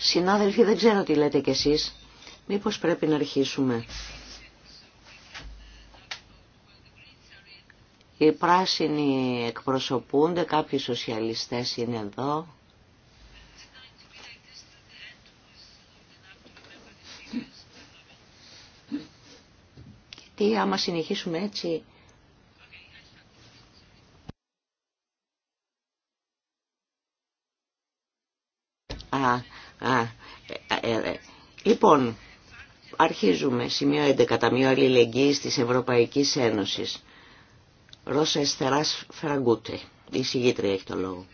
Συνάδελφοι, δεν ξέρω τι λέτε κι εσείς. Μήπως πρέπει να αρχίσουμε. Οι πράσινοι εκπροσωπούνται, κάποιοι σοσιαλιστές είναι εδώ. τι άμα συνεχίσουμε έτσι Λοιπόν, αρχίζουμε σημείο 11 Ταμείο αλληλεγγύη της Ευρωπαϊκής Ένωσης. Ρώσα Εστερά Φραγκούτε, η συγγήτρια έχει το λόγο.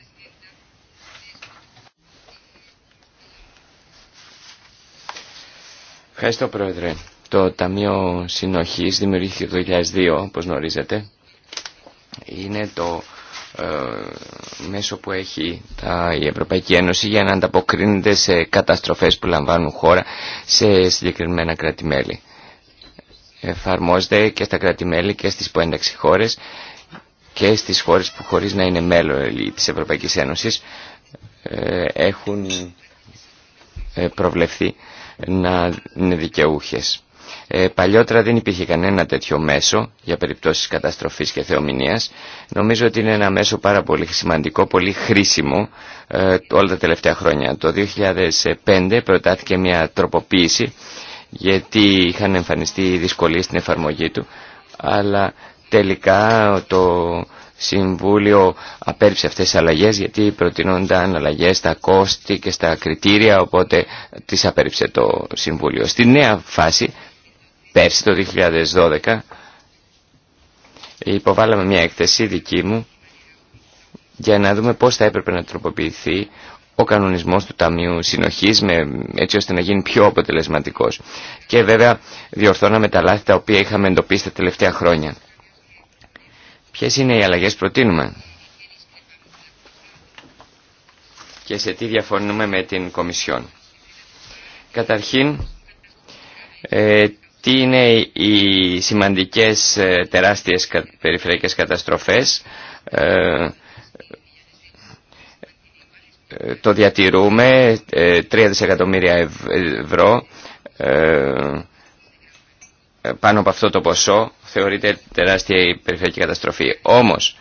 Ευχαριστώ Πρόεδρε. Το Ταμείο Συνοχής δημιουργήθηκε το 2002, όπως γνωρίζετε. Είναι το ε, μέσο που έχει η Ευρωπαϊκή Ένωση για να ανταποκρίνεται σε καταστροφές που λαμβάνουν χώρα σε συγκεκριμένα κράτη-μέλη. Εφαρμόζεται και στα κράτη-μέλη και στις πένταξη χώρες και στις χώρες που χωρίς να είναι μέλο της Ευρωπαϊκής Ένωσης ε, έχουν ε, προβλεφθεί να είναι δικαιούχες. Ε, παλιότερα δεν υπήρχε κανένα τέτοιο μέσο για περιπτώσεις καταστροφής και θεομηνίας. Νομίζω ότι είναι ένα μέσο πάρα πολύ σημαντικό, πολύ χρήσιμο ε, όλα τα τελευταία χρόνια. Το 2005 προτάθηκε μια τροποποίηση γιατί είχαν εμφανιστεί δυσκολίες στην εφαρμογή του, αλλά τελικά το Συμβούλιο απέρριψε αυτές τις αλλαγές γιατί προτείνονταν αλλαγές στα κόστη και στα κριτήρια οπότε τις απέρριψε το Συμβούλιο. Στη νέα φάση Πέρσι το 2012 υποβάλαμε μια έκθεση δική μου για να δούμε πώς θα έπρεπε να τροποποιηθεί ο κανονισμός του Ταμείου Συνοχής με, έτσι ώστε να γίνει πιο αποτελεσματικός. Και βέβαια διορθώναμε τα λάθη τα οποία είχαμε εντοπίσει τα τελευταία χρόνια. Ποιες είναι οι αλλαγές προτείνουμε και σε τι διαφωνούμε με την Κομισιόν. Καταρχήν, ε, τι είναι οι σημαντικές ε, τεράστιες περιφερειακές καταστροφές. Ε, ε, το διατηρούμε, 3 δισεκατομμύρια ευρώ, πάνω από αυτό το ποσό θεωρείται τεράστια η περιφερειακή καταστροφή. Όμως,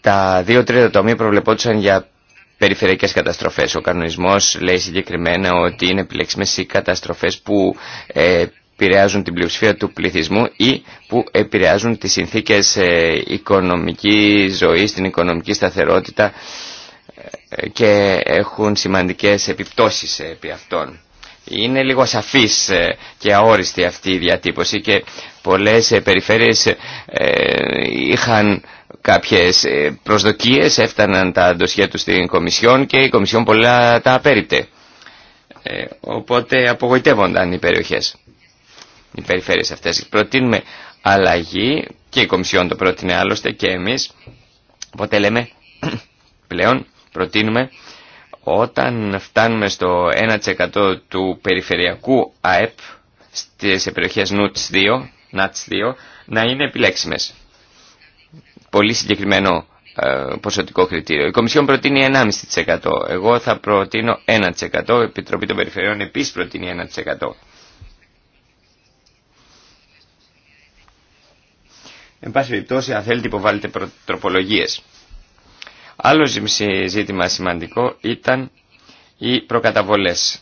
τα δύο τρίτα τομεία προβλεπόντουσαν για περιφερειακές καταστροφές. Ο κανονισμός λέει συγκεκριμένα ότι είναι επιλέξιμες οι καταστροφές που ε, επηρεάζουν την πλειοψηφία του πληθυσμού ή που επηρεάζουν τις συνθήκες ε, οικονομικής ζωής, την οικονομική σταθερότητα ε, και έχουν σημαντικές επιπτώσεις επί αυτών. Είναι λίγο ασαφής ε, και αόριστη αυτή η διατύπωση και πολλές ε, περιφέρειες ε, είχαν κάποιες προσδοκίες, έφταναν τα ντοσιά του στην Κομισιόν και η Κομισιόν πολλά τα απέριπτε. Οπότε απογοητεύονταν οι περιοχές, οι περιφέρειες αυτές. Προτείνουμε αλλαγή και η Κομισιόν το πρότεινε άλλωστε και εμείς. Οπότε λέμε πλέον προτείνουμε όταν φτάνουμε στο 1% του περιφερειακού ΑΕΠ στις περιοχές ΝΟΤΣ 2, ΝΑΤΣ 2, να είναι επιλέξιμες. Πολύ συγκεκριμένο ε, ποσοτικό κριτήριο. Η Κομισιόν προτείνει 1,5%. Εγώ θα προτείνω 1%. Η Επιτροπή των Περιφερειών επίσης προτείνει 1%. Εν πάση περιπτώσει, αν θέλετε, υποβάλλετε τροπολογίες. Άλλο ζήτημα σημαντικό ήταν οι προκαταβολές.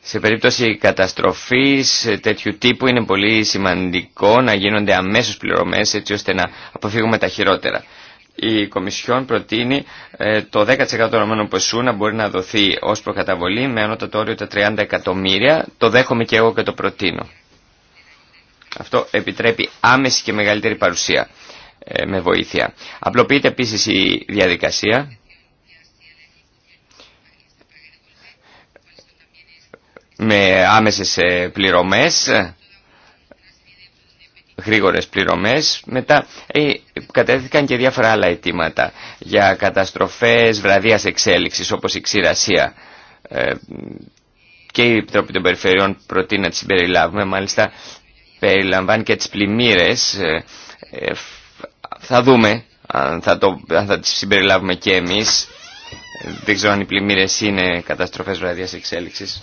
Σε περίπτωση καταστροφής τέτοιου τύπου είναι πολύ σημαντικό να γίνονται αμέσως πληρωμές έτσι ώστε να αποφύγουμε τα χειρότερα. Η Κομισιόν προτείνει ε, το 10% των ποσού να μπορεί να δοθεί ως προκαταβολή με ανώτατο όριο τα 30 εκατομμύρια. Το δέχομαι και εγώ και το προτείνω. Αυτό επιτρέπει άμεση και μεγαλύτερη παρουσία. Ε, με βοήθεια. Απλοποιείται επίσης η διαδικασία. με άμεσες ε, πληρωμές, γρήγορες πληρωμές. Μετά ε, κατέθηκαν και διάφορα άλλα αιτήματα για καταστροφές βραδίας εξέλιξης όπως η ξηρασία. Ε, και η Επιτροπή των Περιφερειών προτείνει να τις περιλάβουμε Μάλιστα περιλαμβάνει και τις πλημμύρες θα δούμε αν θα, το, αν θα τις συμπεριλάβουμε και εμείς. Δεν ξέρω αν οι πλημμύρες είναι καταστροφές βραδιάς εξέλιξης.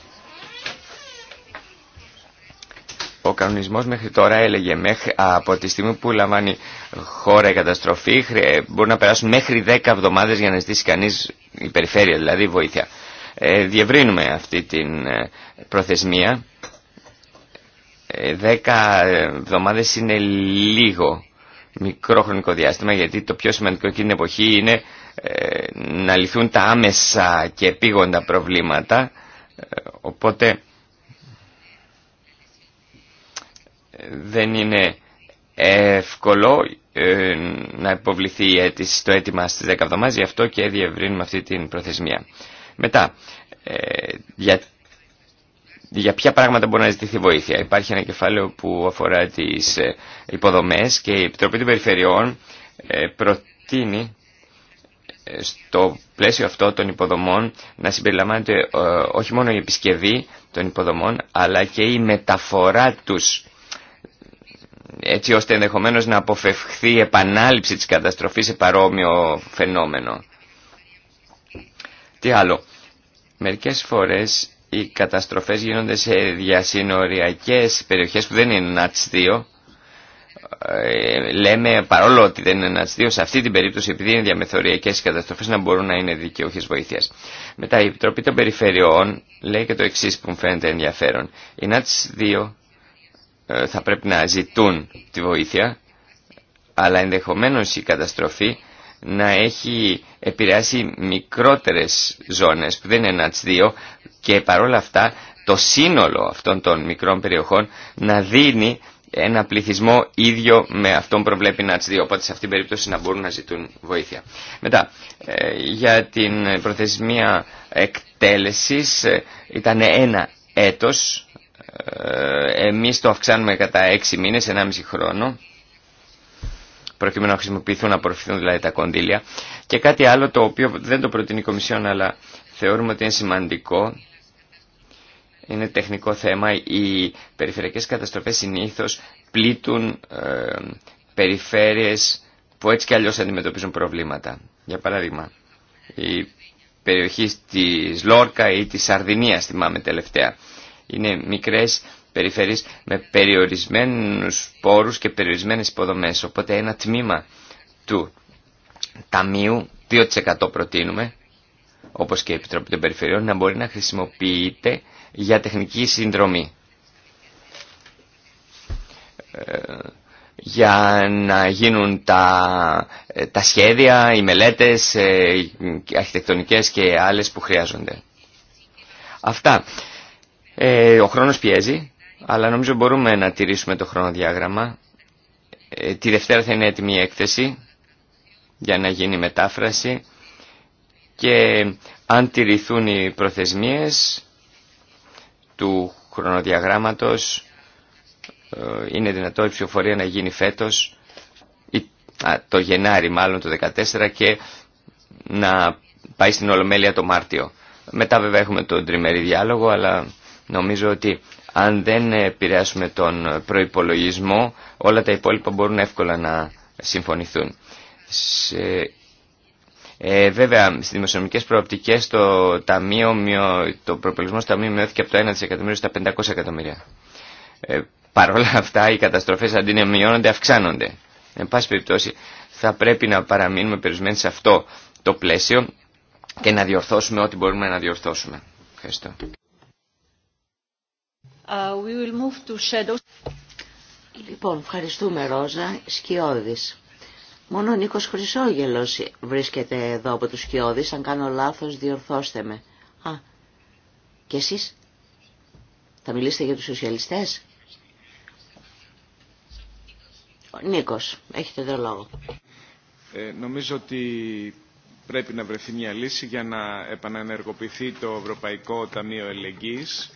Ο κανονισμός μέχρι τώρα έλεγε μέχρι, από τη στιγμή που λαμβάνει χώρα η καταστροφή μπορεί να περάσουν μέχρι 10 εβδομάδες για να ζητήσει κανείς η περιφέρεια, δηλαδή βοήθεια. Ε, διευρύνουμε αυτή την ε, προθεσμία. 10 ε, εβδομάδες είναι λίγο μικρό χρονικό διάστημα γιατί το πιο σημαντικό εκείνη την εποχή είναι ε, να λυθούν τα άμεσα και επίγοντα προβλήματα ε, οπότε δεν είναι εύκολο ε, να υποβληθεί η αίτηση στο αίτημα στις 10 εβδομάδες γι' αυτό και διευρύνουμε αυτή την προθεσμία. Μετά, για για ποια πράγματα μπορεί να ζητηθεί βοήθεια. Υπάρχει ένα κεφάλαιο που αφορά τις ε, υποδομές και η Επιτροπή των Περιφερειών ε, προτείνει ε, στο πλαίσιο αυτό των υποδομών να συμπεριλαμβάνεται όχι μόνο η επισκευή των υποδομών αλλά και η μεταφορά τους έτσι ώστε ενδεχομένως να αποφευχθεί η επανάληψη της καταστροφής σε παρόμοιο φαινόμενο. Τι άλλο. Μερικές φορές οι καταστροφές γίνονται σε διασυνοριακές περιοχές που δεν ειναι νατς NATS2. Ε, λέμε παρόλο ότι δεν ειναι νατς NATS2, σε αυτή την περίπτωση επειδή είναι διαμεθοριακές οι καταστροφές να μπορούν να είναι δικαιούχες βοήθειας. Μετά η Επιτροπή των Περιφερειών λέει και το εξή που μου φαίνεται ενδιαφέρον. Οι νατς 2 ε, θα πρέπει να ζητούν τη βοήθεια, αλλά ενδεχομένως η καταστροφή να έχει επηρεάσει μικρότερες ζώνες που δεν ειναι νατς NATS2 και παρόλα αυτά το σύνολο αυτών των μικρών περιοχών να δίνει ένα πληθυσμό ίδιο με αυτόν προβλέπει να ΝΑΤΣ2 οπότε σε αυτήν την περίπτωση να μπορούν να ζητούν βοήθεια. Μετά, ε, για την προθεσμία εκτέλεσης ε, ήταν ένα έτος, ε, εμείς το αυξάνουμε κατά έξι μήνες, μισή χρόνο, προκειμένου να χρησιμοποιηθούν, να απορροφηθούν δηλαδή τα κονδύλια. Και κάτι άλλο το οποίο δεν το προτείνει η Κομισιόν αλλά θεωρούμε ότι είναι σημαντικό, είναι τεχνικό θέμα, οι περιφερειακές καταστροφές συνήθως πλήττουν ε, περιφέρειες που έτσι κι αλλιώς αντιμετωπίζουν προβλήματα. Για παράδειγμα, η περιοχή της Λόρκα ή της Σαρδινίας, θυμάμαι τελευταία, είναι μικρές περιφέρεις με περιορισμένους πόρους και περιορισμένες υποδομές. Οπότε ένα τμήμα του ταμείου, 2% προτείνουμε, όπως και η Επιτροπή των Περιφερειών, να μπορεί να χρησιμοποιείται για τεχνική συνδρομή. Ε, για να γίνουν τα, τα σχέδια, οι μελέτες, ε, οι αρχιτεκτονικές και άλλες που χρειάζονται. Αυτά. Ε, ο χρόνος πιέζει αλλά νομίζω μπορούμε να τηρήσουμε το χρονοδιάγραμμα. Ε, τη Δευτέρα θα είναι έτοιμη η έκθεση για να γίνει μετάφραση και αν τηρηθούν οι προθεσμίες του χρονοδιαγράμματος ε, είναι δυνατό η ψηφοφορία να γίνει φέτος το Γενάρη μάλλον το 2014 και να πάει στην Ολομέλεια το Μάρτιο. Μετά βέβαια έχουμε τον τριμερή διάλογο αλλά νομίζω ότι αν δεν επηρεάσουμε τον προϋπολογισμό, όλα τα υπόλοιπα μπορούν εύκολα να συμφωνηθούν. Ε, βέβαια, στις δημοσιονομικές προοπτικές το, ταμείο, το προπολογισμό ταμείου μειώθηκε από το 1 δισεκατομμύριο στα 500 εκατομμύρια. Ε, Παρ' όλα αυτά, οι καταστροφές αντί να μειώνονται, αυξάνονται. Εν πάση περιπτώσει, θα πρέπει να παραμείνουμε περιορισμένοι σε αυτό το πλαίσιο και να διορθώσουμε ό,τι μπορούμε να διορθώσουμε. Ευχαριστώ. Uh, λοιπόν, ευχαριστούμε Ρόζα Σκιώδης. Μόνο ο Νίκος Χρυσόγελος βρίσκεται εδώ από τους Σκιώδης. Αν κάνω λάθος, διορθώστε με. Α, και εσείς θα μιλήσετε για τους σοσιαλιστές. Ο Νίκος, έχετε το λόγο. Ε, νομίζω ότι πρέπει να βρεθεί μια λύση για να επανανεργοποιηθεί το Ευρωπαϊκό Ταμείο Ελεγγύης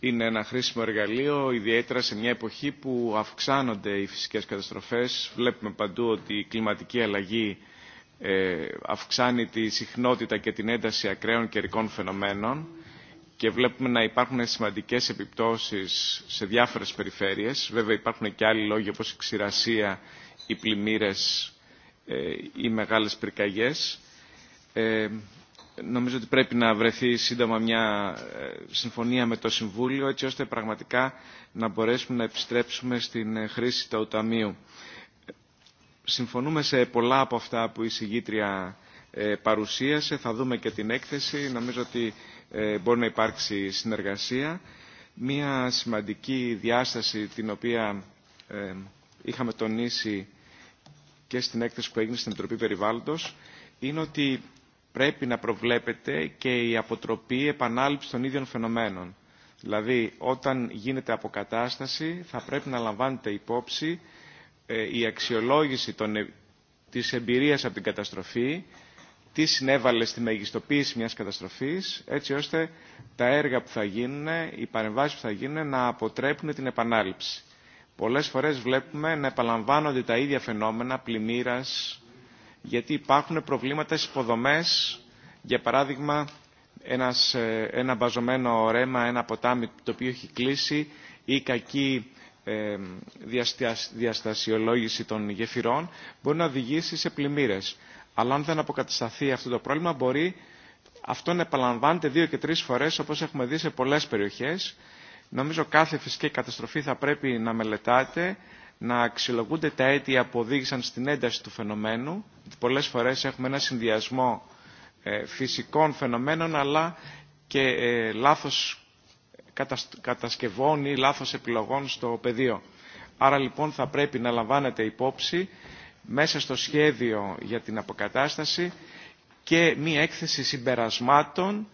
είναι ένα χρήσιμο εργαλείο, ιδιαίτερα σε μια εποχή που αυξάνονται οι φυσικές καταστροφές. Βλέπουμε παντού ότι η κλιματική αλλαγή ε, αυξάνει τη συχνότητα και την ένταση ακραίων καιρικών φαινομένων και βλέπουμε να υπάρχουν σημαντικές επιπτώσεις σε διάφορες περιφέρειες. Βέβαια υπάρχουν και άλλοι λόγοι όπως η ξηρασία, οι πλημμύρες, ε, οι μεγάλες πυρκαγιές. Ε, νομίζω ότι πρέπει να βρεθεί σύντομα μια ε, συμφωνία με το Συμβούλιο έτσι ώστε πραγματικά να μπορέσουμε να επιστρέψουμε στην ε, χρήση του Ταμείου. Συμφωνούμε σε πολλά από αυτά που η συγγήτρια ε, παρουσίασε. Θα δούμε και την έκθεση. Νομίζω ότι μπορεί να υπάρξει συνεργασία. Μία σημαντική διάσταση την οποία είχαμε τονίσει και στην έκθεση που έγινε στην Επιτροπή Περιβάλλοντος είναι ότι πρέπει να προβλέπεται και η αποτροπή επανάληψη των ίδιων φαινομένων. Δηλαδή, όταν γίνεται αποκατάσταση, θα πρέπει να λαμβάνεται υπόψη ε, η αξιολόγηση των, ε, της εμπειρίας από την καταστροφή, τι συνέβαλε στη μεγιστοποίηση μιας καταστροφής, έτσι ώστε τα έργα που θα γίνουν, οι παρεμβάσεις που θα γίνουν, να αποτρέπουν την επανάληψη. Πολλές φορές βλέπουμε να επαλαμβάνονται τα ίδια φαινόμενα πλημμύρας, γιατί υπάρχουν προβλήματα στις υποδομές, για παράδειγμα ένας, ε, ένα μπαζωμένο ρέμα, ένα ποτάμι το οποίο έχει κλείσει ή κακή ε, διαστασιολόγηση των γεφυρών μπορεί να οδηγήσει σε πλημμύρες. Αλλά αν δεν αποκατασταθεί αυτό το πρόβλημα μπορεί αυτό να επαλαμβάνεται δύο και τρεις φορές όπως έχουμε δει σε πολλές περιοχές. Νομίζω κάθε φυσική καταστροφή θα πρέπει να μελετάτε να αξιολογούνται τα αίτια που οδήγησαν στην ένταση του φαινομένου. Πολλές φορές έχουμε ένα συνδυασμό ε, φυσικών φαινομένων αλλά και ε, λάθος κατασκευών ή λάθος επιλογών στο πεδίο. Άρα λοιπόν θα πρέπει να λαμβάνετε υπόψη μέσα στο σχέδιο για την αποκατάσταση και μία έκθεση συμπερασμάτων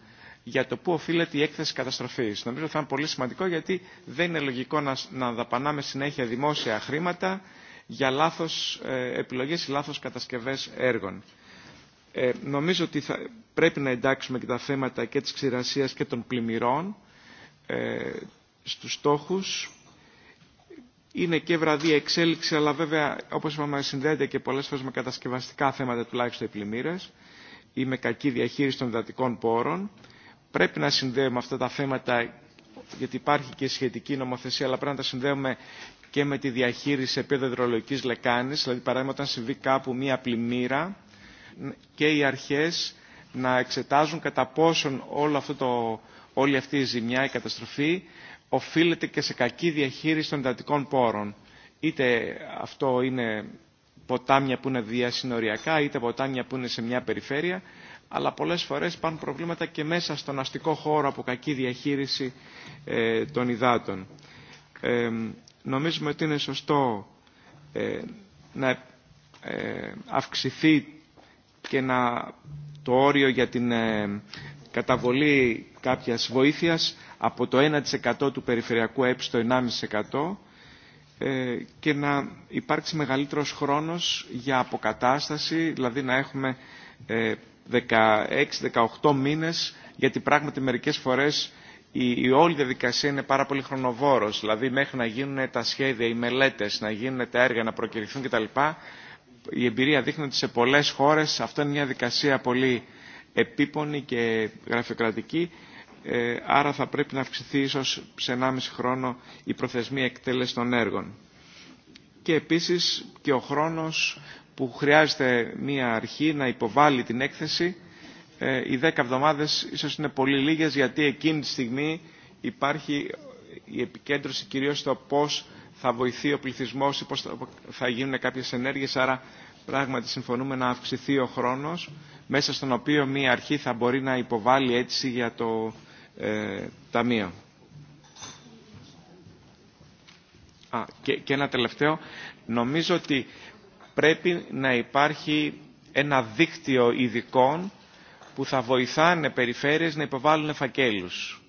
για το πού οφείλεται η έκθεση καταστροφή. Νομίζω θα είναι πολύ σημαντικό γιατί δεν είναι λογικό να, να δαπανάμε συνέχεια δημόσια χρήματα για λάθος ε, επιλογές ή λάθο κατασκευέ έργων. Ε, νομίζω ότι πρέπει να εντάξουμε και τα θέματα και τη ξηρασία και των πλημμυρών ε, στους στόχους. Είναι και βραδία εξέλιξη, αλλά βέβαια, όπω είπαμε, συνδέεται και πολλέ φορέ με κατασκευαστικά θέματα, τουλάχιστον οι πλημμύρε ή με κακή διαχείριση των δατικών πόρων πρέπει να συνδέουμε αυτά τα θέματα γιατί υπάρχει και σχετική νομοθεσία, αλλά πρέπει να τα συνδέουμε και με τη διαχείριση επίπεδο υδρολογικής λεκάνης, δηλαδή παράδειγμα όταν συμβεί κάπου μία πλημμύρα και οι αρχές να εξετάζουν κατά πόσον όλο αυτό το, όλη αυτή η ζημιά, η καταστροφή, οφείλεται και σε κακή διαχείριση των εντατικών πόρων. Είτε αυτό είναι ποτάμια που είναι διασυνοριακά, είτε ποτάμια που είναι σε μια περιφέρεια αλλά πολλές φορές πάνε προβλήματα και μέσα στον αστικό χώρο από κακή διαχείριση ε, των υδάτων. Ε, νομίζουμε ότι είναι σωστό ε, να ε, αυξηθεί και να το όριο για την καταβολή κάποιας βοήθειας από το 1% του περιφερειακού έψη στο 1,5% και να υπάρξει μεγαλύτερος χρόνος για αποκατάσταση, δηλαδή να έχουμε 16-18 μήνες, γιατί πράγματι μερικές φορές η, η όλη διαδικασία είναι πάρα πολύ χρονοβόρος. Δηλαδή μέχρι να γίνουν τα σχέδια, οι μελέτες, να γίνουν τα έργα, να προκυριθούν κτλ. Η εμπειρία δείχνει ότι σε πολλές χώρες αυτό είναι μια δικασία πολύ επίπονη και γραφειοκρατική. Ε, άρα θα πρέπει να αυξηθεί ίσως σε 1,5 χρόνο η προθεσμία εκτέλεση των έργων. Και επίσης και ο χρόνος που χρειάζεται μία αρχή να υποβάλει την έκθεση. Ε, οι δέκα εβδομάδες ίσως είναι πολύ λίγες γιατί εκείνη τη στιγμή υπάρχει η επικέντρωση κυρίως στο πώς θα βοηθεί ο πληθυσμός ή πώς θα γίνουν κάποιες ενέργειες. Άρα πράγματι συμφωνούμε να αυξηθεί ο χρόνος μέσα στον οποίο μία αρχή θα μπορεί να υποβάλει έτσι για το ε, ταμείο. Α, και, και ένα τελευταίο. Νομίζω ότι πρέπει να υπάρχει ένα δίκτυο ειδικών που θα βοηθάνε περιφέρειες να υποβάλουν φακέλους.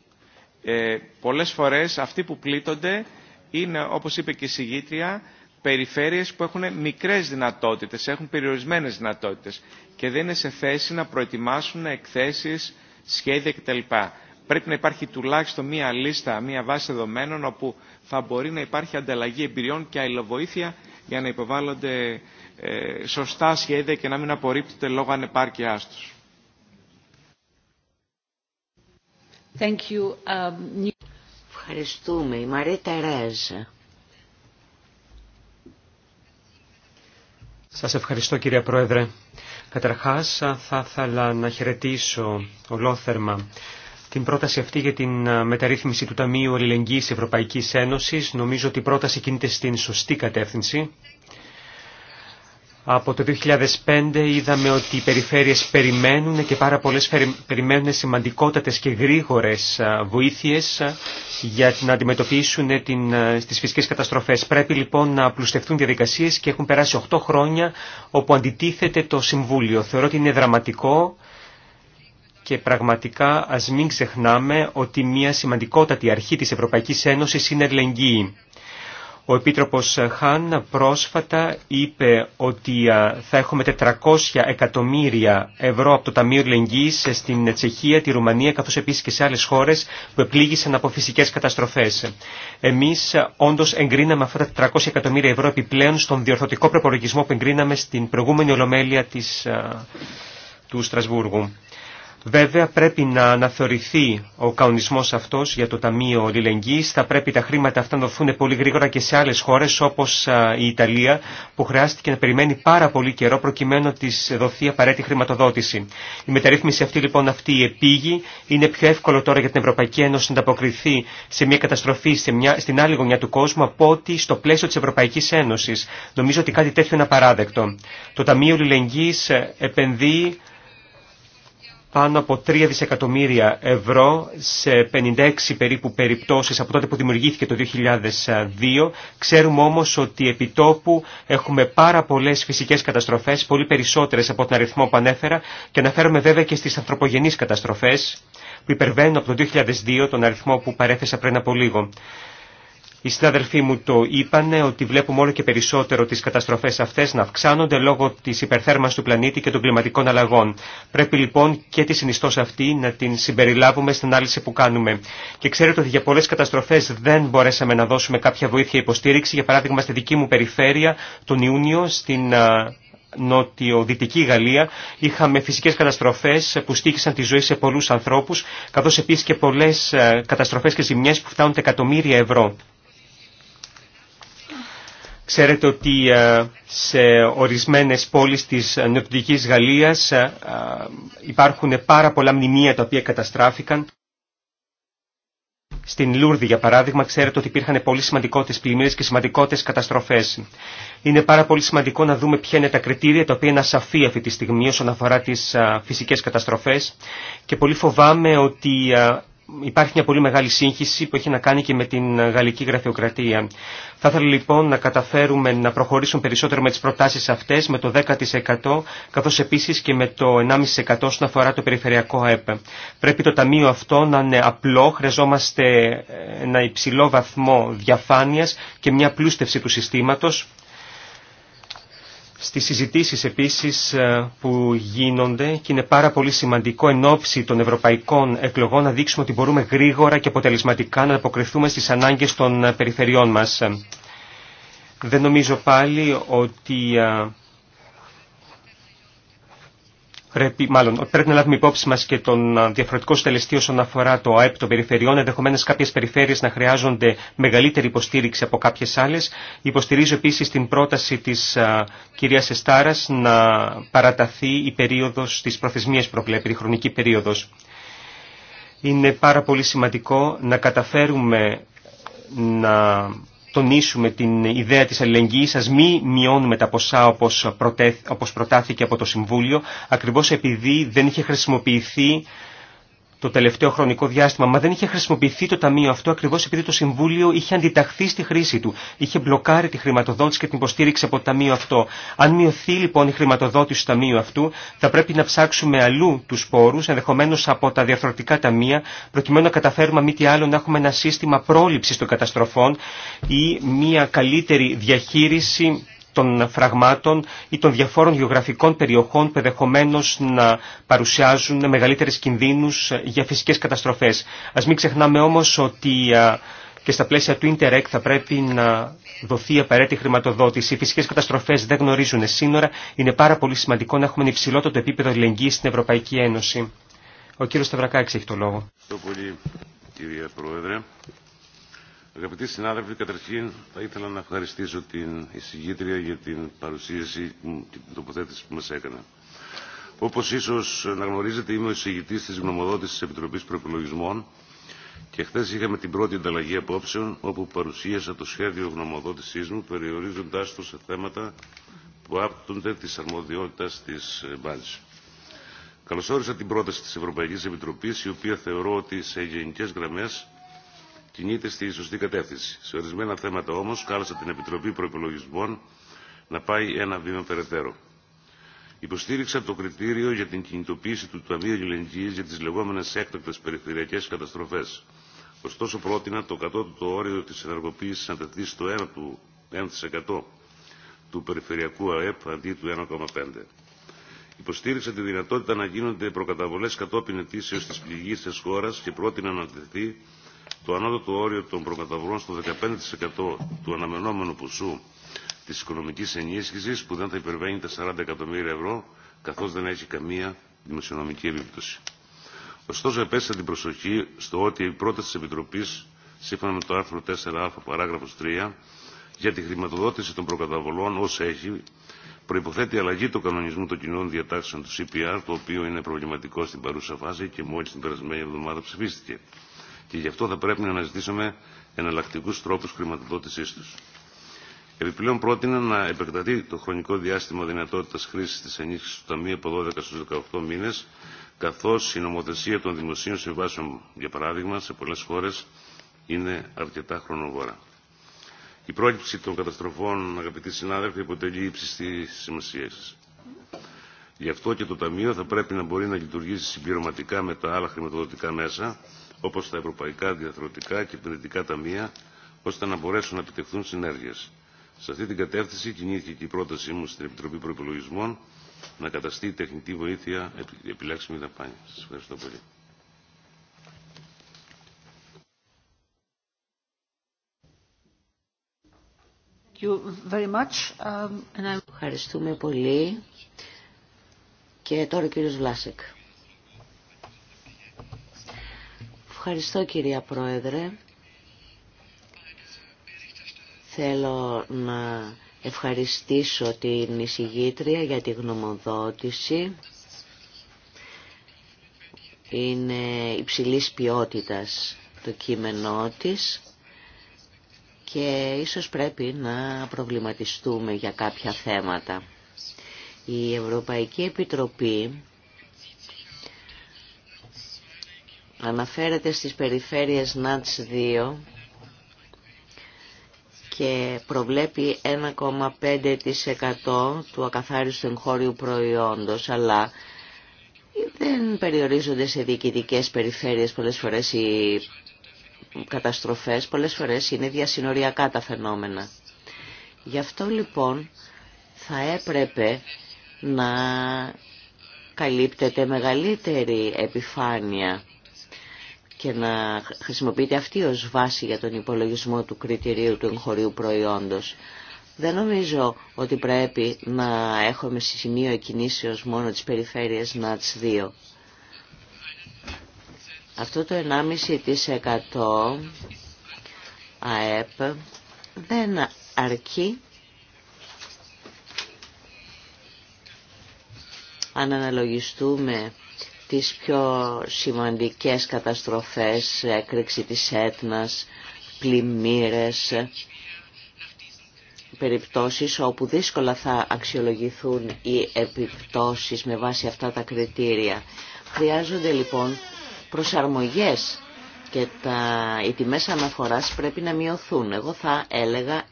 Ε, πολλές φορές αυτοί που πλήττονται είναι, όπως είπε και η συγγήτρια, περιφέρειες που έχουν μικρές δυνατότητες, έχουν περιορισμένες δυνατότητες και δεν είναι σε θέση να προετοιμάσουν εκθέσεις, σχέδια κτλ. Πρέπει να υπάρχει τουλάχιστον μία λίστα, μία βάση δεδομένων όπου θα μπορεί να υπάρχει ανταλλαγή εμπειριών και αλληλοβοήθεια για να υποβάλλονται ε, σωστά σχέδια και να μην απορρίπτονται λόγω ανεπάρκειάς τους. Thank you. Um, Ευχαριστούμε. Η Σας ευχαριστώ κύριε Πρόεδρε. Καταρχάς θα ήθελα να χαιρετήσω ολόθερμα την πρόταση αυτή για την ε, μεταρρύθμιση του Ταμείου Αλληλεγγύης Ευρωπαϊκής Ένωσης. Νομίζω ότι η πρόταση κινείται στην σωστή κατεύθυνση. Από το 2005 είδαμε ότι οι περιφέρειες περιμένουν και πάρα πολλές περιμένουν σημαντικότατες και γρήγορες ε, βοήθειες ε, για να αντιμετωπίσουν τις φυσικές καταστροφές. Πρέπει λοιπόν να πλουστευτούν διαδικασίες και έχουν περάσει 8 χρόνια όπου αντιτίθεται το Συμβούλιο. Θεωρώ ότι είναι δραματικό και πραγματικά ας μην ξεχνάμε ότι μια σημαντικότατη αρχή της Ευρωπαϊκής Ένωσης είναι ελεγγύη. Ο Επίτροπος Χάν πρόσφατα είπε ότι θα έχουμε 400 εκατομμύρια ευρώ από το Ταμείο Ελληνική στην Τσεχία, τη Ρουμανία καθώς επίσης και σε άλλες χώρες που επλήγησαν από φυσικές καταστροφές. Εμείς όντως εγκρίναμε αυτά τα 400 εκατομμύρια ευρώ επιπλέον στον διορθωτικό προπολογισμό που εγκρίναμε στην προηγούμενη ολομέλεια της, του Στρασβούργου. Βέβαια πρέπει να αναθεωρηθεί ο καονισμός αυτός για το Ταμείο Λιλεγγύης. Θα πρέπει τα χρήματα αυτά να δοθούν πολύ γρήγορα και σε άλλες χώρες όπως η Ιταλία που χρειάστηκε να περιμένει πάρα πολύ καιρό προκειμένου τη δοθεί απαραίτητη χρηματοδότηση. Η μεταρρύθμιση αυτή λοιπόν αυτή η επίγη είναι πιο εύκολο τώρα για την Ευρωπαϊκή Ένωση να ανταποκριθεί σε μια καταστροφή σε μια, στην άλλη γωνιά του κόσμου από ότι στο πλαίσιο της Ευρωπαϊκής Ένωσης. Νομίζω ότι κάτι τέτοιο είναι απαράδεκτο. Το Ταμείο Λιλεγγύης ε, επενδύει πάνω από 3 δισεκατομμύρια ευρώ σε 56 περίπου περιπτώσεις από τότε που δημιουργήθηκε το 2002. Ξέρουμε όμως ότι επιτόπου έχουμε πάρα πολλές φυσικές καταστροφές, πολύ περισσότερες από τον αριθμό που ανέφερα και αναφέρομαι βέβαια και στις ανθρωπογενείς καταστροφές που υπερβαίνουν από το 2002 τον αριθμό που παρέθεσα πριν από λίγο. Οι συναδελφοί μου το είπανε ότι βλέπουμε όλο και περισσότερο τις καταστροφές αυτές να αυξάνονται λόγω της υπερθέρμανσης του πλανήτη και των κλιματικών αλλαγών. Πρέπει λοιπόν και τη συνιστός αυτή να την συμπεριλάβουμε στην ανάλυση που κάνουμε. Και ξέρετε ότι για πολλές καταστροφές δεν μπορέσαμε να δώσουμε κάποια βοήθεια υποστήριξη. Για παράδειγμα στη δική μου περιφέρεια τον Ιούνιο στην νότιο-δυτική Γαλλία είχαμε φυσικές καταστροφές που στήχησαν τη ζωή σε πολλού ανθρώπου, καθώ επίση και πολλέ καταστροφέ και ζημιές που φτάνουν εκατομμύρια ευρώ. Ξέρετε ότι ε, σε ορισμένες πόλεις της νοτιωτικής Γαλλίας ε, ε, υπάρχουν πάρα πολλά μνημεία τα οποία καταστράφηκαν. Στην Λούρδη, για παράδειγμα, ξέρετε ότι υπήρχαν πολύ σημαντικότητες πλημμύρες και σημαντικότητες καταστροφές. Είναι πάρα πολύ σημαντικό να δούμε ποια είναι τα κριτήρια τα οποία είναι ασαφή αυτή τη στιγμή όσον αφορά τι φυσικέ καταστροφέ και πολύ φοβάμαι ότι υπάρχει μια πολύ μεγάλη σύγχυση που έχει να κάνει και με την γαλλική γραφειοκρατία. Θα ήθελα λοιπόν να καταφέρουμε να προχωρήσουν περισσότερο με τις προτάσεις αυτές, με το 10% καθώς επίσης και με το 1,5% όσον αφορά το περιφερειακό ΑΕΠ. Πρέπει το ταμείο αυτό να είναι απλό, χρειαζόμαστε ένα υψηλό βαθμό διαφάνειας και μια πλούστευση του συστήματος στις συζητήσεις επίσης ε, που γίνονται και είναι πάρα πολύ σημαντικό εν ώψη των ευρωπαϊκών εκλογών να δείξουμε ότι μπορούμε γρήγορα και αποτελεσματικά να αποκριθούμε στις ανάγκες των ε, περιφερειών μας. Δεν νομίζω πάλι ότι ε, Πρέπει, μάλλον, πρέπει να λάβουμε υπόψη μα και τον διαφορετικό στελεστή όσον αφορά το ΑΕΠ των περιφερειών. Ενδεχομένω κάποιε περιφέρειες να χρειάζονται μεγαλύτερη υποστήριξη από κάποιε άλλε. Υποστηρίζω επίση την πρόταση τη κυρία Εστάρα να παραταθεί η περίοδο τη προθεσμία προβλέπει, η χρονική περίοδο. Είναι πάρα πολύ σημαντικό να καταφέρουμε να τονίσουμε την ιδέα της αλληλεγγύης σας, μη μειώνουμε τα ποσά όπως, προτάθηκε από το Συμβούλιο, ακριβώς επειδή δεν είχε χρησιμοποιηθεί το τελευταίο χρονικό διάστημα, μα δεν είχε χρησιμοποιηθεί το ταμείο αυτό ακριβώς επειδή το Συμβούλιο είχε αντιταχθεί στη χρήση του, είχε μπλοκάρει τη χρηματοδότηση και την υποστήριξη από το ταμείο αυτό. Αν μειωθεί λοιπόν η χρηματοδότηση του ταμείου αυτού, θα πρέπει να ψάξουμε αλλού τους πόρους, ενδεχομένως από τα διαφορετικά ταμεία, προκειμένου να καταφέρουμε μη άλλο να έχουμε ένα σύστημα πρόληψης των καταστροφών ή μια καλύτερη διαχείριση των φραγμάτων ή των διαφόρων γεωγραφικών περιοχών που ενδεχομένω να παρουσιάζουν μεγαλύτερε κινδύνου ε, για φυσικέ καταστροφέ. Α μην ξεχνάμε όμω ότι ε, και στα πλαίσια του Interreg θα πρέπει να δοθεί απαραίτητη χρηματοδότηση. Οι φυσικέ καταστροφέ δεν γνωρίζουν σύνορα. Είναι πάρα πολύ σημαντικό να έχουμε υψηλότερο επίπεδο ελεγγύη στην Ευρωπαϊκή Ένωση. Ο κύριο Σταυρακάκη έχει το λόγο. Αγαπητοί συνάδελφοι, καταρχήν θα ήθελα να ευχαριστήσω την εισηγήτρια για την παρουσίαση και την τοποθέτηση που μας έκανε. Όπως ίσως να γνωρίζετε, είμαι ο εισηγητής της γνωμοδότησης τη Επιτροπής Προπολογισμών και χθε είχαμε την πρώτη ανταλλαγή απόψεων όπου παρουσίασα το σχέδιο γνωμοδότησής μου περιορίζοντάς το σε θέματα που άπτονται της αρμοδιότητας της ε, Μπάλης. Καλωσόρισα την πρόταση της Ευρωπαϊκής Επιτροπής η οποία θεωρώ ότι σε γενικές γραμμές κινείται στη σωστή κατεύθυνση. Σε ορισμένα θέματα όμω, κάλεσα την Επιτροπή Προπολογισμών να πάει ένα βήμα περαιτέρω. Υποστήριξα το κριτήριο για την κινητοποίηση του Ταμείου Ελληνική για τι λεγόμενε έκτακτε περιφερειακέ καταστροφέ. Ωστόσο, πρότεινα το κατώτατο όριο τη ενεργοποίηση να τεθεί στο 1% του, 1 του περιφερειακού ΑΕΠ αντί του 1,5%. Υποστήριξα τη δυνατότητα να γίνονται προκαταβολέ κατόπιν ετήσεω τη πληγή τη χώρα και πρότεινα να τεθεί το ανώτατο όριο των προκαταβολών στο 15% του αναμενόμενου ποσού τη οικονομική ενίσχυση, που δεν θα υπερβαίνει τα 40 εκατομμύρια ευρώ καθώ δεν έχει καμία δημοσιονομική επίπτωση. Ωστόσο επέστησα την προσοχή στο ότι η πρόταση τη Επιτροπή, σύμφωνα με το άρθρο 4α παράγραφος 3 για τη χρηματοδότηση των προκαταβολών ως έχει προποθέτει αλλαγή του κανονισμού των κοινών διατάξεων του CPR, το οποίο είναι προβληματικό στην παρούσα φάση και μόλι την περασμένη εβδομάδα ψηφίστηκε και γι' αυτό θα πρέπει να αναζητήσουμε εναλλακτικού τρόπου χρηματοδότησή του. Επιπλέον πρότεινα να επεκταθεί το χρονικό διάστημα δυνατότητα χρήση τη ενίσχυση του Ταμείου από 12 στου 18 μήνε, καθώ η νομοθεσία των δημοσίων συμβάσεων, για παράδειγμα, σε πολλέ χώρε είναι αρκετά χρονοβόρα. Η πρόληψη των καταστροφών, αγαπητοί συνάδελφοι, αποτελεί ύψιστη σημασία. Γι' αυτό και το Ταμείο θα πρέπει να μπορεί να λειτουργήσει συμπληρωματικά με τα άλλα χρηματοδοτικά μέσα, όπως τα ευρωπαϊκά διαθροτικά και υπηρετικά ταμεία, ώστε να μπορέσουν να επιτευχθούν συνέργειες. Σε αυτή την κατεύθυνση κινήθηκε και η πρότασή μου στην Επιτροπή Προπολογισμών να καταστεί τεχνητή βοήθεια επιλέξιμη δαπάνη. Σας ευχαριστώ πολύ. Um, Ευχαριστούμε πολύ. Και τώρα ο κύριος Βλάσεκ. Ευχαριστώ κυρία Πρόεδρε. Θέλω να ευχαριστήσω την εισηγήτρια για τη γνωμοδότηση. Είναι υψηλής ποιότητας το κείμενό της και ίσως πρέπει να προβληματιστούμε για κάποια θέματα. Η Ευρωπαϊκή Επιτροπή αναφέρεται στις περιφέρειες ΝΑΤΣ 2 και προβλέπει 1,5% του ακαθάριστου εγχώριου προϊόντος, αλλά δεν περιορίζονται σε διοικητικές περιφέρειες πολλές φορές οι καταστροφές, πολλές φορές είναι διασυνοριακά τα φαινόμενα. Γι' αυτό λοιπόν θα έπρεπε να καλύπτεται μεγαλύτερη επιφάνεια και να χρησιμοποιείται αυτή ως βάση για τον υπολογισμό του κριτηρίου του εγχωρίου προϊόντος. Δεν νομίζω ότι πρέπει να έχουμε σε σημείο εκκινήσεως μόνο τις περιφέρειες ΝΑΤΣ 2. Αυτό το 1,5% ΑΕΠ δεν αρκεί αν αναλογιστούμε τις πιο σημαντικές καταστροφές, έκρηξη της έτνας, πλημμύρες, περιπτώσεις όπου δύσκολα θα αξιολογηθούν οι επιπτώσεις με βάση αυτά τα κριτήρια. Χρειάζονται λοιπόν προσαρμογές και τα, οι τιμές αναφοράς πρέπει να μειωθούν. Εγώ θα έλεγα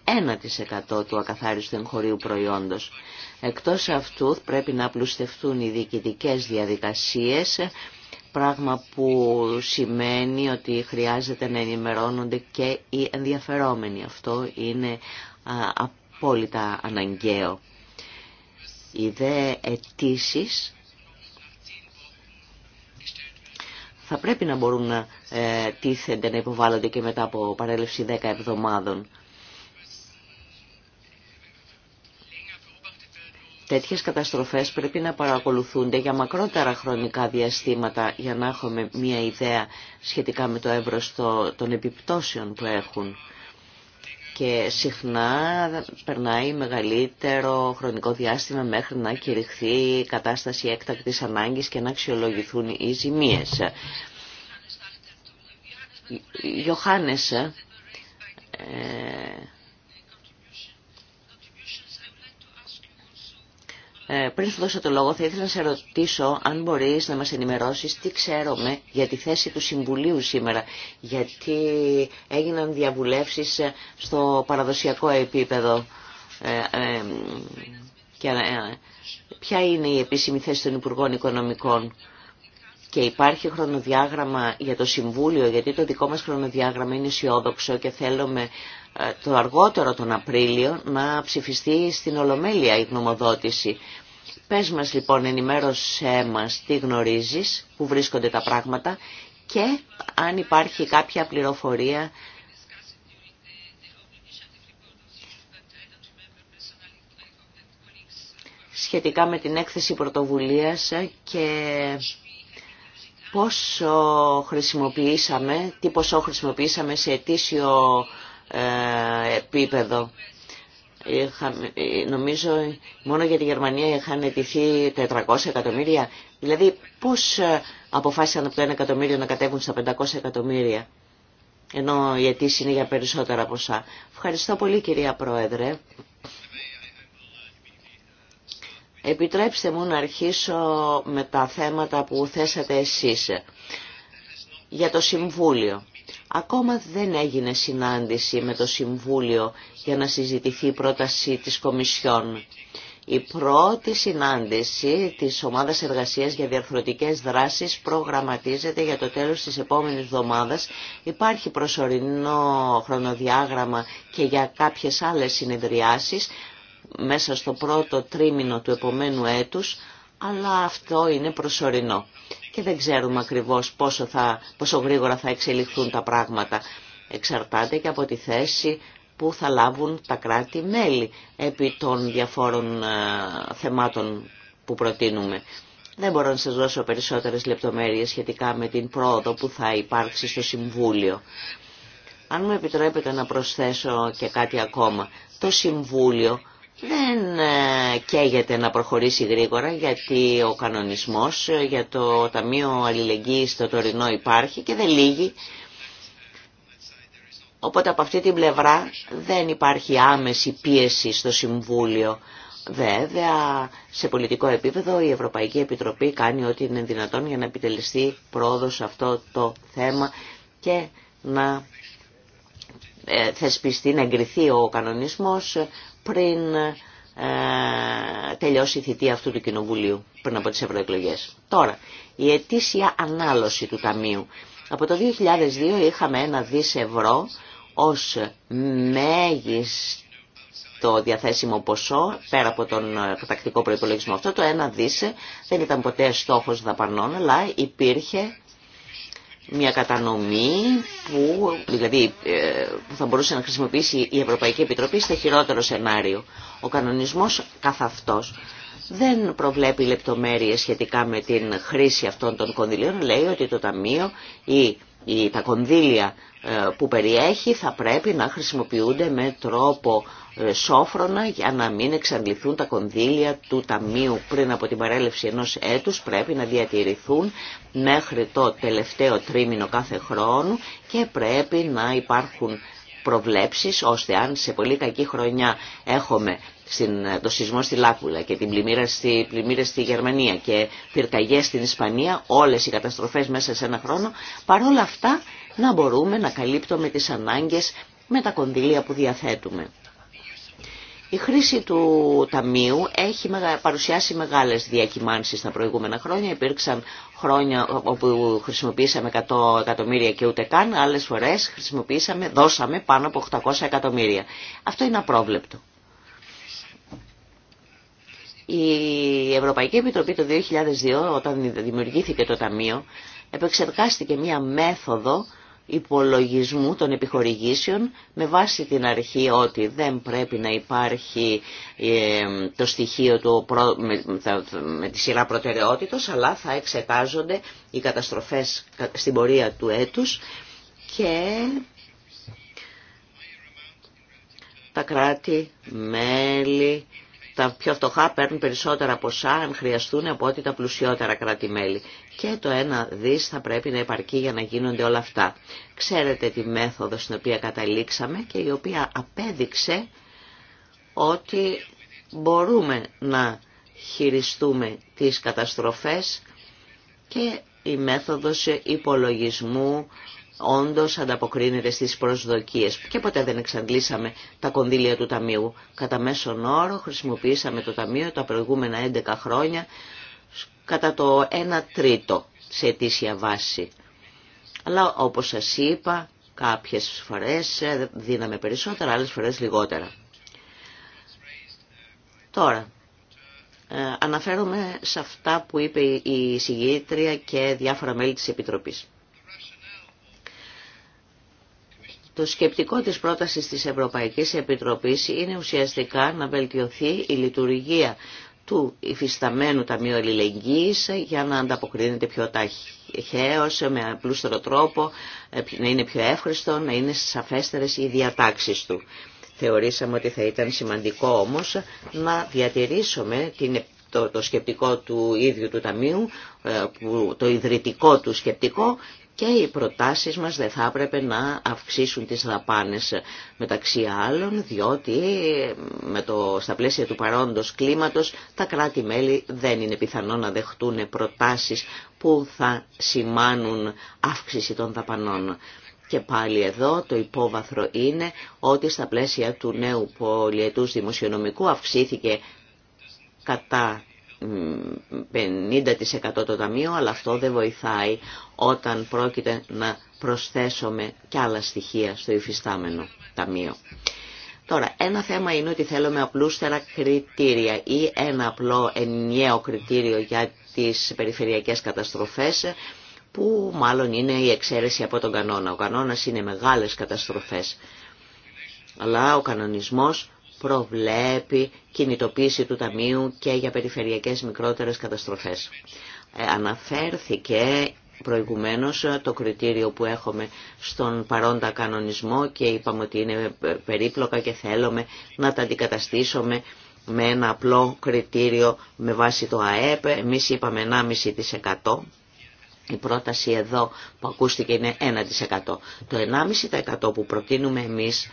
1% του ακαθάριστου εγχωρίου προϊόντος. Εκτός αυτού πρέπει να απλουστευτούν οι διοικητικές διαδικασίες, πράγμα που σημαίνει ότι χρειάζεται να ενημερώνονται και οι ενδιαφερόμενοι. Αυτό είναι απόλυτα αναγκαίο. Οι δε αιτήσει θα πρέπει να μπορούν να ε, τίθενται, να υποβάλλονται και μετά από παρέλευση 10 εβδομάδων. Τέτοιες καταστροφές πρέπει να παρακολουθούνται για μακρότερα χρονικά διαστήματα για να έχουμε μία ιδέα σχετικά με το εύρος των επιπτώσεων που έχουν και συχνά περνάει μεγαλύτερο χρονικό διάστημα μέχρι να κηρυχθεί η κατάσταση έκτακτης ανάγκης και να αξιολογηθούν οι ζημίες. Ιωάννης, ε, Ε, πριν σου δώσω το λόγο θα ήθελα να σε ρωτήσω αν μπορείς να μας ενημερώσεις τι ξέρουμε για τη θέση του Συμβουλίου σήμερα. Γιατί έγιναν διαβουλεύσεις στο παραδοσιακό επίπεδο. Ε, ε και, ε, ποια είναι η επίσημη θέση των Υπουργών Οικονομικών. Και υπάρχει χρονοδιάγραμμα για το Συμβούλιο, γιατί το δικό μας χρονοδιάγραμμα είναι αισιόδοξο και θέλουμε ε, το αργότερο τον Απρίλιο να ψηφιστεί στην Ολομέλεια η γνωμοδότηση. Πες μας λοιπόν ενημέρωσέ μας τι γνωρίζεις, που βρίσκονται τα πράγματα και αν υπάρχει κάποια πληροφορία σχετικά με την έκθεση πρωτοβουλίας και πόσο χρησιμοποιήσαμε, τι ποσό χρησιμοποιήσαμε σε αιτήσιο ε, επίπεδο. νομίζω μόνο για τη Γερμανία είχαν ετηθεί 400 εκατομμύρια. Δηλαδή πώς ε, αποφάσισαν από το 1 εκατομμύριο να κατέβουν στα 500 εκατομμύρια. Ενώ οι αιτήση είναι για περισσότερα ποσά. Ευχαριστώ πολύ κυρία Πρόεδρε. Επιτρέψτε μου να αρχίσω με τα θέματα που θέσατε εσείς για το Συμβούλιο. Ακόμα δεν έγινε συνάντηση με το Συμβούλιο για να συζητηθεί η πρόταση της Κομισιόν. Η πρώτη συνάντηση της Ομάδας Εργασίας για Διαρθρωτικές Δράσεις προγραμματίζεται για το τέλος της επόμενης εβδομάδας. Υπάρχει προσωρινό χρονοδιάγραμμα και για κάποιες άλλες συνεδριάσεις μέσα στο πρώτο τρίμηνο του επομένου έτους, αλλά αυτό είναι προσωρινό και δεν ξέρουμε ακριβώς πόσο, θα, γρήγορα θα εξελιχθούν τα πράγματα. Εξαρτάται και από τη θέση που θα λάβουν τα κράτη-μέλη επί των διαφόρων ε, θεμάτων που προτείνουμε. Δεν μπορώ να σας δώσω περισσότερες λεπτομέρειες σχετικά με την πρόοδο που θα υπάρξει στο Συμβούλιο. Αν μου επιτρέπετε να προσθέσω και κάτι ακόμα, το Συμβούλιο δεν ε, καίγεται να προχωρήσει γρήγορα γιατί ο κανονισμός ε, για το Ταμείο Αλληλεγγύης στο τωρινό υπάρχει και δεν λύγει. Οπότε από αυτή την πλευρά δεν υπάρχει άμεση πίεση στο Συμβούλιο. Βέβαια, σε πολιτικό επίπεδο η Ευρωπαϊκή Επιτροπή κάνει ό,τι είναι δυνατόν για να επιτελεστεί πρόοδο σε αυτό το θέμα και να ε, θεσπιστεί, να εγκριθεί ο κανονισμός πριν ε, τελειώσει η θητεία αυτού του Κοινοβουλίου πριν από τις ευρωεκλογέ. Τώρα, η ετήσια ανάλωση του Ταμείου. Από το 2002 είχαμε ένα δις ευρώ ως μέγιστο διαθέσιμο ποσό πέρα από τον κατακτικό ε, προϋπολογισμό αυτό το ένα δις δεν ήταν ποτέ στόχος δαπανών αλλά υπήρχε μια κατανομή που δηλαδή, ε, θα μπορούσε να χρησιμοποιήσει η Ευρωπαϊκή Επιτροπή στο χειρότερο σενάριο. Ο κανονισμός καθ' αυτός δεν προβλέπει λεπτομέρειες σχετικά με την χρήση αυτών των κονδυλίων. Λέει ότι το Ταμείο ή τα κονδύλια ε, που περιέχει θα πρέπει να χρησιμοποιούνται με τρόπο ε, σόφρονα για να μην εξαντληθούν τα κονδύλια του Ταμείου πριν από την παρέλευση ενός έτους πρέπει να διατηρηθούν μέχρι το τελευταίο τρίμηνο κάθε χρόνο και πρέπει να υπάρχουν προβλέψεις ώστε αν σε πολύ κακή χρονιά έχουμε το σεισμό στη Λάκουλα και την πλημμύρα στη, πλημμύρα στη Γερμανία και πυρκαγιές στην Ισπανία, όλες οι καταστροφές μέσα σε ένα χρόνο, παρόλα αυτά να μπορούμε να καλύπτουμε τις ανάγκες με τα κονδυλία που διαθέτουμε. Η χρήση του Ταμείου έχει παρουσιάσει μεγάλες διακυμάνσεις τα προηγούμενα χρόνια. Υπήρξαν χρόνια όπου χρησιμοποίησαμε 100 εκατομμύρια και ούτε καν, άλλες φορές χρησιμοποίησαμε, δώσαμε πάνω από 800 εκατομμύρια. Αυτό είναι απρόβλεπτο. Η Ευρωπαϊκή Επιτροπή το 2002, όταν δημιουργήθηκε το Ταμείο, επεξεργάστηκε μία μέθοδο υπολογισμού των επιχορηγήσεων με βάση την αρχή ότι δεν πρέπει να υπάρχει ε, το στοιχείο του με τη σειρά προτεραιότητος αλλά θα εξετάζονται οι καταστροφές στην πορεία του έτους και τα κράτη-μέλη τα πιο φτωχά παίρνουν περισσότερα ποσά αν χρειαστούν από ό,τι τα πλουσιότερα κράτη-μέλη. Και το ένα δις θα πρέπει να υπαρκεί για να γίνονται όλα αυτά. Ξέρετε τη μέθοδο στην οποία καταλήξαμε και η οποία απέδειξε ότι μπορούμε να χειριστούμε τις καταστροφές και η μέθοδος υπολογισμού όντως ανταποκρίνεται στις προσδοκίες και ποτέ δεν εξαντλήσαμε τα κονδύλια του Ταμείου. Κατά μέσον όρο χρησιμοποιήσαμε το Ταμείο τα προηγούμενα 11 χρόνια κατά το 1 τρίτο σε αιτήσια βάση. Αλλά όπως σας είπα κάποιες φορές δίναμε περισσότερα, άλλες φορές λιγότερα. Τώρα, ε, αναφέρομαι σε αυτά που είπε η συγγήτρια και διάφορα μέλη της Επιτροπής. Το σκεπτικό της πρότασης της Ευρωπαϊκής Επιτροπής είναι ουσιαστικά να βελτιωθεί η λειτουργία του υφισταμένου Ταμείου Αλληλεγγύης για να ανταποκρίνεται πιο ταχαίως, με απλούστερο τρόπο, να είναι πιο εύχριστο, να είναι σαφέστερες οι διατάξεις του. Θεωρήσαμε ότι θα ήταν σημαντικό όμως να διατηρήσουμε την το, το σκεπτικό του ίδιου του Ταμείου, ε, το ιδρυτικό του σκεπτικό και οι προτάσεις μας δεν θα έπρεπε να αυξήσουν τις δαπάνες μεταξύ άλλων διότι με το, στα πλαίσια του παρόντος κλίματος τα κράτη-μέλη δεν είναι πιθανό να δεχτούν προτάσεις που θα σημάνουν αύξηση των δαπανών. Και πάλι εδώ το υπόβαθρο είναι ότι στα πλαίσια του νέου πολιετούς δημοσιονομικού αυξήθηκε κατά 50% το ταμείο, αλλά αυτό δεν βοηθάει όταν πρόκειται να προσθέσουμε κι άλλα στοιχεία στο υφιστάμενο ταμείο. Τώρα, ένα θέμα είναι ότι θέλουμε απλούστερα κριτήρια ή ένα απλό ενιαίο κριτήριο για τις περιφερειακές καταστροφές που μάλλον είναι η εξαίρεση από τον κανόνα. Ο κανόνας είναι μεγάλες καταστροφές, αλλά ο κανονισμός προβλέπει κινητοποίηση του Ταμείου και για περιφερειακές μικρότερες καταστροφές. Ε, αναφέρθηκε προηγουμένως το κριτήριο που έχουμε στον παρόντα κανονισμό και είπαμε ότι είναι περίπλοκα και θέλουμε να τα αντικαταστήσουμε με ένα απλό κριτήριο με βάση το ΑΕΠ. Εμείς είπαμε 1,5%. Η πρόταση εδώ που ακούστηκε είναι 1%. Το 1,5% που προτείνουμε εμείς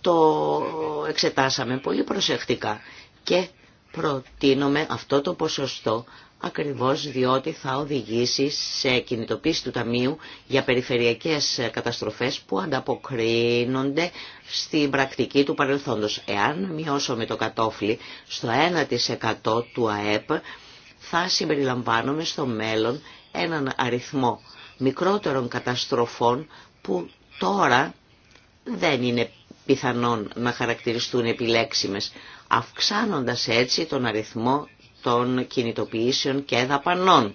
το εξετάσαμε πολύ προσεκτικά και προτείνουμε αυτό το ποσοστό ακριβώς διότι θα οδηγήσει σε κινητοποίηση του Ταμείου για περιφερειακές καταστροφές που ανταποκρίνονται στην πρακτική του παρελθόντος. Εάν μειώσουμε το κατόφλι στο 1% του ΑΕΠ θα συμπεριλαμβάνουμε στο μέλλον έναν αριθμό μικρότερων καταστροφών που τώρα δεν είναι πιθανόν να χαρακτηριστούν επιλέξιμες, αυξάνοντας έτσι τον αριθμό των κινητοποιήσεων και δαπανών.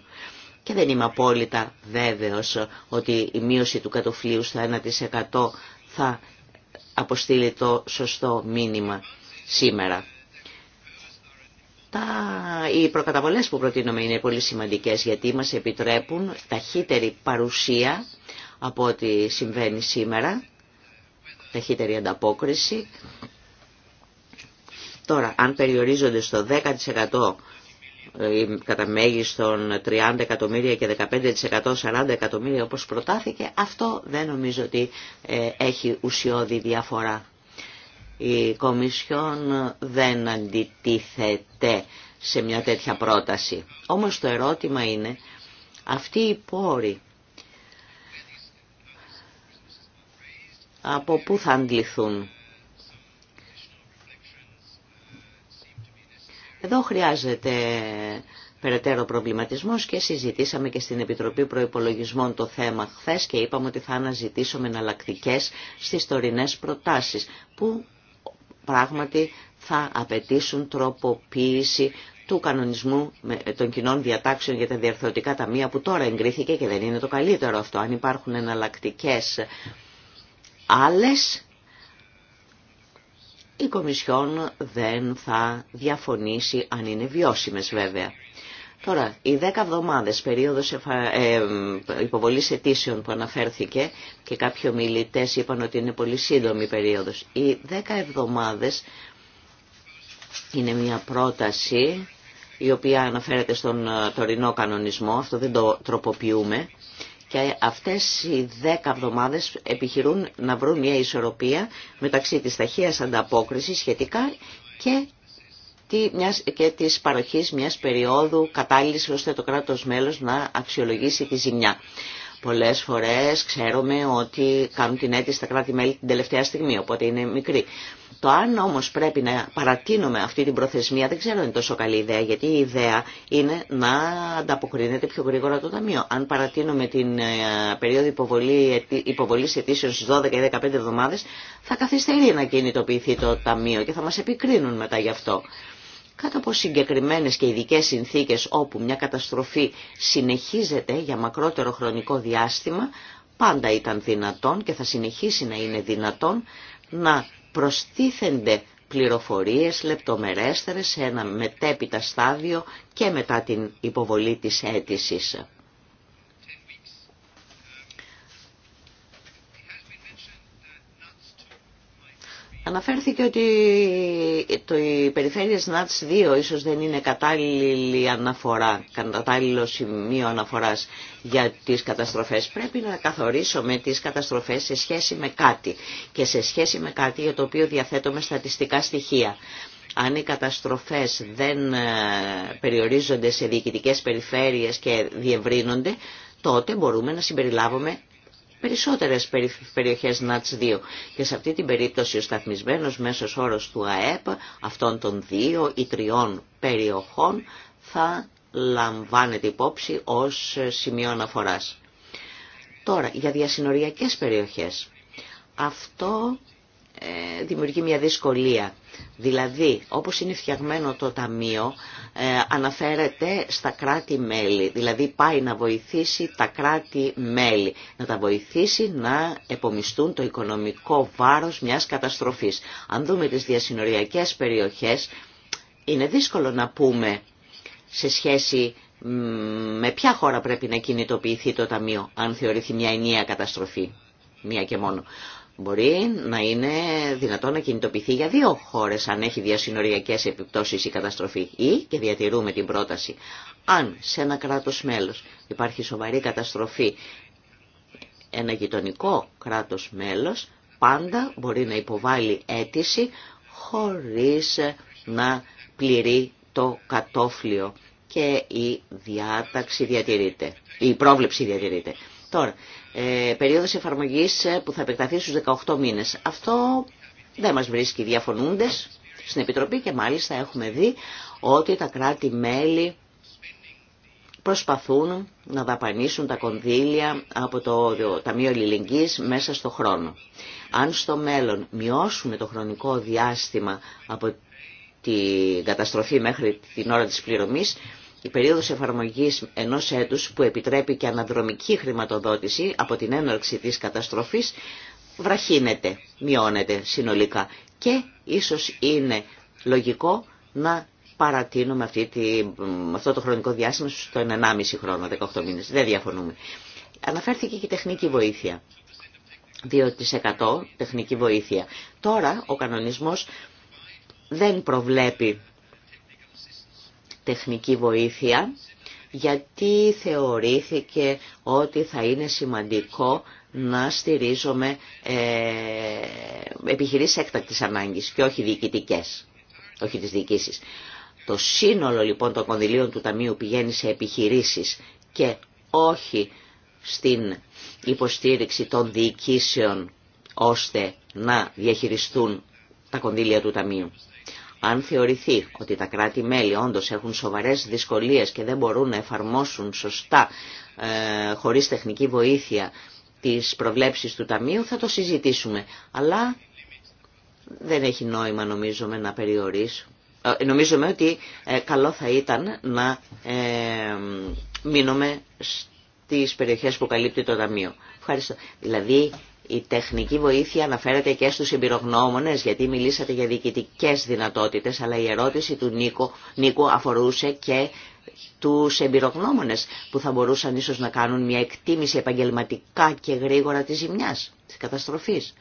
Και δεν είμαι απόλυτα βέβαιος ότι η μείωση του κατοφλίου στα 1% θα αποστείλει το σωστό μήνυμα σήμερα. Τα... Οι προκαταβολές που προτείνουμε είναι πολύ σημαντικές γιατί μας επιτρέπουν ταχύτερη παρουσία από ό,τι συμβαίνει σήμερα ταχύτερη ανταπόκριση. Τώρα, αν περιορίζονται στο 10% ε, κατά μέγιστον 30 εκατομμύρια και 15% 40 εκατομμύρια όπως προτάθηκε, αυτό δεν νομίζω ότι ε, έχει ουσιώδη διαφορά. Η Κομισιόν δεν αντιτίθεται σε μια τέτοια πρόταση. Όμως το ερώτημα είναι αυτοί οι πόροι από πού θα αντληθούν. Εδώ χρειάζεται περαιτέρω προβληματισμός και συζητήσαμε και στην Επιτροπή Προϋπολογισμών το θέμα χθε και είπαμε ότι θα αναζητήσουμε εναλλακτικέ στις τωρινές προτάσεις που πράγματι θα απαιτήσουν τροποποίηση του κανονισμού των κοινών διατάξεων για τα διαρθρωτικά ταμεία που τώρα εγκρίθηκε και δεν είναι το καλύτερο αυτό. Αν υπάρχουν εναλλακτικέ άλλες η Κομισιόν δεν θα διαφωνήσει αν είναι βιώσιμες βέβαια. Τώρα, οι 10 εβδομάδες περίοδος ε, υποβολής αιτήσεων που αναφέρθηκε και κάποιοι ομιλητέ είπαν ότι είναι πολύ σύντομη περίοδος. Οι 10 εβδομάδες είναι μια πρόταση η οποία αναφέρεται στον ε, τωρινό κανονισμό, αυτό δεν το τροποποιούμε. Και αυτές οι δέκα εβδομάδες επιχειρούν να βρουν μια ισορροπία μεταξύ της ταχείας ανταπόκρισης σχετικά και και της παροχής μιας περίοδου κατάλληλης ώστε το κράτος μέλος να αξιολογήσει τη ζημιά. Πολλές φορές ξέρουμε ότι κάνουν την αίτηση στα κράτη-μέλη την τελευταία στιγμή, οπότε είναι μικρή. Το αν όμως πρέπει να παρατείνουμε αυτή την προθεσμία δεν ξέρω αν είναι τόσο καλή ιδέα, γιατί η ιδέα είναι να ανταποκρίνεται πιο γρήγορα το Ταμείο. Αν παρατείνουμε την ε, περίοδο υποβολή, υποβολής αιτήσεων στις 12 ή 15 εβδομάδες, θα καθυστερεί να κινητοποιηθεί το Ταμείο και θα μας επικρίνουν μετά γι' αυτό κάτω από συγκεκριμένες και ειδικέ συνθήκες όπου μια καταστροφή συνεχίζεται για μακρότερο χρονικό διάστημα, πάντα ήταν δυνατόν και θα συνεχίσει να είναι δυνατόν να προστίθενται πληροφορίες λεπτομερέστερες σε ένα μετέπειτα στάδιο και μετά την υποβολή της αίτησης. Αναφέρθηκε ότι το, η περιφέρεια ΝΑΤΣ 2 ίσως δεν είναι κατάλληλη αναφορά, κατάλληλο σημείο αναφοράς για τις καταστροφές. Πρέπει να καθορίσουμε τις καταστροφές σε σχέση με κάτι και σε σχέση με κάτι για το οποίο διαθέτουμε στατιστικά στοιχεία. Αν οι καταστροφές δεν ε, περιορίζονται σε διοικητικές περιφέρειες και διευρύνονται, τότε μπορούμε να συμπεριλάβουμε περισσότερες περιοχές ΝΑΤΣ 2. Και σε αυτή την περίπτωση ο σταθμισμένος μέσος όρος του ΑΕΠ αυτών των δύο ή τριών περιοχών θα λαμβάνεται υπόψη ως σημείο αναφοράς. Τώρα, για διασυνοριακές περιοχές. Αυτό ε, δημιουργεί μια δυσκολία. Δηλαδή, όπως είναι φτιαγμένο το Ταμείο, ε, αναφέρεται στα κράτη-μέλη. Δηλαδή, πάει να βοηθήσει τα κράτη-μέλη. Να τα βοηθήσει να επομιστούν το οικονομικό βάρος μιας καταστροφής. Αν δούμε τις διασυνοριακές περιοχές, είναι δύσκολο να πούμε σε σχέση με ποια χώρα πρέπει να κινητοποιηθεί το Ταμείο, αν θεωρηθεί μια ενιαία καταστροφή. Μία και μόνο. Μπορεί να είναι δυνατόν να κινητοποιηθεί για δύο χώρες αν έχει διασυνοριακές επιπτώσεις η καταστροφή ή και διατηρούμε την πρόταση. Αν σε ένα κράτος μέλος υπάρχει σοβαρή καταστροφή, ένα γειτονικό κράτος μέλος πάντα μπορεί να υποβάλει αίτηση χωρίς να πληρεί το κατόφλιο και η διάταξη διατηρείται, η πρόβλεψη διατηρείται. Τώρα, ε, περίοδος εφαρμογής ε, που θα επεκταθεί στους 18 μήνες. Αυτό δεν μας βρίσκει διαφωνούντες στην Επιτροπή και μάλιστα έχουμε δει ότι τα κράτη-μέλη προσπαθούν να δαπανίσουν τα κονδύλια από το Ταμείο Ελληνικής μέσα στο χρόνο. Αν στο μέλλον μειώσουμε το χρονικό διάστημα από την καταστροφή μέχρι την ώρα της πληρωμής, η περίοδος εφαρμογής ενός έτους που επιτρέπει και αναδρομική χρηματοδότηση από την έναρξη της καταστροφής βραχύνεται, μειώνεται συνολικά και ίσως είναι λογικό να παρατείνουμε αυτή τη, αυτό το χρονικό διάστημα στο 1,5 χρόνο, 18 μήνες. Δεν διαφωνούμε. Αναφέρθηκε και η τεχνική βοήθεια. 2% τεχνική βοήθεια. Τώρα ο κανονισμός δεν προβλέπει τεχνική βοήθεια γιατί θεωρήθηκε ότι θα είναι σημαντικό να στηρίζουμε ε, επιχειρήσεις έκτακτης ανάγκης και όχι διοικητικές, όχι τις διοικήσεις. Το σύνολο λοιπόν των κονδυλίων του Ταμείου πηγαίνει σε επιχειρήσεις και όχι στην υποστήριξη των διοικήσεων ώστε να διαχειριστούν τα κονδύλια του Ταμείου. Αν θεωρηθεί ότι τα κράτη-μέλη όντως έχουν σοβαρές δυσκολίες και δεν μπορούν να εφαρμόσουν σωστά ε, χωρίς τεχνική βοήθεια τις προβλέψεις του Ταμείου θα το συζητήσουμε. Αλλά δεν έχει νόημα νομίζουμε να περιορίσουμε. Ε, νομίζουμε ότι ε, καλό θα ήταν να ε, μείνουμε στις περιοχές που καλύπτει το Ταμείο. Ευχαριστώ. Δηλαδή η τεχνική βοήθεια αναφέρεται και στους εμπειρογνώμονες γιατί μιλήσατε για διοικητικές δυνατότητες αλλά η ερώτηση του Νίκο, αφορούσε και τους εμπειρογνώμονες που θα μπορούσαν ίσως να κάνουν μια εκτίμηση επαγγελματικά και γρήγορα της ζημιάς, της καταστροφής.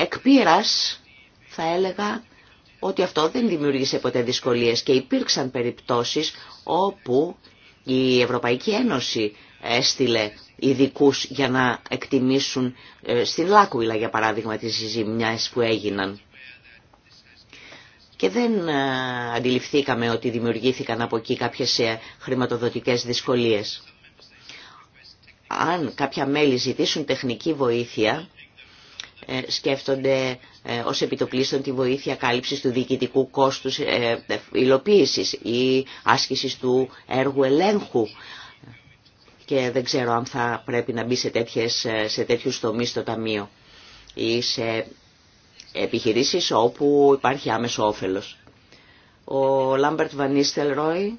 Εκ πείρας θα έλεγα ότι αυτό δεν δημιούργησε ποτέ δυσκολίες και υπήρξαν περιπτώσεις όπου η Ευρωπαϊκή Ένωση έστειλε ειδικού για να εκτιμήσουν ε, στην Λάκουιλα για παράδειγμα τις ζημιές που έγιναν. Και δεν ε, αντιληφθήκαμε ότι δημιουργήθηκαν από εκεί κάποιες ε, χρηματοδοτικές δυσκολίες. Αν κάποια μέλη ζητήσουν τεχνική βοήθεια, σκέφτονται ως επιτοπλίστων τη βοήθεια κάλυψης του διοικητικού κόστους υλοποίησης ή άσκησης του έργου ελέγχου και δεν ξέρω αν θα πρέπει να μπει σε, τέτοιες, σε τέτοιους τομείς στο Ταμείο ή σε επιχειρήσεις όπου υπάρχει άμεσο όφελος. Ο Λάμπερτ Βανίστελ Ρόι,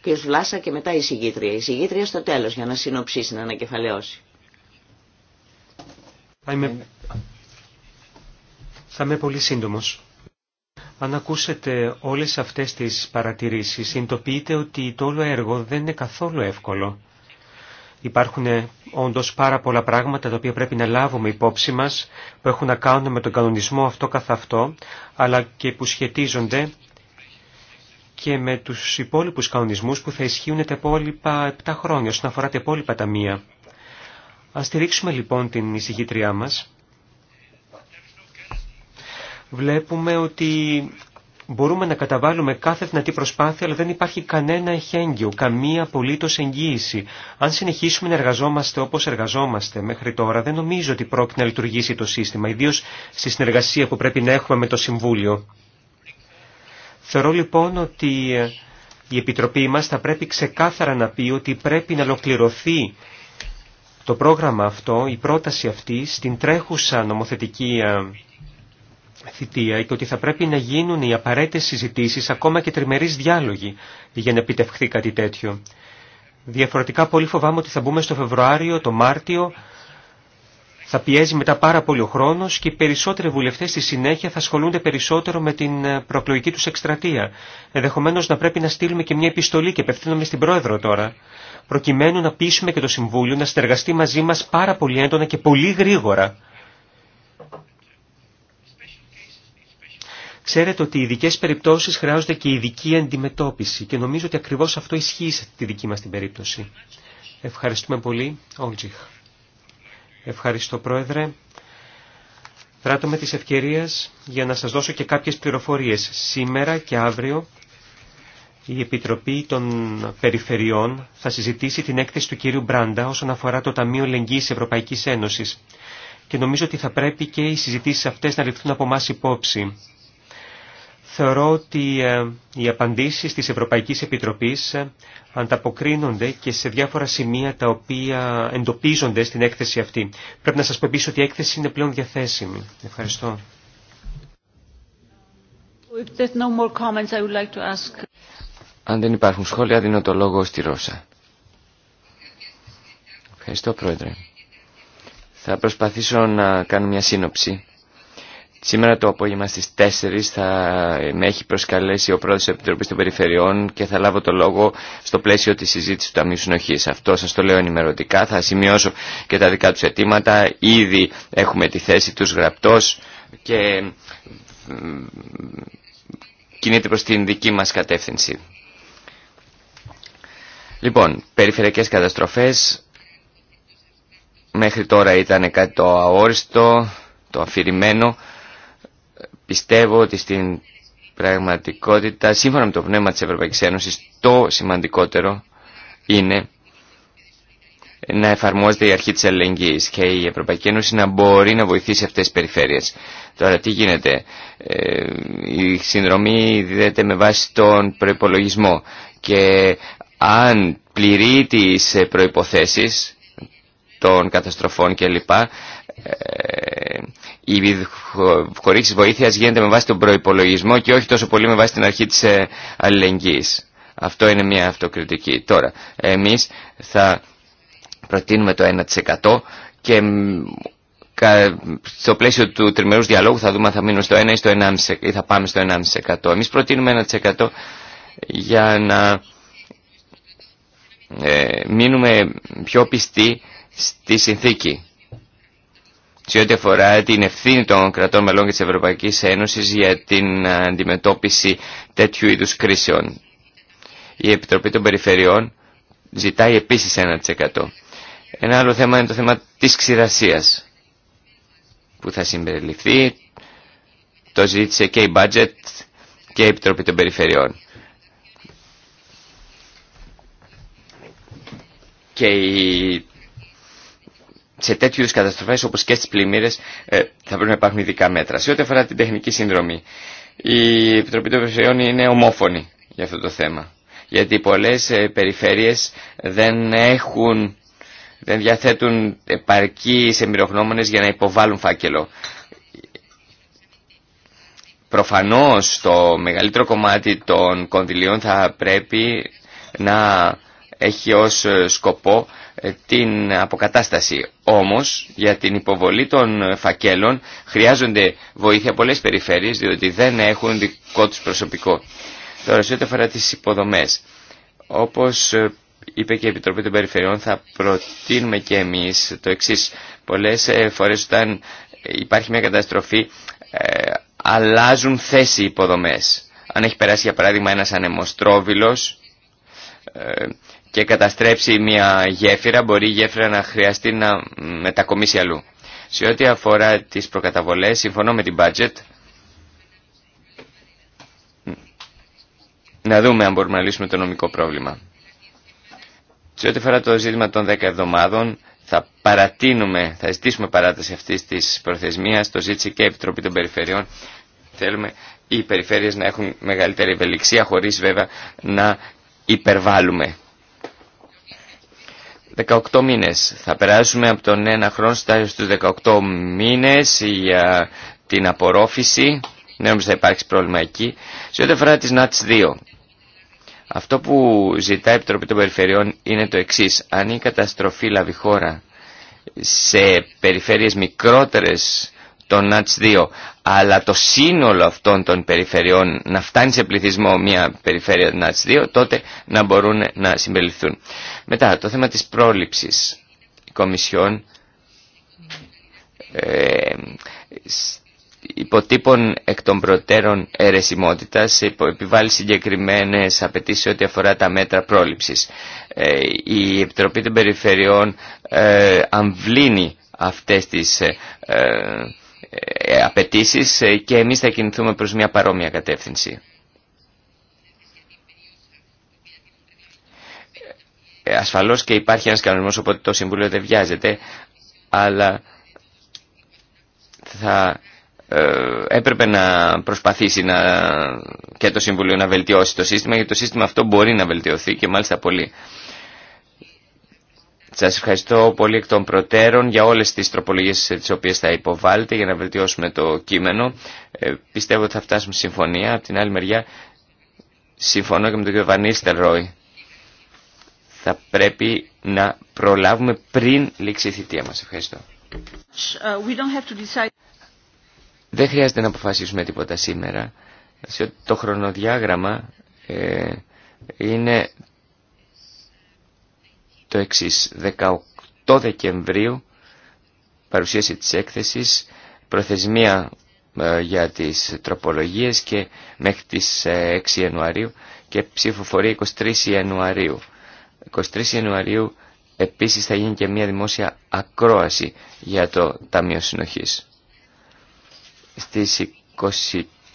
κ. Βλάσα και μετά η σε επιχειρησεις οπου υπαρχει αμεσο οφελος ο λαμπερτ βανιστελ ροι ο βλασα και μετα Η συγγήτρια στο τέλος για να συνοψίσει, να ανακεφαλαιώσει. Θα είμαι, πολύ σύντομος. Αν ακούσετε όλες αυτές τις παρατηρήσεις, συνειδητοποιείτε ότι το όλο έργο δεν είναι καθόλου εύκολο. Υπάρχουν ε, όντως πάρα πολλά πράγματα τα οποία πρέπει να λάβουμε υπόψη μας που έχουν να κάνουν με τον κανονισμό αυτό καθ' αυτό αλλά και που σχετίζονται και με τους υπόλοιπους κανονισμούς που θα ισχύουν τα υπόλοιπα 7 χρόνια όσον αφορά τα υπόλοιπα ταμεία. Ας στηρίξουμε λοιπόν την εισηγήτριά μας. Βλέπουμε ότι Μπορούμε να καταβάλουμε κάθε δυνατή προσπάθεια, αλλά δεν υπάρχει κανένα εχέγγυο, καμία απολύτω εγγύηση. Αν συνεχίσουμε να εργαζόμαστε όπω εργαζόμαστε μέχρι τώρα, δεν νομίζω ότι πρόκειται να λειτουργήσει το σύστημα, ιδίω στη συνεργασία που πρέπει να έχουμε με το Συμβούλιο. Θεωρώ λοιπόν ότι ε, η Επιτροπή μα θα πρέπει ξεκάθαρα να πει ότι πρέπει να ολοκληρωθεί το πρόγραμμα αυτό, η πρόταση αυτή, στην τρέχουσα νομοθετική ε, θητεία και ότι θα πρέπει να γίνουν οι απαραίτητες συζητήσεις, ακόμα και τριμερείς διάλογοι για να επιτευχθεί κάτι τέτοιο. Διαφορετικά πολύ φοβάμαι ότι θα μπούμε στο Φεβρουάριο, το Μάρτιο, θα πιέζει μετά πάρα πολύ ο χρόνος και οι περισσότεροι βουλευτές στη συνέχεια θα ασχολούνται περισσότερο με την ε, προκλογική τους εκστρατεία. Ενδεχομένω να πρέπει να στείλουμε και μια επιστολή και απευθύνομαι στην Πρόεδρο τώρα, προκειμένου να πείσουμε και το Συμβούλιο να συνεργαστεί μαζί μας πάρα πολύ έντονα και πολύ γρήγορα Ξέρετε ότι οι ειδικέ περιπτώσει χρειάζονται και ειδική αντιμετώπιση και νομίζω ότι ακριβώ αυτό ισχύει σε τη δική μα την περίπτωση. Ευχαριστούμε πολύ, Όλτζιχ. Ευχαριστώ, Πρόεδρε. Δράτω με τις ευκαιρίες για να σα δώσω και κάποιε πληροφορίε. Σήμερα και αύριο η Επιτροπή των Περιφερειών θα συζητήσει την έκθεση του κυρίου Μπράντα όσον αφορά το Ταμείο Λεγγύη Ευρωπαϊκή Ένωση Και νομίζω ότι θα πρέπει και οι συζητήσει αυτέ να ληφθούν από εμά υπόψη. Θεωρώ ότι ε, οι απαντήσεις της Ευρωπαϊκής Επιτροπής ε, ανταποκρίνονται και σε διάφορα σημεία τα οποία εντοπίζονται στην έκθεση αυτή. Πρέπει να σας πω επίσης ότι η έκθεση είναι πλέον διαθέσιμη. Ευχαριστώ. Αν δεν υπάρχουν σχόλια, δίνω το λόγο στη Ρώσα. Ευχαριστώ, Πρόεδρε. Θα προσπαθήσω να κάνω μια σύνοψη Σήμερα το απόγευμα στις 4 θα με έχει προσκαλέσει ο πρόεδρος της Επιτροπής των Περιφερειών και θα λάβω το λόγο στο πλαίσιο της συζήτησης του Ταμείου Συνοχής. Αυτό σας το λέω ενημερωτικά, θα σημειώσω και τα δικά του αιτήματα. Ήδη έχουμε τη θέση τους γραπτός και κινείται προς την δική μας κατεύθυνση. Λοιπόν, περιφερειακές καταστροφές μέχρι τώρα ήταν κάτι το αόριστο, το αφηρημένο πιστεύω ότι στην πραγματικότητα, σύμφωνα με το πνεύμα της Ευρωπαϊκής Ένωσης, το σημαντικότερο είναι να εφαρμόζεται η αρχή της αλληλεγγύης και η Ευρωπαϊκή Ένωση να μπορεί να βοηθήσει αυτές τις περιφέρειες. Τώρα τι γίνεται, ε, η συνδρομή δίδεται με βάση τον προϋπολογισμό και αν πληρεί τις ε, προϋποθέσεις των καταστροφών κλπ, ε, η χορήγηση βοήθειας γίνεται με βάση τον προπολογισμό και όχι τόσο πολύ με βάση την αρχή της ε, αλληλεγγύη. Αυτό είναι μια αυτοκριτική. Τώρα, εμείς θα προτείνουμε το 1% και στο πλαίσιο του τριμερούς διαλόγου θα δούμε αν θα μείνουμε στο 1% ή, στο 1,5, ή θα πάμε στο 1,5%. Εμείς προτείνουμε 1% για να ε, μείνουμε πιο πιστοί στη συνθήκη σε ό,τι αφορά την ευθύνη των κρατών μελών και της Ευρωπαϊκής Ένωσης για την ε, αντιμετώπιση τέτοιου είδους κρίσεων. Η Επιτροπή των Περιφερειών ζητάει επίσης 1%. Ένα άλλο θέμα είναι το θέμα της ξηρασίας που θα συμπεριληφθεί. Το ζήτησε και η Budget και η Επιτροπή των Περιφερειών. Και η σε τέτοιου είδου καταστροφέ όπω και στι πλημμύρε ε, θα πρέπει να υπάρχουν ειδικά μέτρα. Σε ό,τι αφορά την τεχνική σύνδρομη, η Επιτροπή των Περιφερειών είναι ομόφωνη για αυτό το θέμα. Γιατί πολλέ ε, περιφέρειε δεν έχουν, δεν διαθέτουν επαρκή εμπειρογνώμονε για να υποβάλουν φάκελο. Προφανώς το μεγαλύτερο κομμάτι των κονδυλίων θα πρέπει να έχει ως ε, σκοπό ε, την αποκατάσταση. Όμως για την υποβολή των ε, φακέλων χρειάζονται βοήθεια πολλές περιφέρειες διότι δεν έχουν δικό τους προσωπικό. Τώρα σε ό,τι αφορά τις υποδομές. Όπως είπε και η Επιτροπή των Περιφερειών θα προτείνουμε και εμείς το εξής. Πολλές φορές όταν υπάρχει μια καταστροφή αλλάζουν θέση υποδομές. Αν έχει περάσει για παράδειγμα ένας ανεμοστρόβιλος και καταστρέψει μια γέφυρα, μπορεί η γέφυρα να χρειαστεί να μετακομίσει αλλού. Σε ό,τι αφορά τις προκαταβολές, συμφωνώ με την budget. Να δούμε αν μπορούμε να λύσουμε το νομικό πρόβλημα. Σε ό,τι αφορά το ζήτημα των 10 εβδομάδων, θα παρατείνουμε, θα ζητήσουμε παράταση αυτής της προθεσμίας, το ζήτησε και η Επιτροπή των Περιφερειών. Θέλουμε οι περιφέρειες να έχουν μεγαλύτερη ευελιξία, χωρίς βέβαια να υπερβάλλουμε. 18 μήνες. Θα περάσουμε από τον ένα χρόνο στους 18 μήνες για την απορρόφηση. ναι νομίζω θα υπάρξει πρόβλημα εκεί. Σε ό,τι αφορά τις ΝΑΤΣ 2. Αυτό που ζητά η Επιτροπή των Περιφερειών είναι το εξής. Αν η καταστροφή λάβει χώρα σε περιφέρειες μικρότερες των ΝΑΤΣ 2 αλλά το σύνολο αυτών των περιφερειών να φτάνει σε πληθυσμό μια περιφέρεια να τις δύο, τότε να μπορούν να συμπεριληφθούν. Μετά, το θέμα της πρόληψης η Κομισιόν ε, υποτύπων εκ των προτέρων αιρεσιμότητας επιβάλλει συγκεκριμένες απαιτήσεις ό,τι αφορά τα μέτρα πρόληψης. Ε, η Επιτροπή των Περιφερειών ε, αμβλύνει αυτές τις ε, ε, ε, απαιτήσει ε, και εμείς θα κινηθούμε προς μια παρόμοια κατεύθυνση. Ασφαλώς και υπάρχει ένας κανονισμός οπότε το Συμβούλιο δεν βιάζεται, αλλά θα έπρεπε να προσπαθήσει να, και το Συμβουλίο να βελτιώσει το σύστημα γιατί το σύστημα αυτό μπορεί να βελτιωθεί και μάλιστα πολύ. Σας ευχαριστώ πολύ εκ των προτέρων για όλες τις τροπολογίες τις οποίες θα υποβάλλετε για να βελτιώσουμε το κείμενο. Ε, πιστεύω ότι θα φτάσουμε συμφωνία. Από την άλλη μεριά συμφωνώ και με τον κ. Βανίστερ Ρόι. Θα πρέπει να προλάβουμε πριν λήξει η θητεία μας. Ευχαριστώ. Δεν χρειάζεται να αποφασίσουμε τίποτα σήμερα. Το χρονοδιάγραμμα ε, είναι το 18 Δεκεμβρίου παρουσίαση της έκθεσης, προθεσμία ε, για τις τροπολογίες και μέχρι τις 6 ε, Ιανουαρίου και ψηφοφορία 23 Ιανουαρίου. 23 Ιανουαρίου επίσης θα γίνει και μια δημόσια ακρόαση για το Ταμείο Συνοχής. Στις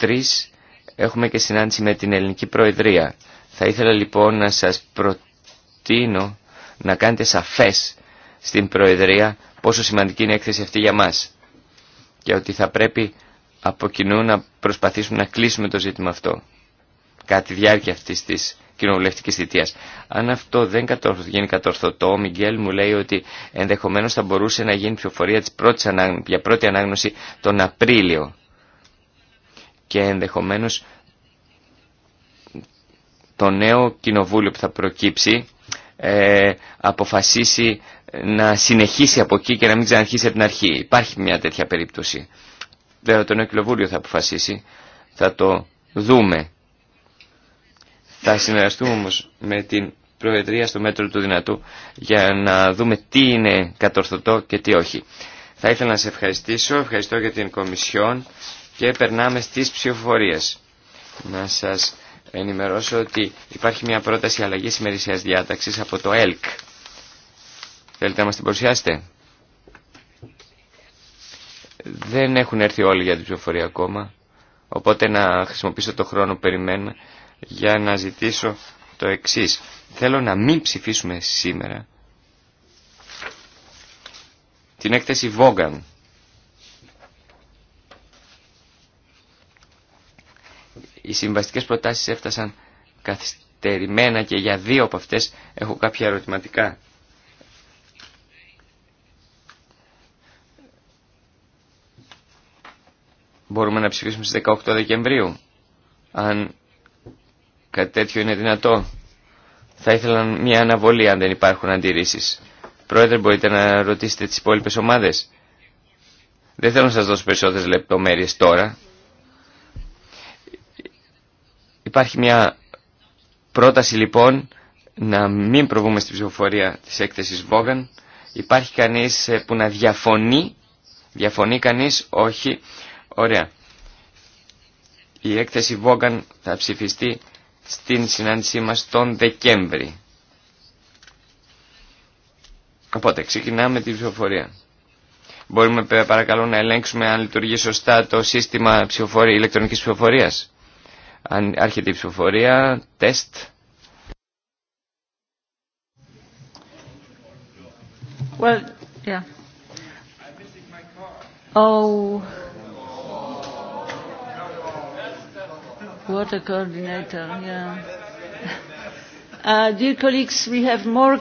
23 έχουμε και συνάντηση με την Ελληνική Προεδρία. Θα ήθελα λοιπόν να σας προτείνω να κάνετε σαφές στην Προεδρία πόσο σημαντική είναι η έκθεση αυτή για μας και ότι θα πρέπει από κοινού να προσπαθήσουμε να κλείσουμε το ζήτημα αυτό κατά τη διάρκεια αυτής της κοινοβουλευτικής θητείας. Αν αυτό δεν γίνει κατορθωτό, ο Μιγγέλ μου λέει ότι ενδεχομένως θα μπορούσε να γίνει ψηφοφορία της για πρώτη ανάγνωση τον Απρίλιο και ενδεχομένως το νέο κοινοβούλιο που θα προκύψει ε, αποφασίσει να συνεχίσει από εκεί και να μην ξαναρχίσει από την αρχή. Υπάρχει μια τέτοια περίπτωση. Βέβαια το νέο κοινοβούλιο θα αποφασίσει, θα το δούμε. Θα συνεργαστούμε όμως με την Προεδρία στο μέτρο του δυνατού για να δούμε τι είναι κατορθωτό και τι όχι. Θα ήθελα να σε ευχαριστήσω, ευχαριστώ για την Κομισιόν και περνάμε στις ψηφοφορίες. Να σας ενημερώσω ότι υπάρχει μια πρόταση αλλαγής ημερησίας διάταξης από το ΕΛΚ. Θέλετε να μας την παρουσιάσετε. Δεν έχουν έρθει όλοι για την ψηφοφορία ακόμα, οπότε να χρησιμοποιήσω το χρόνο που για να ζητήσω το εξής. Θέλω να μην ψηφίσουμε σήμερα την έκθεση Βόγκαν Οι συμβαστικές προτάσεις έφτασαν καθυστερημένα και για δύο από αυτές έχω κάποια ερωτηματικά. Μπορούμε να ψηφίσουμε στις 18 Δεκεμβρίου, αν κάτι τέτοιο είναι δυνατό. Θα ήθελα μια αναβολή αν δεν υπάρχουν αντιρρήσεις. Πρόεδρε, μπορείτε να ρωτήσετε τις υπόλοιπες ομάδες. Δεν θέλω να σας δώσω περισσότερες λεπτομέρειες τώρα. Υπάρχει μια πρόταση λοιπόν να μην προβούμε στην ψηφοφορία της έκθεσης Βόγαν. Υπάρχει κανείς ε, που να διαφωνεί. Διαφωνεί κανείς, όχι. Ωραία. Η έκθεση Βόγκαν θα ψηφιστεί στην συνάντησή μας τον Δεκέμβρη. Οπότε ξεκινάμε την ψηφοφορία. Μπορούμε παρακαλώ να ελέγξουμε αν λειτουργεί σωστά το σύστημα ψηφοφορία, ηλεκτρονικής ψηφοφορίας. Αν άρχεται η ψηφοφορία, τεστ. Well, yeah. Oh. What a coordinator, yeah. Uh, dear colleagues, we have more...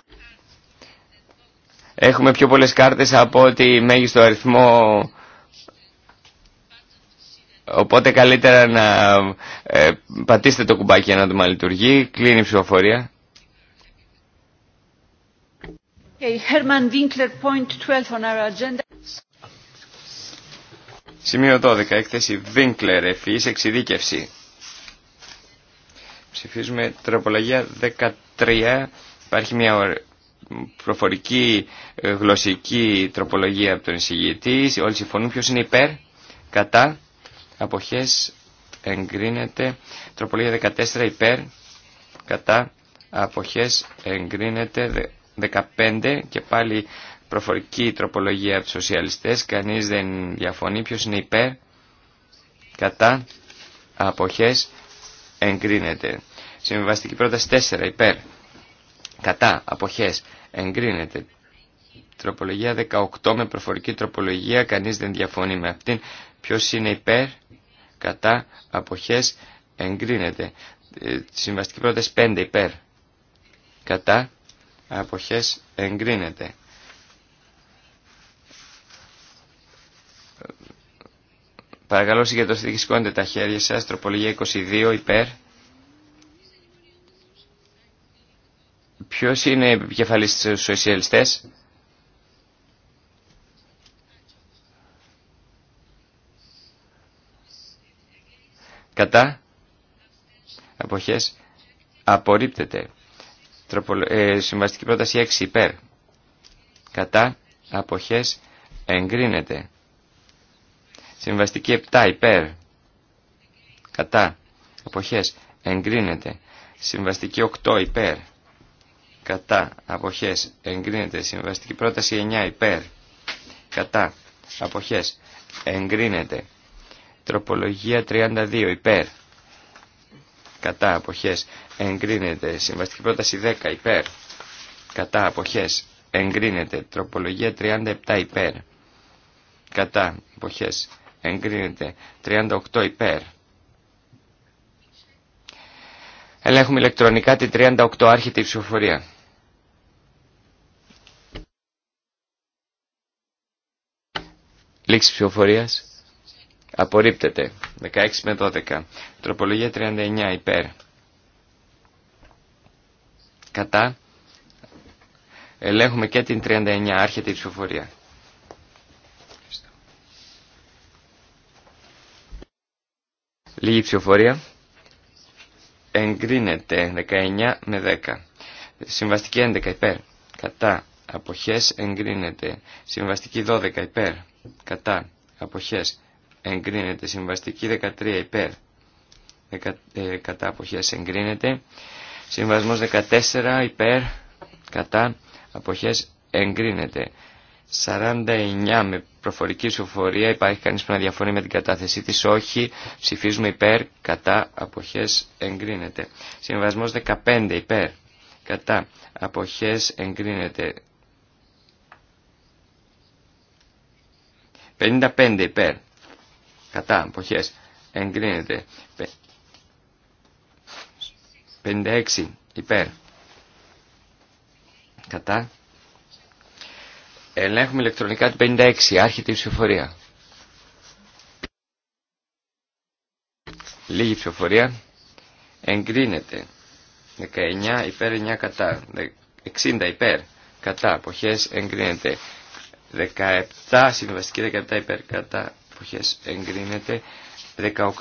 Έχουμε πιο πολλές κάρτες από ότι μέγιστο αριθμό Οπότε καλύτερα να ε, πατήσετε το κουμπάκι για να το λειτουργεί. Κλείνει η ψηφοφορία. Winkler, point 12 on our agenda. Σημείο 12. Έκθεση Winkler, ευφυής εξειδίκευση. Ψηφίζουμε τροπολογία 13. Υπάρχει μια προφορική ε, γλωσσική τροπολογία από τον εισηγητή. Όλοι συμφωνούν ποιος είναι υπέρ, κατά, αποχές εγκρίνεται. Τροπολογία 14 υπέρ, κατά, αποχές εγκρίνεται. 15 και πάλι προφορική τροπολογία από τους σοσιαλιστές. Κανείς δεν διαφωνεί ποιος είναι υπέρ, κατά, αποχές εγκρίνεται. Συμβιβαστική πρόταση 4 υπέρ, κατά, αποχές εγκρίνεται. Τροπολογία 18 με προφορική τροπολογία, κανείς δεν διαφωνεί με αυτήν. Ποιος είναι υπέρ, κατά, αποχές, εγκρίνεται. Ε, συμβαστική πρόταση 5 υπέρ, κατά, αποχές, εγκρίνεται. Παρακαλώ συγκεντρωθείτε και σηκώνετε τα χέρια σας. Τροπολογία 22 υπέρ. Ποιος είναι επικεφαλής στους σοσιαλιστές. Κατά. Αποχές. Απορρίπτεται. Ε, συμβαστική πρόταση 6 υπέρ. Κατά. Αποχές. Εγκρίνεται. Συμβαστική 7 υπέρ. Κατά. Αποχές. Εγκρίνεται. Συμβαστική 8 υπέρ. Κατά. Αποχές. Εγκρίνεται. Συμβαστική πρόταση 9 υπέρ. Κατά. Αποχές. Εγκρίνεται. Τροπολογία 32 υπέρ. Κατά αποχές εγκρίνεται. Συμβαστική πρόταση 10 υπέρ. Κατά αποχές εγκρίνεται. Τροπολογία 37 υπέρ. Κατά αποχές εγκρίνεται. 38 υπέρ. Ελέγχουμε ηλεκτρονικά τη 38 άρχεται ψηφοφορία. Λήξη ψηφοφορίας. Απορρίπτεται. 16 με 12. Τροπολογία 39 υπέρ. Κατά. Ελέγχουμε και την 39. Άρχεται η ψηφοφορία. Λίγη ψηφοφορία. Εγκρίνεται 19 με 10. Συμβαστική 11 υπέρ. Κατά. Αποχές εγκρίνεται. Συμβαστική 12 υπέρ. Κατά. Αποχές εγκρίνεται. Συμβαστική 13 ε, υπέρ. κατά αποχές εγκρίνεται. Συμβασμός 14 υπέρ. Κατά αποχές εγκρίνεται. 49 με προφορική σοφορία Υπάρχει κανείς που να διαφωνεί με την κατάθεσή της. Όχι. Ψηφίζουμε υπέρ. Κατά αποχές εγκρίνεται. Συμβασμός 15 υπέρ. Κατά αποχές εγκρίνεται. 55 υπέρ κατά εποχές εγκρίνεται 56 υπέρ κατά ελέγχουμε ηλεκτρονικά το 56 άρχεται η ψηφοφορία λίγη ψηφοφορία εγκρίνεται 19 υπέρ 9 κατά 60 υπέρ κατά Εποχές εγκρίνεται 17 συμβαστική 17 υπέρ κατά αποχές εγκρίνεται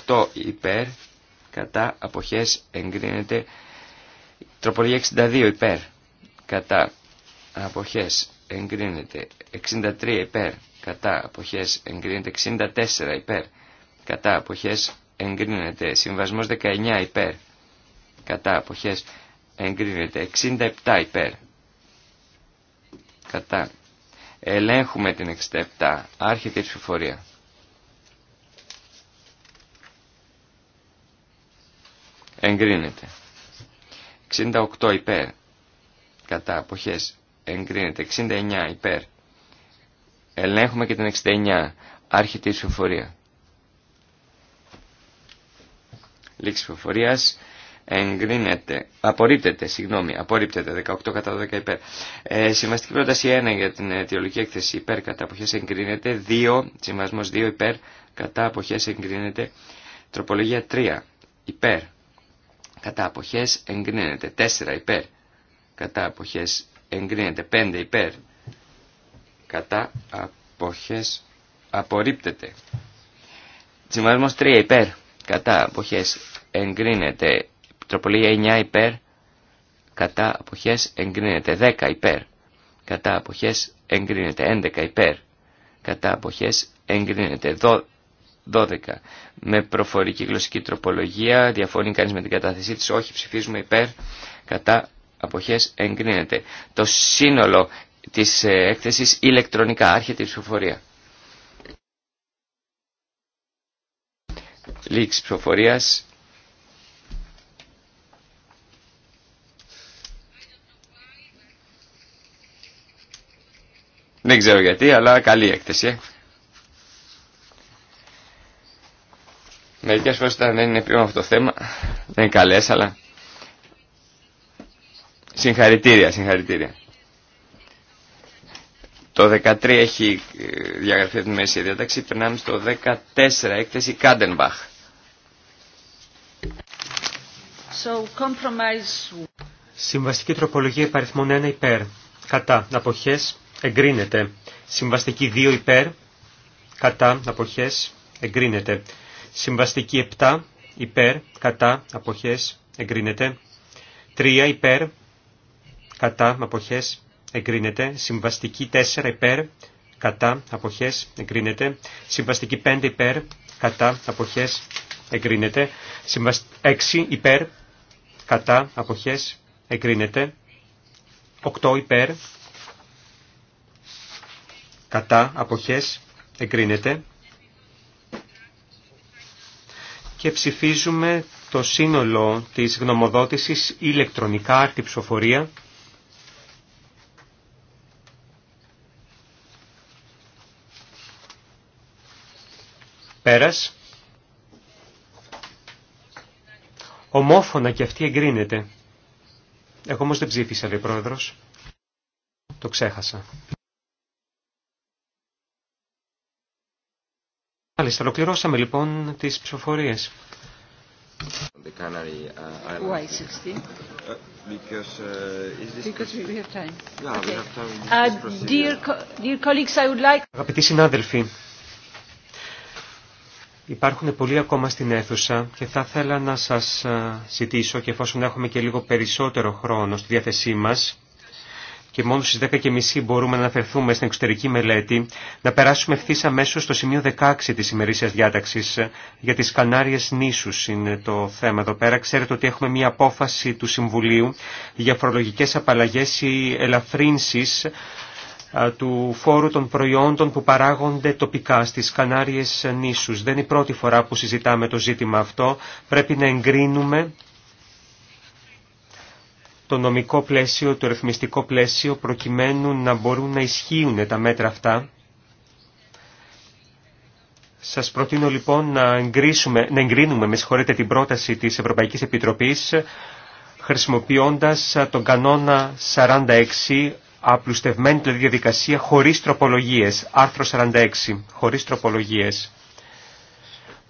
18 υπέρ κατά αποχές εγκρίνεται τροπολογία 62 υπέρ κατά αποχές εγκρίνεται 63 υπέρ κατά αποχές εγκρίνεται 64 υπέρ κατά αποχές εγκρίνεται συμβασμός 19 υπέρ κατά αποχές εγκρίνεται 67 υπέρ κατά ελέγχουμε την 67 άρχεται η ψηφοφορία εγκρίνεται. 68 υπέρ, κατά αποχές, εγκρίνεται. 69 υπέρ, ελέγχουμε και την 69, άρχεται η ψηφοφορία. Λήξη ψηφοφορίας, εγκρίνεται, απορρίπτεται, συγγνώμη, απορρίπτεται, 18 κατά 12 υπέρ. Ε, συμβαστική πρόταση 1 για την ε, αιτιολογική έκθεση υπέρ κατά αποχές εγκρίνεται, 2, συμβασμός 2 υπέρ κατά αποχές εγκρίνεται, τροπολογία 3 υπέρ κατά αποχές εγκρίνεται 4 υπέρ κατά αποχές εγκρίνεται 5 υπέρ κατά αποχές απορρίπτεται Τσιμβασμός 3 υπέρ κατά αποχές εγκρίνεται τροπολογία 9 υπέρ κατά αποχές εγκρίνεται 10 υπέρ κατά αποχές εγκρίνεται 11 υπέρ κατά αποχές εγκρίνεται 12. Με προφορική γλωσσική τροπολογία, διαφωνεί κανείς με την κατάθεσή της, όχι ψηφίζουμε υπέρ, κατά αποχές εγκρίνεται. Το σύνολο της ε, έκθεσης ηλεκτρονικά, άρχεται η ψηφοφορία. Λήξη ψηφοφορίας. Δεν ξέρω γιατί, αλλά καλή έκθεση. Ε. Μερικές φορές όταν δεν είναι πριν αυτό το θέμα, δεν είναι καλές, αλλά συγχαρητήρια, συγχαρητήρια. Το 13 έχει ε, διαγραφεί τη μέση διάταξη, περνάμε στο 14, έκθεση Κάντενμπαχ. So, compromise... Συμβαστική τροπολογία υπαριθμών 1 υπέρ. Κατά. Αποχές. Εγκρίνεται. Συμβαστική 2 υπέρ. Κατά. Αποχές. Εγκρίνεται. Συμβαστική 7 υπέρ κατά αποχές εγκρίνεται. 3 υπέρ κατά αποχές εγκρίνεται. Συμβαστική 4 υπέρ κατά αποχές εγκρίνεται. Συμβαστική 5 υπέρ κατά αποχές εγκρίνεται. Συμβαστική 6 υπέρ κατά αποχές εγκρίνεται. 8 υπέρ κατά αποχές εγκρίνεται. και ψηφίζουμε το σύνολο της γνωμοδότησης ηλεκτρονικά τη ψηφοφορία. Πέρας. Ομόφωνα και αυτή εγκρίνεται. Εγώ όμως δεν ψήφισα, λέει πρόεδρος. Το ξέχασα. Μάλιστα, ολοκληρώσαμε λοιπόν τι ψηφοφορίε. Uh, uh, uh, Αγαπητοί συνάδελφοι, υπάρχουν πολλοί ακόμα στην αίθουσα και θα ήθελα να σας ε, ζητήσω και εφόσον έχουμε και λίγο περισσότερο χρόνο στη διάθεσή μας, και μόνο στις 10.30 μπορούμε να αναφερθούμε στην εξωτερική μελέτη, να περάσουμε ευθύ αμέσω στο σημείο 16 της ημερήσιας διάταξης ε, για τις Κανάριες νήσους είναι το θέμα εδώ πέρα. Ξέρετε ότι έχουμε μια απόφαση του Συμβουλίου για φορολογικέ απαλλαγέ ή ελαφρύνσει ε, του φόρου των προϊόντων που παράγονται τοπικά στι κανάριε νύσου. Δεν είναι η πρώτη φορά που συζητάμε το ζήτημα αυτό. Πρέπει να εγκρίνουμε το νομικό πλαίσιο, το ρυθμιστικό πλαίσιο προκειμένου να μπορούν να ισχύουν τα μέτρα αυτά. Σας προτείνω λοιπόν να, να εγκρίνουμε με την πρόταση της Ευρωπαϊκής Επιτροπής χρησιμοποιώντας τον κανόνα 46 απλουστευμένη δηλαδή διαδικασία χωρίς τροπολογίες, άρθρο 46, χωρίς τροπολογίες.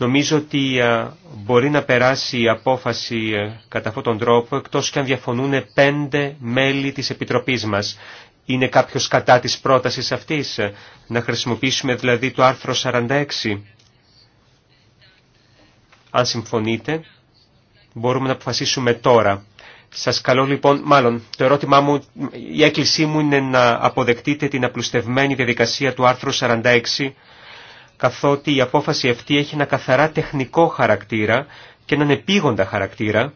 Νομίζω ότι ε, μπορεί να περάσει η απόφαση ε, κατά αυτόν τον τρόπο, εκτός και αν διαφωνούν πέντε μέλη της Επιτροπής μας. Είναι κάποιος κατά της πρότασης αυτής, ε, να χρησιμοποιήσουμε δηλαδή το άρθρο 46. Αν συμφωνείτε, μπορούμε να αποφασίσουμε τώρα. Σας καλώ λοιπόν, μάλλον το ερώτημά μου, η έκκλησή μου είναι να αποδεκτείτε την απλουστευμένη διαδικασία του άρθρου 46 καθότι η απόφαση αυτή έχει ένα καθαρά τεχνικό χαρακτήρα και έναν επίγοντα χαρακτήρα,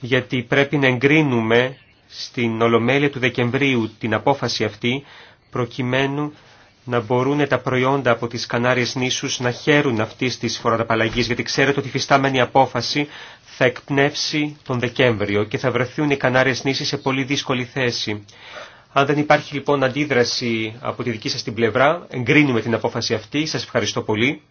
γιατί πρέπει να εγκρίνουμε στην Ολομέλεια του Δεκεμβρίου την απόφαση αυτή, προκειμένου να μπορούν τα προϊόντα από τις Κανάριες νήσους να χαίρουν αυτή τη φοροταπαλλαγή, γιατί ξέρετε ότι η φυστάμενη απόφαση θα εκπνεύσει τον Δεκέμβριο και θα βρεθούν οι Κανάριες νήσοι σε πολύ δύσκολη θέση. Αν δεν υπάρχει λοιπόν αντίδραση από τη δική σας την πλευρά, εγκρίνουμε την απόφαση αυτή. Σας ευχαριστώ πολύ.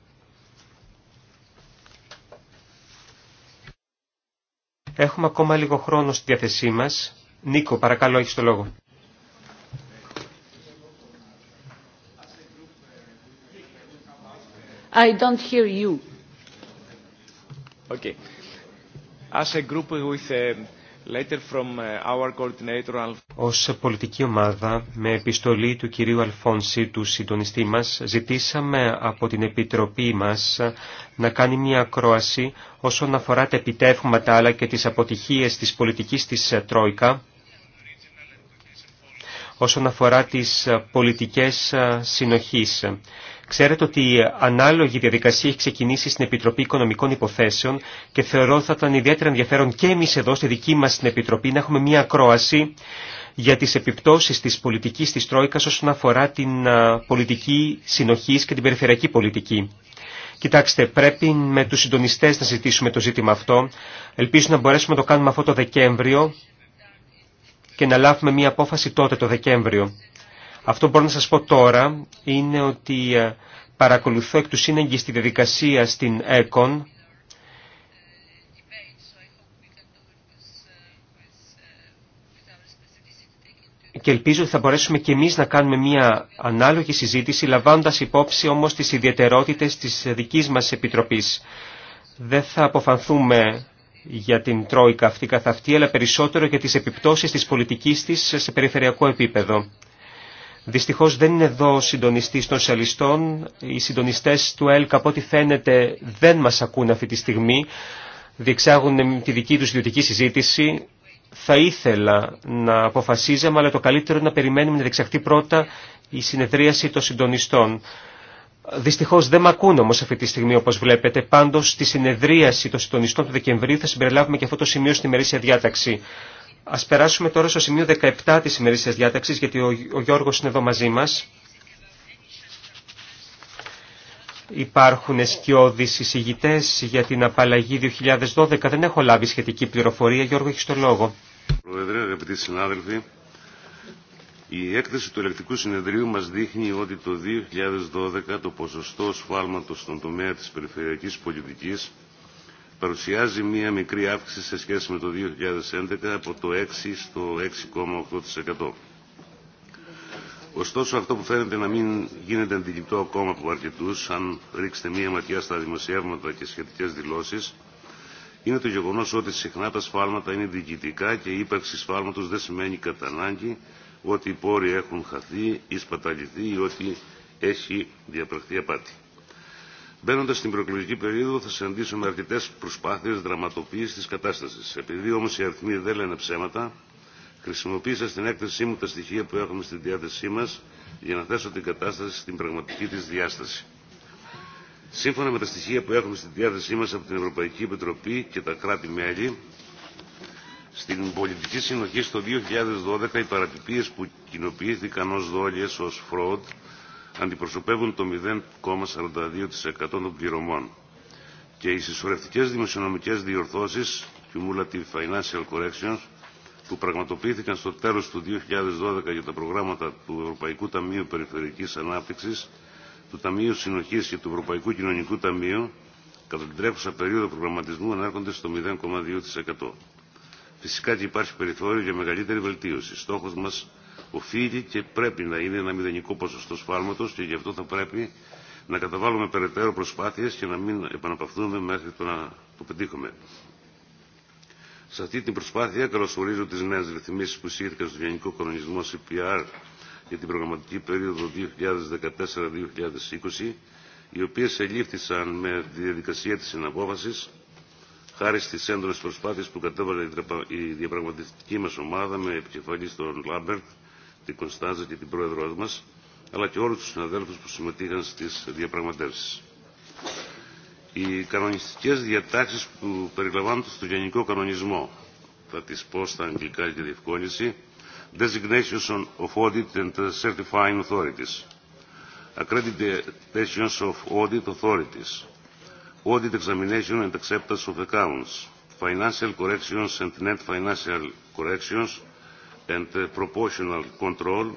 Έχουμε ακόμα λίγο χρόνο στη διάθεσή μας. Νίκο, παρακαλώ, έχεις το λόγο. I don't hear you. Okay. As a group with um, Uh, Ω πολιτική ομάδα, με επιστολή του κυρίου Αλφόνση, του συντονιστή μας, ζητήσαμε από την Επιτροπή μας να κάνει μια ακρόαση όσον αφορά τα επιτεύγματα αλλά και τι αποτυχίε της πολιτική της ε, Τρόικα, όσον αφορά τις ε, πολιτικές ε, συνοχής. Ξέρετε ότι η ανάλογη διαδικασία έχει ξεκινήσει στην Επιτροπή Οικονομικών Υποθέσεων και θεωρώ ότι θα ήταν ιδιαίτερα ενδιαφέρον και εμείς εδώ στη δική μας την Επιτροπή να έχουμε μια ακρόαση για τις επιπτώσεις της πολιτικής της Τρόικας όσον αφορά την πολιτική συνοχής και την περιφερειακή πολιτική. Κοιτάξτε, πρέπει με τους συντονιστές να ζητήσουμε το ζήτημα αυτό. Ελπίζω να μπορέσουμε να το κάνουμε αυτό το Δεκέμβριο και να λάβουμε μια απόφαση τότε το Δεκέμβριο. Αυτό που μπορώ να σας πω τώρα είναι ότι ε, παρακολουθώ εκ του Σύναγγη στη διαδικασία στην ΕΚΟΝ και ελπίζω ότι θα μπορέσουμε και εμείς να κάνουμε μια ανάλογη συζήτηση, λαμβάνοντας υπόψη όμως τις ιδιαιτερότητες της δικής μας Επιτροπής. Δεν θα αποφανθούμε για την Τρόικα αυτή καθ' αυτή, αλλά περισσότερο για τις επιπτώσεις της πολιτικής της σε περιφερειακό επίπεδο. Δυστυχώς δεν είναι εδώ ο συντονιστής των σελιστών. Οι συντονιστές του ΕΛΚ από ό,τι φαίνεται δεν μας ακούν αυτή τη στιγμή. Διεξάγουν τη δική τους ιδιωτική συζήτηση. Θα ήθελα να αποφασίζαμε, αλλά το καλύτερο είναι να περιμένουμε να διεξαχθεί πρώτα η συνεδρίαση των συντονιστών. Δυστυχώ δεν με ακούν όμω αυτή τη στιγμή όπω βλέπετε. Πάντω στη συνεδρίαση των συντονιστών του Δεκεμβρίου θα συμπεριλάβουμε και αυτό το σημείο στη ημερήσια διάταξη. Ας περάσουμε τώρα στο σημείο 17 της ημερήσιας διάταξης, γιατί ο Γιώργος είναι εδώ μαζί μας. Υπάρχουν σκιώδεις εισηγητές για την απαλλαγή 2012. Δεν έχω λάβει σχετική πληροφορία. Γιώργο, έχεις το λόγο. Πρόεδρε, αγαπητοί συνάδελφοι, η έκθεση του ελεκτικού συνεδρίου μας δείχνει ότι το 2012 το ποσοστό σφάλματος στον τομέα της περιφερειακής πολιτικής παρουσιάζει μία μικρή αύξηση σε σχέση με το 2011 από το 6% στο 6,8%. Ωστόσο αυτό που φαίνεται να μην γίνεται αντιληπτό ακόμα από αρκετού, αν ρίξετε μία ματιά στα δημοσιεύματα και σχετικές δηλώσεις, είναι το γεγονός ότι συχνά τα σφάλματα είναι διοικητικά και η ύπαρξη σφάλματος δεν σημαίνει κατά ανάγκη ότι οι πόροι έχουν χαθεί ή σπαταληθεί ή ότι έχει διαπραχθεί απάτη. Μπαίνοντα στην προεκλογική περίοδο θα συναντήσουμε αρκετέ προσπάθειε δραματοποίηση τη κατάσταση. Επειδή όμω οι αριθμοί δεν λένε ψέματα, χρησιμοποίησα στην έκθεσή μου τα στοιχεία που έχουμε στη διάθεσή μα για να θέσω την κατάσταση στην πραγματική τη διάσταση. Σύμφωνα με τα στοιχεία που έχουμε στη διάθεσή μα από την Ευρωπαϊκή Επιτροπή και τα κράτη-μέλη, στην πολιτική συνοχή στο 2012 οι παρατυπίε που κοινοποιήθηκαν ω δόλιες, ω fraud, αντιπροσωπεύουν το 0,42% των πληρωμών και οι συσσωρευτικές δημοσιονομικές διορθώσεις Cumulative Financial Corrections που πραγματοποιήθηκαν στο τέλος του 2012 για τα προγράμματα του Ευρωπαϊκού Ταμείου Περιφερειακής Ανάπτυξης, του Ταμείου Συνοχής και του Ευρωπαϊκού Κοινωνικού Ταμείου κατά την τρέχουσα περίοδο προγραμματισμού ανάρχονται στο 0,2%. Φυσικά και υπάρχει περιθώριο για μεγαλύτερη βελτίωση. Στόχος μας οφείλει και πρέπει να είναι ένα μηδενικό ποσοστό σφάλματος και γι' αυτό θα πρέπει να καταβάλουμε περαιτέρω προσπάθειε και να μην επαναπαυθούμε μέχρι το να το πετύχουμε. Σε αυτή την προσπάθεια καλωσορίζω τι νέε ρυθμίσει που εισήχθηκαν στο Γενικό Οικονομισμό CPR για την προγραμματική περίοδο 2014-2020, οι οποίες ελήφθησαν με τη διαδικασία της συναπόφασης, χάρη στις έντονες προσπάθειες που κατέβαλε η διαπραγματευτική μας ομάδα με επικεφαλής τον Λάμπερτ την Κωνστάζα και την πρόεδρό μας, αλλά και όλους τους συναδέλφους που συμμετείχαν στις διαπραγματεύσεις. Οι κανονιστικές διατάξεις που περιλαμβάνονται στο Γενικό Κανονισμό, θα τις πω στα αγγλικά για διευκόλυνση, designations of Audit and Certifying Authorities, Accreditations of Audit Authorities, Audit Examination and Acceptance of Accounts, Financial Corrections and Net Financial Corrections, and proportional control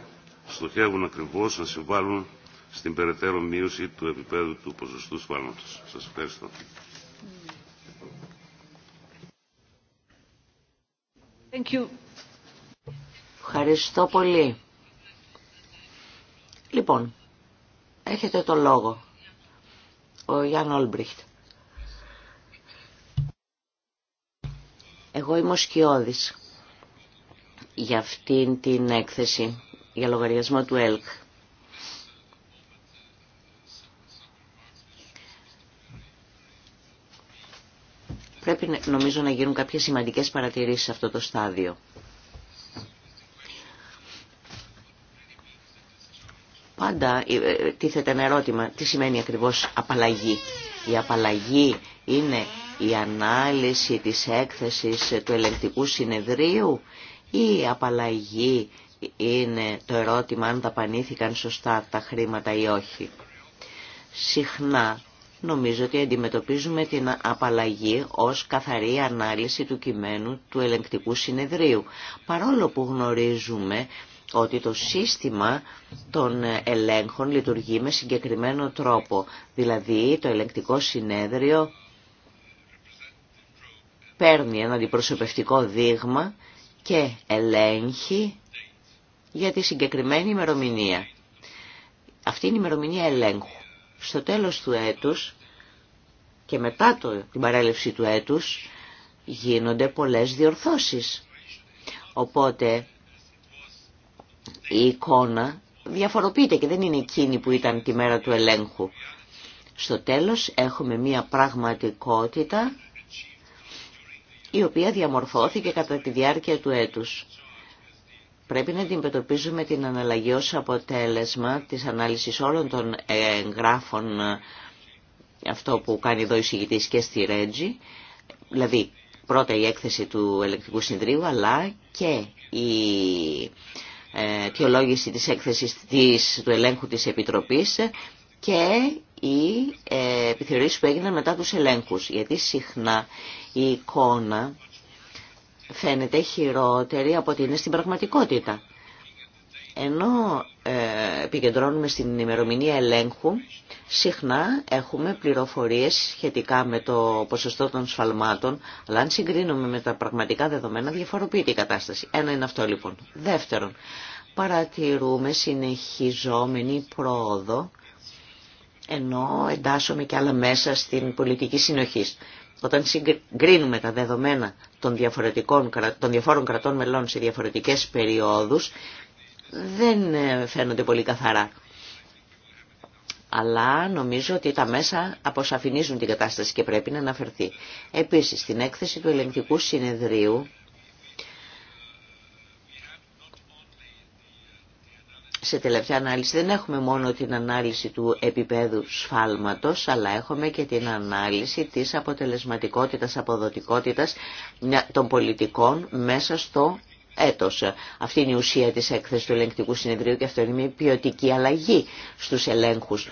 στοχεύουν ακριβώς να συμβάλλουν στην περαιτέρω μείωση του επίπεδου του ποσοστού σφάλματος. Σας ευχαριστώ. Thank you. Ευχαριστώ πολύ. Λοιπόν, έχετε το λόγο. Ο Γιάνν Όλμπριχτ. Εγώ είμαι ο Σκιώδης για αυτήν την έκθεση για λογαριασμό του ΕΛΚ. Πρέπει νομίζω να γίνουν κάποιες σημαντικές παρατηρήσεις σε αυτό το στάδιο. Πάντα ε, ε, τίθεται ένα ερώτημα, τι σημαίνει ακριβώς απαλλαγή. Η απαλλαγή είναι η ανάλυση της έκθεσης του ελεγκτικού συνεδρίου η απαλλαγή είναι το ερώτημα αν ταπανήθηκαν σωστά τα χρήματα ή όχι. Συχνά νομίζω ότι αντιμετωπίζουμε την απαλλαγή ως καθαρή ανάλυση του κειμένου του ελεγκτικού συνεδρίου, παρόλο που γνωρίζουμε ότι το σύστημα των ελέγχων λειτουργεί με συγκεκριμένο τρόπο, δηλαδή το ελεγκτικό συνέδριο παίρνει ένα αντιπροσωπευτικό δείγμα και ελέγχει για τη συγκεκριμένη ημερομηνία. Αυτή είναι η ημερομηνία ελέγχου. Στο τέλος του έτους και μετά το, την παρέλευση του έτους γίνονται πολλές διορθώσεις. Οπότε η εικόνα διαφοροποιείται και δεν είναι εκείνη που ήταν τη μέρα του ελέγχου. Στο τέλος έχουμε μία πραγματικότητα η οποία διαμορφώθηκε κατά τη διάρκεια του έτους. Πρέπει να αντιμετωπίζουμε την αναλλαγή ως αποτέλεσμα της ανάλυσης όλων των εγγράφων αυτό που κάνει εδώ η συγητής και στη Ρέντζη, δηλαδή πρώτα η έκθεση του ελεκτικού συνδρίου αλλά και η ε, αιτιολόγηση της έκθεσης της, του ελέγχου της Επιτροπής και ή επιθεωρήσεις που έγιναν μετά τους ελέγχους. Γιατί συχνά η επιθεωρήσεις που έγιναν μετά τους ελέγχους. Γιατί συχνά η εικόνα φαίνεται χειρότερη από ότι είναι στην πραγματικότητα. Ενώ ε, επικεντρώνουμε στην ημερομηνία ελέγχου, συχνά έχουμε πληροφορίες σχετικά με το ποσοστό των σφαλμάτων, αλλά αν συγκρίνουμε με τα πραγματικά δεδομένα διαφοροποιείται η κατάσταση. Ένα είναι αυτό λοιπόν. Δεύτερον, παρατηρούμε συνεχιζόμενη πρόοδο ενώ εντάσσομαι και άλλα μέσα στην πολιτική συνοχή. Όταν συγκρίνουμε τα δεδομένα των, διαφορετικών, των διαφόρων κρατών μελών σε διαφορετικές περιόδους, δεν ε, φαίνονται πολύ καθαρά. Αλλά νομίζω ότι τα μέσα αποσαφηνίζουν την κατάσταση και πρέπει να αναφερθεί. Επίσης, στην έκθεση του ελεγκτικού συνεδρίου σε τελευταία ανάλυση δεν έχουμε μόνο την ανάλυση του επίπεδου σφάλματος, αλλά έχουμε και την ανάλυση της αποτελεσματικότητας, αποδοτικότητας των πολιτικών μέσα στο έτος. Αυτή είναι η ουσία της έκθεσης του ελεγκτικού συνεδρίου και αυτό είναι μια ποιοτική αλλαγή στους ελέγχους.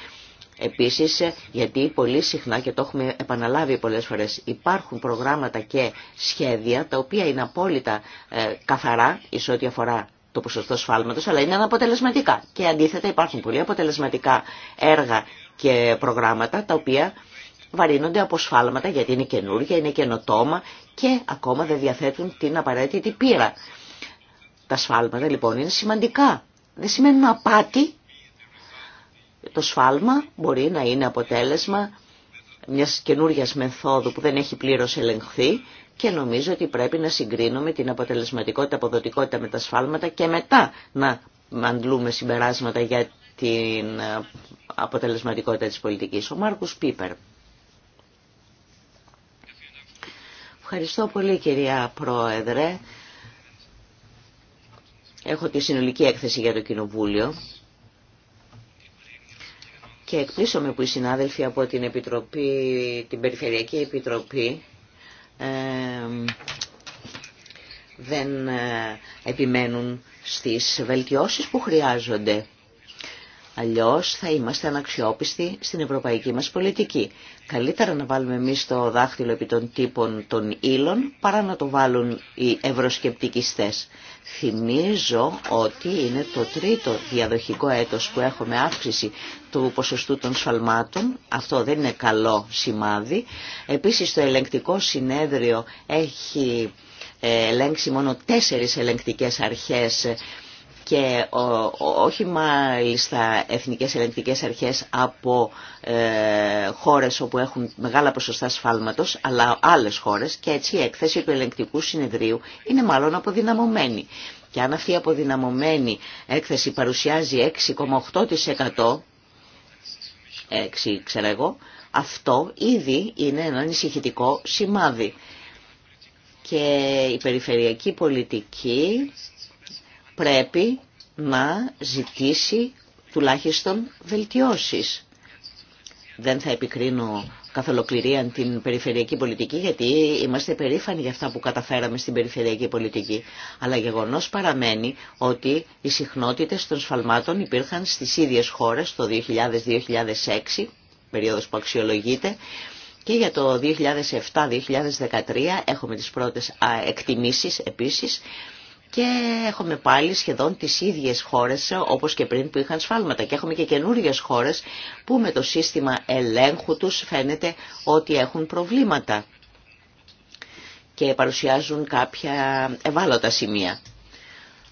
Επίσης, γιατί πολύ συχνά, και το έχουμε επαναλάβει πολλές φορές, υπάρχουν προγράμματα και σχέδια τα οποία είναι απόλυτα ε, καθαρά, εις ό,τι αφορά το ποσοστό σφάλματος, αλλά είναι αναποτελεσματικά. Και αντίθετα υπάρχουν πολύ αποτελεσματικά έργα και προγράμματα τα οποία βαρύνονται από σφάλματα γιατί είναι καινούργια, είναι καινοτόμα και ακόμα δεν διαθέτουν την απαραίτητη πείρα. Τα σφάλματα λοιπόν είναι σημαντικά. Δεν σημαίνουν απάτη. Το σφάλμα μπορεί να είναι αποτέλεσμα μιας καινούργιας μεθόδου που δεν έχει πλήρως ελεγχθεί και νομίζω ότι πρέπει να συγκρίνουμε την αποτελεσματικότητα, αποδοτικότητα με τα σφάλματα και μετά να αντλούμε συμπεράσματα για την ε, αποτελεσματικότητα της πολιτικής. Ο Μάρκος Πίπερ. Ευχαριστώ πολύ κυρία Πρόεδρε. Έχω τη συνολική έκθεση για το Κοινοβούλιο και με που οι συνάδελφοι από την, Επιτροπή, την Περιφερειακή Επιτροπή δεν ε, επιμένουν στις βελτιώσεις που χρειάζονται. Αλλιώς θα είμαστε αναξιόπιστοι στην ευρωπαϊκή μας πολιτική. Καλύτερα να βάλουμε εμείς το δάχτυλο επί των τύπων των ύλων παρά να το βάλουν οι ευρωσκεπτικιστές. Θυμίζω ότι είναι το τρίτο διαδοχικό έτος που έχουμε αύξηση του ποσοστού των σφαλμάτων. Αυτό δεν είναι καλό σημάδι. Επίσης το ελεγκτικό συνέδριο έχει ε, ελέγξει μόνο τέσσερις ελεγκτικές αρχές και όχι μάλιστα εθνικές ελεγκτικές αρχές από ε, χώρες όπου έχουν μεγάλα ποσοστά σφάλματος, αλλά άλλες χώρες και έτσι η έκθεση του ελεγκτικού συνεδρίου είναι μάλλον αποδυναμωμένη. Και αν αυτή η αποδυναμωμένη έκθεση παρουσιάζει 6,8%, 6 ξέρω αυτό ήδη είναι ένα ανησυχητικό σημάδι. Και η περιφερειακή πολιτική πρέπει να ζητήσει τουλάχιστον βελτιώσεις. Δεν θα επικρίνω καθ' την περιφερειακή πολιτική, γιατί είμαστε περήφανοι για αυτά που καταφέραμε στην περιφερειακή πολιτική. Αλλά γεγονός παραμένει ότι οι συχνότητε των σφαλμάτων υπήρχαν στις ίδιες χώρες το 2000-2006, περίοδος που αξιολογείται, και για το 2007-2013 έχουμε τις πρώτες εκτιμήσεις επίσης και έχουμε πάλι σχεδόν τις ίδιες χώρες όπως και πριν που είχαν σφάλματα και έχουμε και καινούριες χώρες που με το σύστημα ελέγχου τους φαίνεται ότι έχουν προβλήματα και παρουσιάζουν κάποια ευάλωτα σημεία.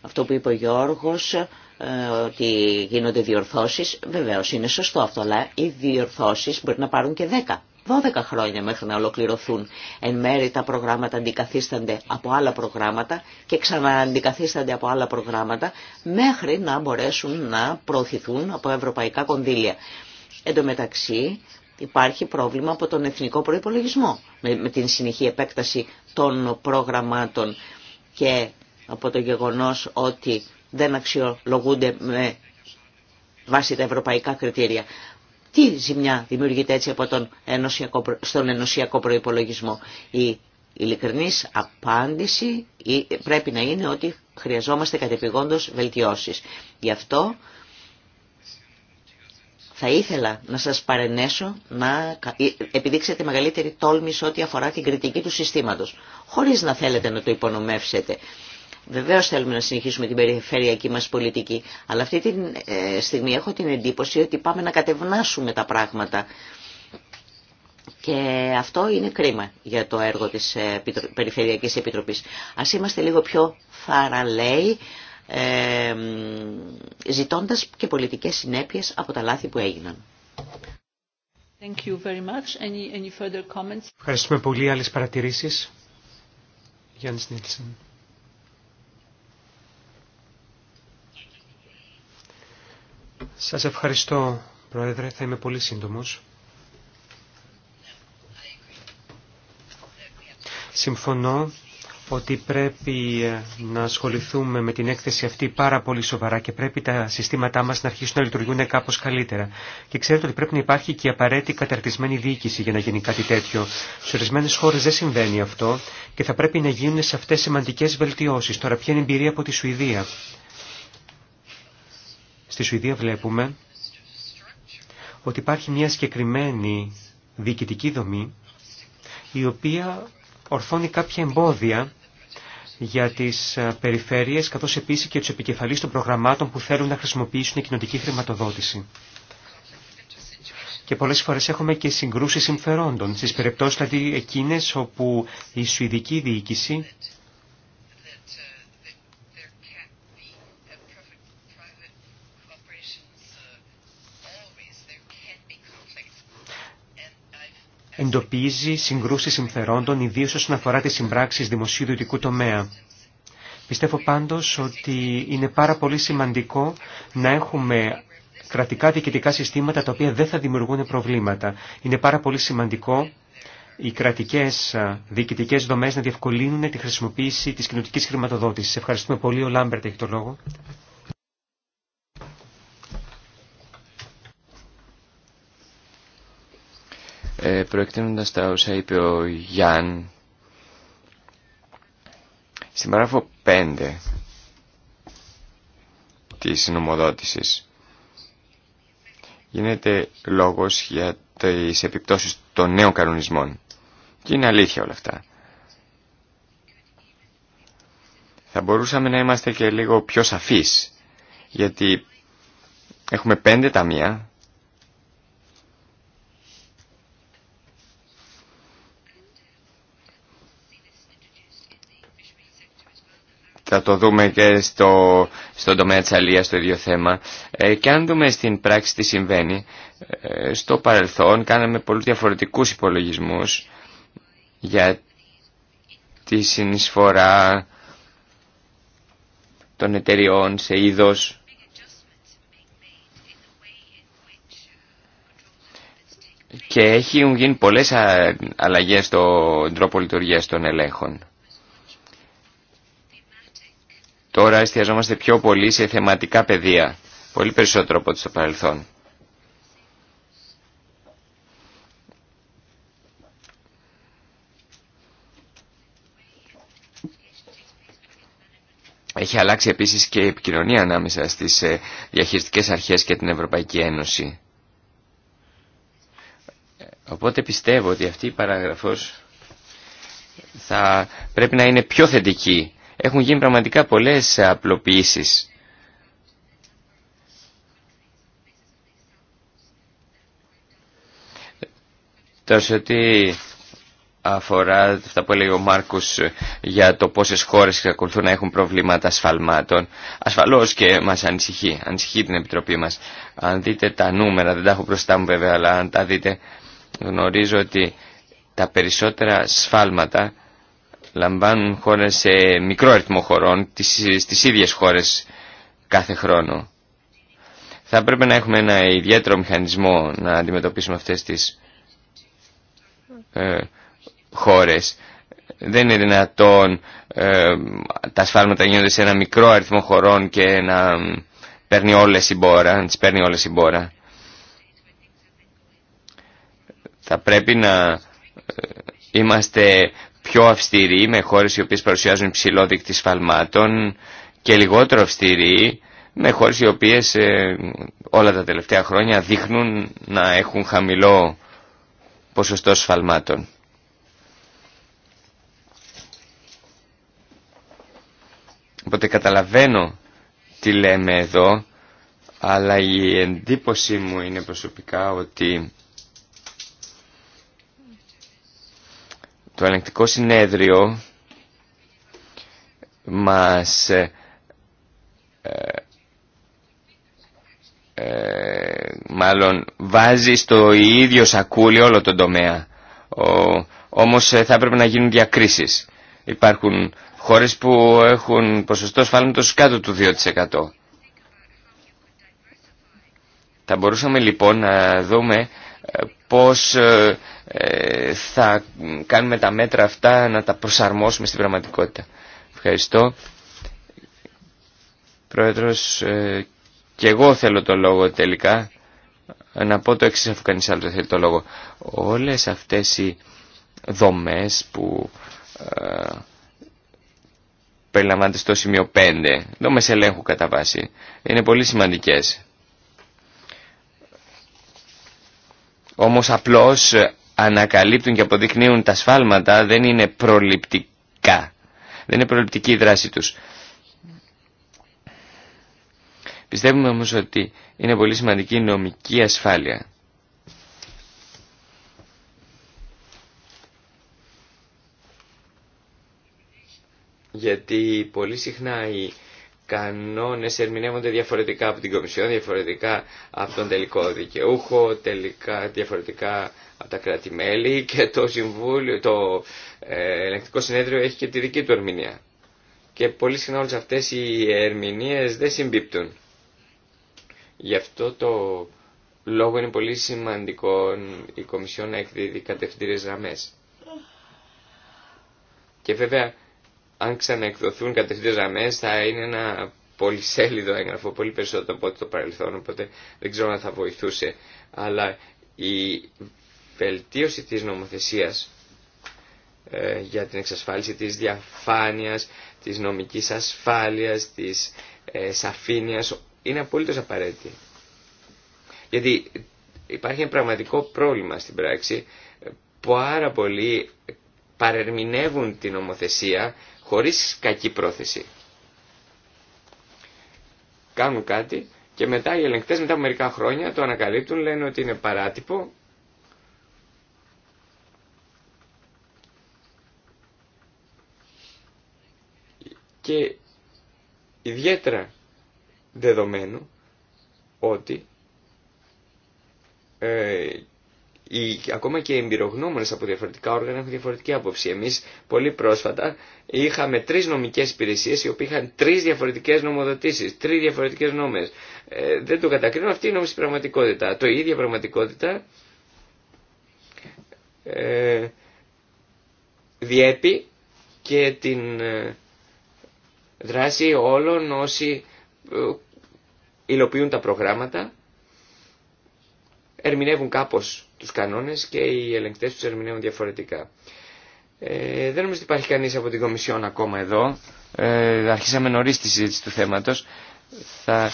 Αυτό που είπε ο Γιώργος, ε, ότι γίνονται διορθώσεις, βεβαίως είναι σωστό αυτό, αλλά οι διορθώσεις μπορεί να πάρουν και δέκα 12 χρόνια μέχρι να ολοκληρωθούν. Εν μέρη τα προγράμματα αντικαθίστανται από άλλα προγράμματα και ξανααντικαθίστανται από άλλα προγράμματα μέχρι να μπορέσουν να προωθηθούν από ευρωπαϊκά κονδύλια. Εν τω μεταξύ υπάρχει πρόβλημα από τον εθνικό προϋπολογισμό με την συνεχή επέκταση των προγραμμάτων και από το γεγονός ότι δεν αξιολογούνται με βάση τα ευρωπαϊκά κριτήρια. Τι ζημιά δημιουργείται έτσι από τον ενωσιακό, στον ενωσιακό προϋπολογισμό. Η ειλικρινής απάντηση πρέπει να είναι ότι χρειαζόμαστε κατεπηγόντως βελτιώσεις. Γι' αυτό θα ήθελα να σας παρενέσω να ε, επιδείξετε μεγαλύτερη τόλμη σε ό,τι αφορά την κριτική του συστήματος, χωρίς να θέλετε να το υπονομεύσετε. Βεβαίω θέλουμε να συνεχίσουμε την περιφερειακή μας πολιτική, αλλά αυτή τη ε, στιγμή έχω την εντύπωση ότι πάμε να κατευνάσουμε τα πράγματα. Και αυτό είναι κρίμα για το έργο της ε, περιφερειακή Επιτροπής. Ας είμαστε λίγο πιο θαραλέοι, ε, ζητώντας και πολιτικές συνέπειε από τα λάθη που έγιναν. Thank you very much. Any, any Ευχαριστούμε πολύ. Άλλες παρατηρήσεις. Γιάννης Νίλσεν. Σας ευχαριστώ, Πρόεδρε. Θα είμαι πολύ σύντομος. Συμφωνώ ότι πρέπει ε, να ασχοληθούμε με την έκθεση αυτή πάρα πολύ σοβαρά και πρέπει τα συστήματά μας να αρχίσουν να λειτουργούν κάπως καλύτερα. Και ξέρετε ότι πρέπει να υπάρχει και απαραίτητη καταρτισμένη διοίκηση για να γίνει κάτι τέτοιο. Σε ορισμένε χώρε δεν συμβαίνει αυτό και θα πρέπει να γίνουν σε αυτές σημαντικές βελτιώσεις. Τώρα ποια είναι η εμπειρία από τη Σουηδία. Στη Σουηδία βλέπουμε ότι υπάρχει μια συγκεκριμένη διοικητική δομή η οποία ορθώνει κάποια εμπόδια για τις ε, περιφέρειες καθώς επίσης και τους επικεφαλείς των προγραμμάτων που θέλουν να χρησιμοποιήσουν κοινωτική χρηματοδότηση. Και πολλές φορές έχουμε και συγκρούσεις συμφερόντων, στις περιπτώσεις δηλαδή εκείνες όπου η Σουηδική διοίκηση εντοπίζει συγκρούσει συμφερόντων, ιδίως όσον αφορά τις συμπράξεις δημοσίου ιδιωτικού τομέα. Πιστεύω πάντως ότι είναι πάρα πολύ σημαντικό να έχουμε κρατικά διοικητικά συστήματα τα οποία δεν θα δημιουργούν προβλήματα. Είναι πάρα πολύ σημαντικό οι κρατικές διοικητικές δομές να διευκολύνουν τη χρησιμοποίηση της κοινωτικής χρηματοδότησης. Ευχαριστούμε πολύ. Ο Λάμπερτ έχει το λόγο. Ε, προεκτείνοντας τα όσα είπε ο Γιάν, στην παράγραφο 5 της νομοδότησης γίνεται λόγος για τις επιπτώσεις των νέων κανονισμών. Και είναι αλήθεια όλα αυτά. Θα μπορούσαμε να είμαστε και λίγο πιο σαφείς, γιατί έχουμε πέντε ταμεία θα το δούμε και στο, στον τομέα της αλίας το ίδιο θέμα. Ε, και αν δούμε στην πράξη τι συμβαίνει, ε, στο παρελθόν κάναμε πολλούς διαφορετικούς υπολογισμούς για τη συνεισφορά των εταιριών σε είδος και έχουν γίνει πολλές αλλαγές στον τρόπο λειτουργίας των ελέγχων. Τώρα εστιαζόμαστε πιο πολύ σε θεματικά πεδία, πολύ περισσότερο από ό,τι στο παρελθόν. Έχει αλλάξει επίσης και η επικοινωνία ανάμεσα στις ε, διαχειριστικές αρχές και την Ευρωπαϊκή Ένωση. Οπότε πιστεύω ότι αυτή η παράγραφος θα πρέπει να είναι πιο θετική έχουν γίνει πραγματικά πολλές απλοποιήσεις. Τόσο ότι αφορά αυτά που έλεγε ο Μάρκους για το πόσες χώρες ακολουθούν να έχουν προβλήματα ασφαλμάτων. Ασφαλώς και μας ανησυχεί, ανησυχεί την Επιτροπή μας. Αν δείτε τα νούμερα, δεν τα έχω μπροστά μου βέβαια, αλλά αν τα δείτε γνωρίζω ότι τα περισσότερα σφάλματα λαμβάνουν χώρες σε μικρό αριθμό χωρών, τις, στις ίδιες χώρες κάθε χρόνο. Θα πρέπει να έχουμε ένα ιδιαίτερο μηχανισμό να αντιμετωπίσουμε αυτές τις ε, χώρες. Δεν είναι δυνατόν ε, τα σφάλματα γίνονται σε ένα μικρό αριθμό χωρών και να παίρνει όλες η μπόρα, να τις παίρνει όλες η μπόρα. Θα πρέπει να ε, είμαστε πιο αυστηροί με χώρες οι οποίες παρουσιάζουν υψηλό δείκτη σφαλμάτων και λιγότερο αυστηροί με χώρες οι οποίες ε, όλα τα τελευταία χρόνια δείχνουν να έχουν χαμηλό ποσοστό σφαλμάτων. Οπότε καταλαβαίνω τι λέμε εδώ, αλλά η εντύπωση μου είναι προσωπικά ότι Το ελεγκτικό συνέδριο μας ε, ε, ε, μάλλον βάζει στο ίδιο σακούλι όλο τον τομέα. Ο, όμως θα έπρεπε να γίνουν διακρίσεις. Υπάρχουν χώρες που έχουν ποσοστό το κάτω του 2%. Θα μπορούσαμε λοιπόν να δούμε πώς ε, ε, θα κάνουμε τα μέτρα αυτά να τα προσαρμόσουμε στην πραγματικότητα. Ευχαριστώ. Πρόεδρος, ε, και εγώ θέλω το λόγο τελικά. Να πω το εξής αφού κανείς άλλο θέλει το λόγο. Όλες αυτές οι δομές που ε, περιλαμβάνονται στο σημείο 5, δομές ελέγχου κατά βάση, είναι πολύ σημαντικές. όμως απλώς ε, ανακαλύπτουν και αποδεικνύουν τα σφάλματα δεν είναι προληπτικά. Δεν είναι προληπτική η δράση τους. Πιστεύουμε όμως ότι είναι πολύ σημαντική η νομική ασφάλεια. Γιατί πολύ συχνά οι κανόνες ερμηνεύονται διαφορετικά από την Κομισιόν, διαφορετικά από τον τελικό δικαιούχο, τελικά, διαφορετικά από τα κράτη-μέλη και το, συμβούλιο, το ε, ελεγκτικό συνέδριο έχει και τη δική του ερμηνεία. Και πολύ συχνά όλε αυτές οι ερμηνείε δεν συμπίπτουν. Γι' αυτό το λόγο είναι πολύ σημαντικό η Κομισιόν να εκδίδει κατευθυντήρες γραμμέ. Και βέβαια αν ξαναεκδοθούν κατευθείαν γραμμέ, θα είναι ένα πολυσέλιδο έγγραφο, πολύ περισσότερο από ό,τι το παρελθόν, οπότε δεν ξέρω αν θα βοηθούσε. Αλλά η βελτίωση της νομοθεσίας ε, για την εξασφάλιση της διαφάνειας, της νομικής ασφάλειας, της ε, σαφήνειας, είναι απολύτως απαραίτητη. Γιατί υπάρχει ένα πραγματικό πρόβλημα στην πράξη, που πάρα πολλοί παρερμηνεύουν την νομοθεσία χωρίς κακή πρόθεση. Κάνουν κάτι και μετά οι ελεγκτές μετά μερικά χρόνια το ανακαλύπτουν, λένε ότι είναι παράτυπο και ιδιαίτερα δεδομένου ότι ε, ακόμα και οι εμπειρογνώμονε από διαφορετικά όργανα έχουν διαφορετική άποψη. Εμεί πολύ πρόσφατα είχαμε τρει νομικέ υπηρεσίε οι οποίοι είχαν τρει διαφορετικέ νομοδοτήσει, τρει διαφορετικέ νόμε. Ε, δεν το κατακρίνω, αυτή είναι όμω η πραγματικότητα. Το ίδια πραγματικότητα ε, διέπει και την ε, δράση όλων όσοι ε, υλοποιούν τα προγράμματα, ερμηνεύουν κάπως τους κανόνες και οι ελεγκτές τους ερμηνεύουν διαφορετικά. Ε, δεν νομίζω ότι υπάρχει κανείς από την Κομισιόν ακόμα εδώ. Ε, αρχίσαμε νωρίς τη συζήτηση του θέματος. Θα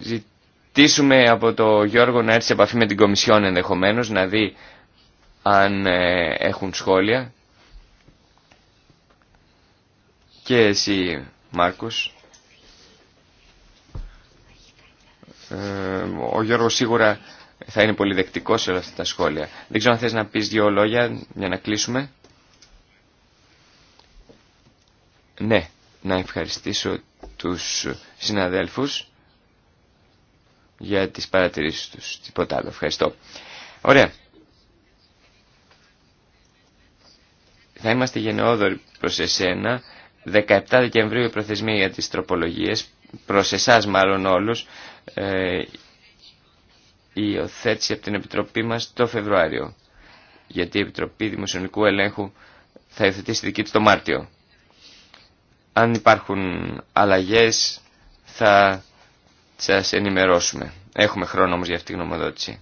ζητήσουμε από το Γιώργο να έρθει σε επαφή με την Κομισιόν ενδεχομένως, να δει αν ε, έχουν σχόλια. Και εσύ Μάρκος. Ε, ο Γιώργος σίγουρα θα είναι πολύ δεκτικός σε όλα αυτά τα σχόλια. Δεν ξέρω αν θες να πεις δύο λόγια για να κλείσουμε. Ναι, να ευχαριστήσω τους συναδέλφους για τις παρατηρήσεις τους. Τίποτα άλλο. Ευχαριστώ. Ωραία. Θα είμαστε γενναιόδοροι προς εσένα. 17 Δεκεμβρίου η προθεσμία για τις τροπολογίες. Προς εσάς μάλλον όλους. Ε, υιοθέτηση από την Επιτροπή μας το Φεβρουάριο. Γιατί η Επιτροπή Δημοσιονομικού Ελέγχου θα υιοθετήσει δική της το Μάρτιο. Αν υπάρχουν αλλαγές θα σας ενημερώσουμε. Έχουμε χρόνο όμως για αυτή τη γνωμοδότηση.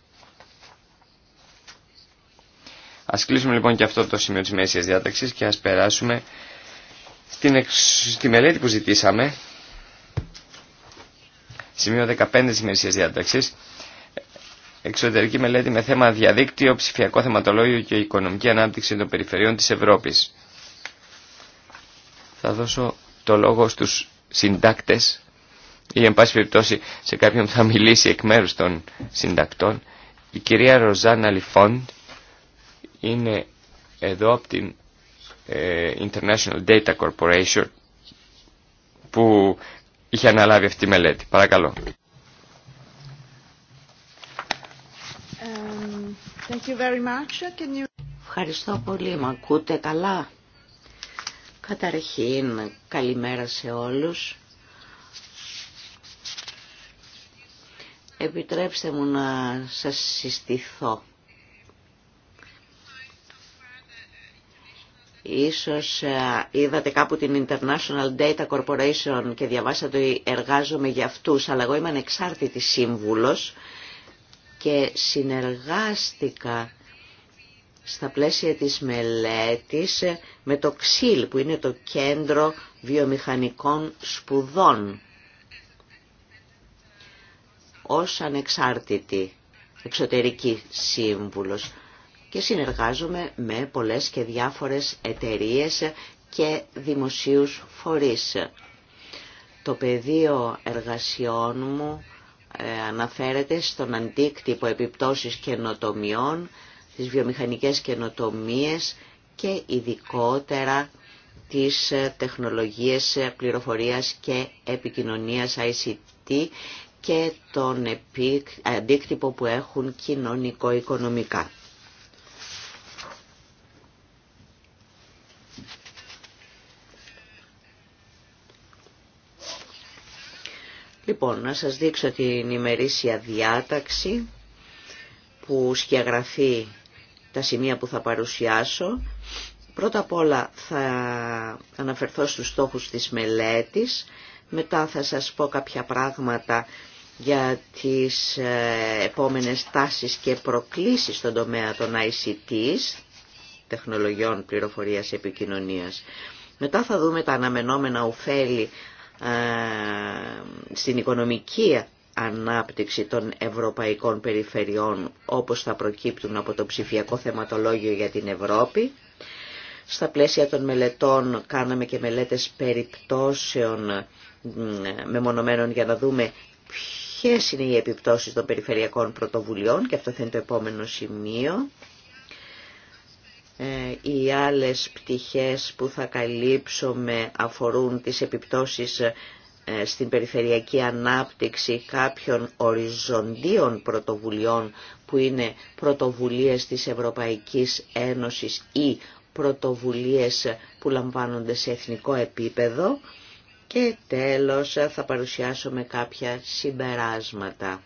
Ας κλείσουμε λοιπόν και αυτό το σημείο της μέσης διάταξης και ας περάσουμε στην εξ... στη μελέτη που ζητήσαμε Σημείο 15 της ημερησίας διάταξης. Εξωτερική μελέτη με θέμα διαδίκτυο, ψηφιακό θεματολόγιο και οικονομική ανάπτυξη των περιφερειών της Ευρώπης. Θα δώσω το λόγο στους συντάκτες ή εν πάση περιπτώσει σε κάποιον που θα μιλήσει εκ μέρους των συντακτών. Η κυρία Ροζάνα Λιφόντ είναι εδώ από την ε, International Data Corporation που είχε αναλάβει αυτή τη μελέτη. Παρακαλώ. Um, Ευχαριστώ πολύ. Μ' ακούτε καλά. Καταρχήν, καλημέρα σε όλους. Επιτρέψτε μου να σας συστηθώ. Ίσως ε, είδατε κάπου την International Data Corporation και διαβάσατε ότι εργάζομαι για αυτούς, αλλά εγώ είμαι ανεξάρτητη σύμβουλος και συνεργάστηκα στα πλαίσια της μελέτης με το ΞΥΛ, που είναι το Κέντρο Βιομηχανικών Σπουδών ως ανεξάρτητη εξωτερική σύμβουλος και συνεργάζομαι με πολλές και διάφορες εταιρείες και δημοσίους φορείς. Το πεδίο εργασιών μου ε, αναφέρεται στον αντίκτυπο επιπτώσεις καινοτομιών, τις βιομηχανικές καινοτομίες και ειδικότερα τις ε, τεχνολογίες ε, πληροφορίας και επικοινωνίας ICT και τον αντίκτυπο που έχουν κοινωνικο-οικονομικά. Λοιπόν, να σας δείξω την ημερήσια διάταξη που σκιαγραφεί τα σημεία που θα παρουσιάσω. Πρώτα απ' όλα θα αναφερθώ στους στόχους της μελέτης, μετά θα σας πω κάποια πράγματα για τις ε, επόμενες τάσεις και προκλήσεις στον τομέα των ICTs, τεχνολογιών πληροφορίας επικοινωνίας. Μετά θα δούμε τα αναμενόμενα ωφέλη στην οικονομική ανάπτυξη των ευρωπαϊκών περιφερειών όπως θα προκύπτουν από το ψηφιακό θεματολόγιο για την Ευρώπη. Στα πλαίσια των μελετών κάναμε και μελέτες περιπτώσεων μεμονωμένων για να δούμε ποιες είναι οι επιπτώσεις των περιφερειακών πρωτοβουλειών και αυτό θα είναι το επόμενο σημείο. Ε, οι άλλες πτυχές που θα καλύψουμε αφορούν τις επιπτώσεις ε, στην περιφερειακή ανάπτυξη κάποιων οριζοντίων πρωτοβουλειών που είναι πρωτοβουλίες της Ευρωπαϊκής Ένωσης ή πρωτοβουλίες που λαμβάνονται σε εθνικό επίπεδο και τέλος ε, θα παρουσιάσουμε κάποια συμπεράσματα.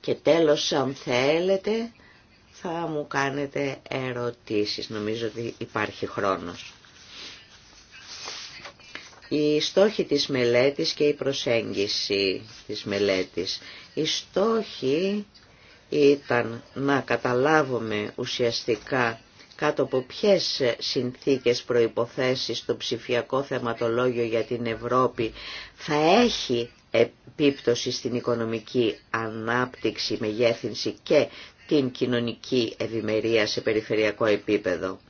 Και τέλος, αν θέλετε, θα μου κάνετε ερωτήσεις. Νομίζω ότι υπάρχει χρόνος. Οι στόχοι της μελέτης και η προσέγγιση της μελέτης. Οι στόχη ήταν να καταλάβουμε ουσιαστικά κάτω από ποιες συνθήκες προϋποθέσεις το ψηφιακό θεματολόγιο για την Ευρώπη θα έχει επίπτωση στην οικονομική ανάπτυξη, μεγέθυνση και την κοινωνική ευημερία σε περιφερειακό επίπεδο.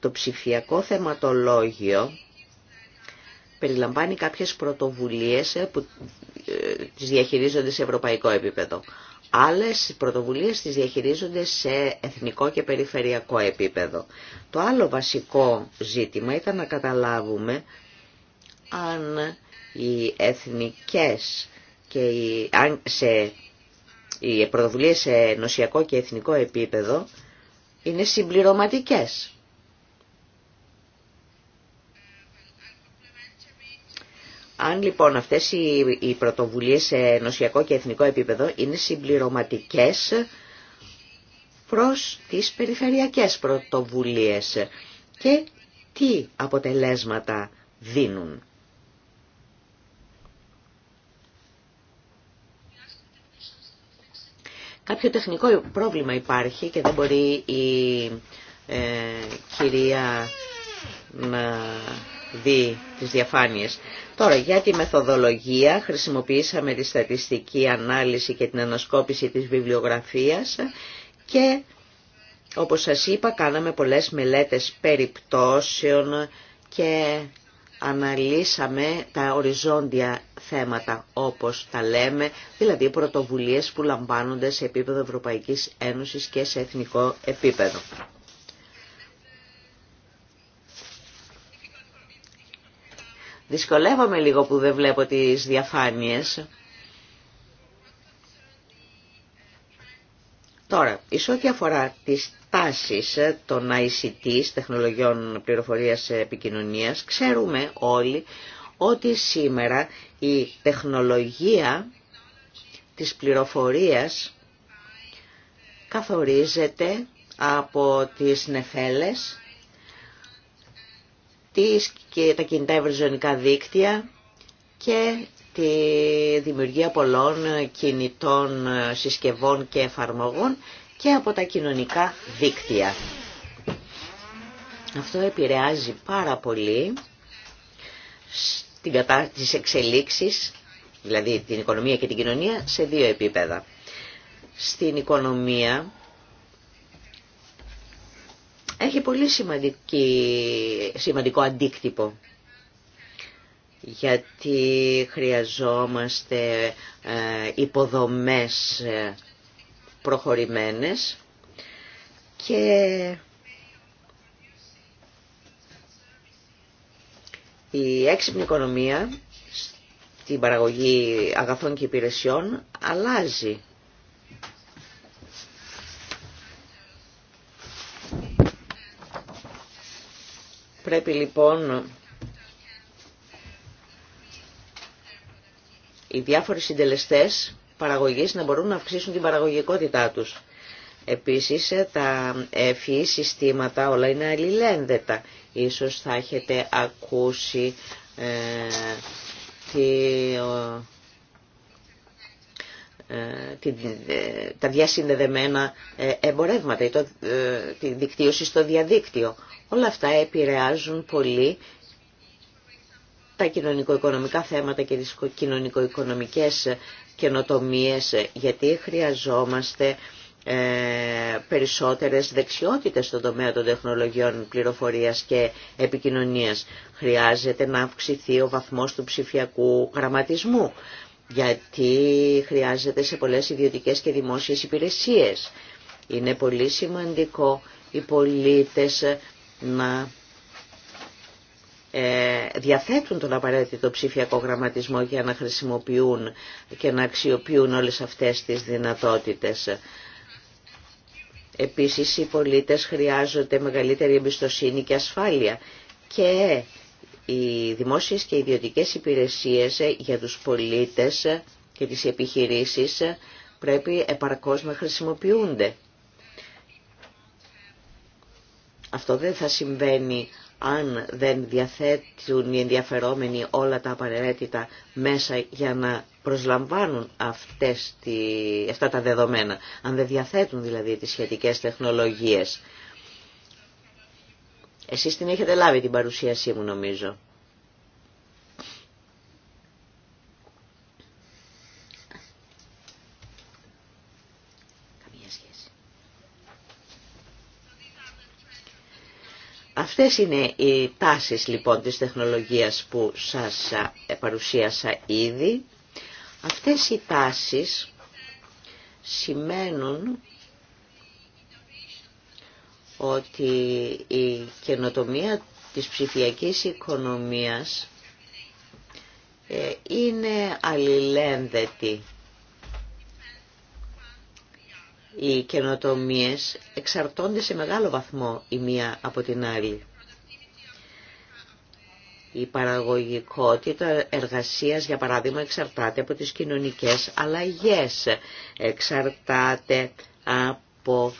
Το ψηφιακό θεματολόγιο περιλαμβάνει κάποιες πρωτοβουλίες ε, που ε, τις διαχειρίζονται σε ευρωπαϊκό επίπεδο. Άλλες πρωτοβουλίες τις διαχειρίζονται σε εθνικό και περιφερειακό επίπεδο. Το άλλο βασικό ζήτημα ήταν να καταλάβουμε αν οι εθνικές και οι, αν σε οι πρωτοβουλίες σε νοσιακό και εθνικό επίπεδο είναι συμπληρωματικές. Αν λοιπόν αυτές οι πρωτοβουλίες σε νοσιακό και εθνικό επίπεδο είναι συμπληρωματικές προς τις περιφερειακές πρωτοβουλίες και τι αποτελέσματα δίνουν. Κάποιο τεχνικό πρόβλημα υπάρχει και δεν μπορεί η ε, κυρία να δει τις διαφάνειες. Τώρα, για τη μεθοδολογία χρησιμοποιήσαμε τη στατιστική ανάλυση και την ανασκόπηση της βιβλιογραφίας και όπως σας είπα κάναμε πολλές μελέτες περιπτώσεων και αναλύσαμε τα οριζόντια θέματα όπως τα λέμε, δηλαδή πρωτοβουλίες που λαμβάνονται σε επίπεδο Ευρωπαϊκής Ένωσης και σε εθνικό επίπεδο. Δυσκολεύομαι λίγο που δεν βλέπω τις διαφάνειες. Τώρα, εις ό,τι αφορά τις τάσεις ε, των ICT, τεχνολογιών πληροφορίας ε, επικοινωνίας, ξέρουμε όλοι ότι σήμερα η τεχνολογία της πληροφορίας καθορίζεται από τις νεφέλες, τις και τα κινητά ευρυζωνικά δίκτυα και τη δημιουργία πολλών κινητών συσκευών και εφαρμογών και από τα κοινωνικά δίκτυα. Αυτό επηρεάζει πάρα πολύ στην κατά δηλαδή την οικονομία και την κοινωνία, σε δύο επίπεδα. Στην οικονομία έχει πολύ σημαντικό αντίκτυπο γιατί χρειαζόμαστε ε, υποδομές ε, προχωρημένες και η έξυπνη οικονομία στην παραγωγή αγαθών και υπηρεσιών αλλάζει. Πρέπει λοιπόν οι διάφοροι συντελεστές παραγωγής να μπορούν να αυξήσουν την παραγωγικότητά τους. Επίσης ε, τα FEE συστήματα όλα είναι αλληλένδετα. Ίσως θα έχετε ακούσει ε, ε, τα διασυνδεδεμένα εμπορεύματα ή τη δικτύωση στο διαδίκτυο. Όλα αυτά επηρεάζουν πολύ τα κοινωνικο-οικονομικά θέματα και τις κοινωνικο-οικονομικές καινοτομίες, γιατί χρειαζόμαστε ε, περισσότερες δεξιότητες στον τομέα των τεχνολογιών πληροφορίας και επικοινωνίας. Χρειάζεται να αυξηθεί ο βαθμός του ψηφιακού γραμματισμού, γιατί χρειάζεται σε πολλές ιδιωτικές και δημόσιες υπηρεσίες. Είναι πολύ σημαντικό οι πολίτες να ε, διαθέτουν τον απαραίτητο ψηφιακό γραμματισμό για να χρησιμοποιούν και να αξιοποιούν όλες αυτές τις δυνατότητες. Επίσης οι πολίτες χρειάζονται μεγαλύτερη εμπιστοσύνη και ασφάλεια και οι δημόσιες και ιδιωτικές υπηρεσίες για τους πολίτες και τις επιχειρήσεις πρέπει επαρκώς να χρησιμοποιούνται. Αυτό δεν θα συμβαίνει αν δεν διαθέτουν οι ενδιαφερόμενοι όλα τα απαραίτητα μέσα για να προσλαμβάνουν αυτές τη, αυτά τα δεδομένα, αν δεν διαθέτουν δηλαδή τις σχετικές τεχνολογίες. Εσείς την έχετε λάβει την παρουσίασή μου νομίζω. Αυτές είναι οι τάσεις λοιπόν της τεχνολογίας που σας παρουσίασα ήδη. Αυτές οι τάσεις σημαίνουν ότι η καινοτομία της ψηφιακής οικονομίας ε, είναι αλληλένδετη οι καινοτομίες εξαρτώνται σε μεγάλο βαθμό η μία από την άλλη. Η παραγωγικότητα εργασίας, για παράδειγμα, εξαρτάται από τις κοινωνικές αλλαγές, εξαρτάται από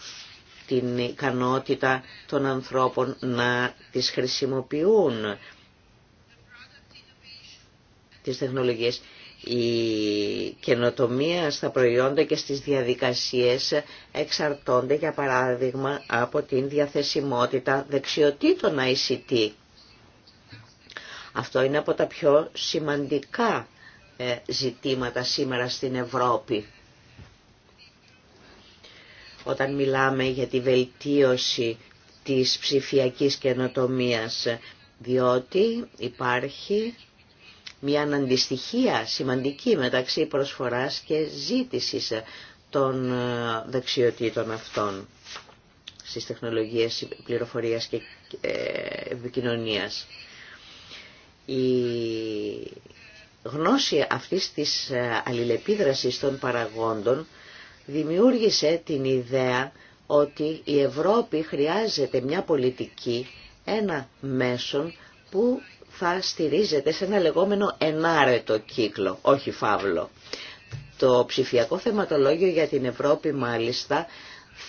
την ικανότητα των ανθρώπων να τις χρησιμοποιούν τις τεχνολογίες. Η καινοτομία στα προϊόντα και στις διαδικασίες εξαρτώνται για παράδειγμα από την διαθεσιμότητα δεξιοτήτων ICT. Αυτό είναι από τα πιο σημαντικά ε, ζητήματα σήμερα στην Ευρώπη. Όταν μιλάμε για τη βελτίωση της ψηφιακής καινοτομίας, διότι υπάρχει μια αντιστοιχία σημαντική μεταξύ προσφοράς και ζήτησης των ε, δεξιοτήτων αυτών στις τεχνολογίες πληροφορίας και ε, επικοινωνίας. Η γνώση αυτής της ε, αλληλεπίδρασης των παραγόντων δημιούργησε την ιδέα ότι η Ευρώπη χρειάζεται μια πολιτική, ένα μέσον που θα στηρίζεται σε ένα λεγόμενο ενάρετο κύκλο, όχι φαύλο. Το ψηφιακό θεματολόγιο για την Ευρώπη μάλιστα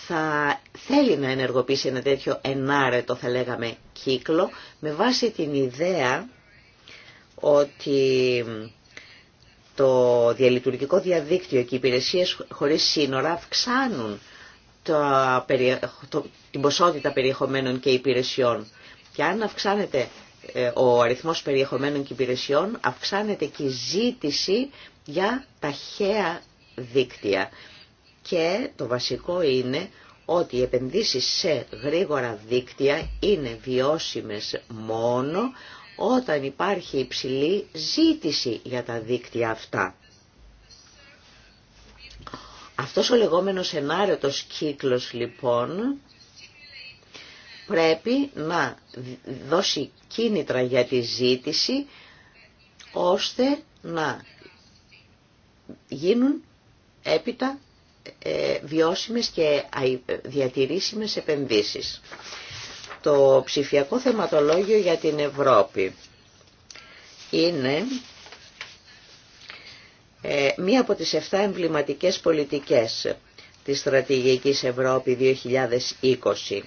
θα θέλει να ενεργοποιήσει ένα τέτοιο ενάρετο θα λέγαμε κύκλο με βάση την ιδέα ότι το διαλειτουργικό διαδίκτυο και οι υπηρεσίες χωρίς σύνορα αυξάνουν την ποσότητα περιεχομένων και υπηρεσιών. Και αν αυξάνεται ε, ο αριθμός περιεχομένων και υπηρεσιών, αυξάνεται και η ζήτηση για ταχαία δίκτυα. Και το βασικό είναι ότι οι επενδύσεις σε γρήγορα δίκτυα είναι βιώσιμες μόνο όταν υπάρχει υψηλή ζήτηση για τα δίκτυα αυτά. Αυτός ο λεγόμενος ενάρετος κύκλος λοιπόν πρέπει να δώσει κίνητρα για τη ζήτηση ώστε να γίνουν έπειτα ε, βιώσιμες και διατηρήσιμες επενδύσεις. Το ψηφιακό θεματολόγιο για την Ευρώπη είναι ε, μία από τις 7 εμβληματικές πολιτικές της Στρατηγικής Ευρώπη 2020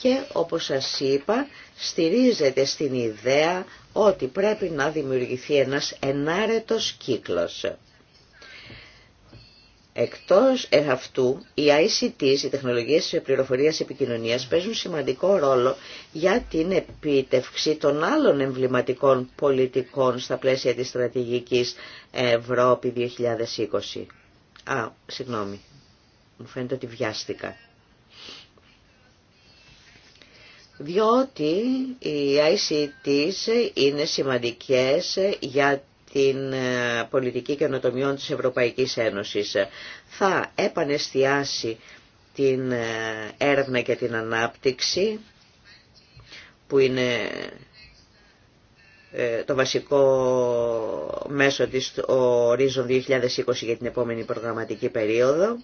και όπως σας είπα στηρίζεται στην ιδέα ότι πρέπει να δημιουργηθεί ένας ενάρετος κύκλος. Εκτός αυτού, οι ICT, οι τεχνολογίες της πληροφορίας επικοινωνίας, παίζουν σημαντικό ρόλο για την επίτευξη των άλλων εμβληματικών πολιτικών στα πλαίσια της στρατηγικής Ευρώπη 2020. Α, συγγνώμη, μου φαίνεται ότι βιάστηκα. διότι οι ICTs είναι σημαντικές για την ε, πολιτική καινοτομιών της Ευρωπαϊκής Ένωσης. Θα επανεστιάσει την ε, έρευνα και την ανάπτυξη που είναι ε, το βασικό μέσο της Horizon 2020 για την επόμενη προγραμματική περίοδο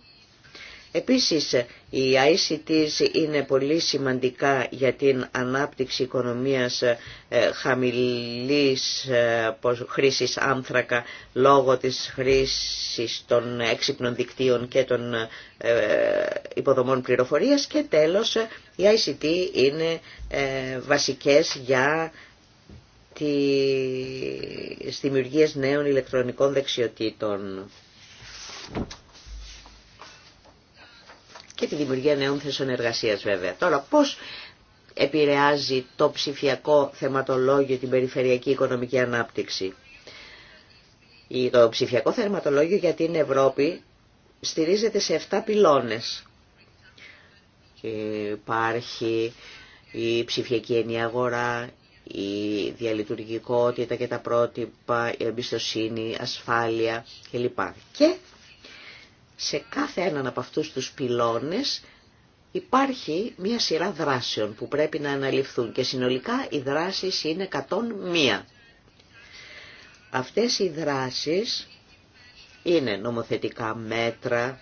Επίσης, οι ICTs είναι πολύ σημαντικά για την ανάπτυξη οικονομίας ε, χαμηλής ε, χρήσης άνθρακα λόγω της χρήσης των έξυπνων δικτύων και των ε, υποδομών πληροφορίας και τέλος οι ICT είναι βασικές για τη δημιουργίες νέων ηλεκτρονικών δεξιοτήτων και τη δημιουργία νέων θέσεων εργασίας βέβαια. Τώρα πώς επηρεάζει το ψηφιακό θεματολόγιο την περιφερειακή οικονομική ανάπτυξη. Το ψηφιακό θεματολόγιο για την Ευρώπη στηρίζεται σε 7 πυλώνες. Υπάρχει η ψηφιακή ενιαγορά, η διαλειτουργικότητα και τα πρότυπα, η εμπιστοσύνη, ασφάλεια κλπ. Και σε κάθε έναν από αυτούς τους πυλώνες υπάρχει μία σειρά δράσεων που πρέπει να αναλυφθούν και συνολικά οι δράσεις είναι 101. Αυτές οι δράσεις είναι νομοθετικά μέτρα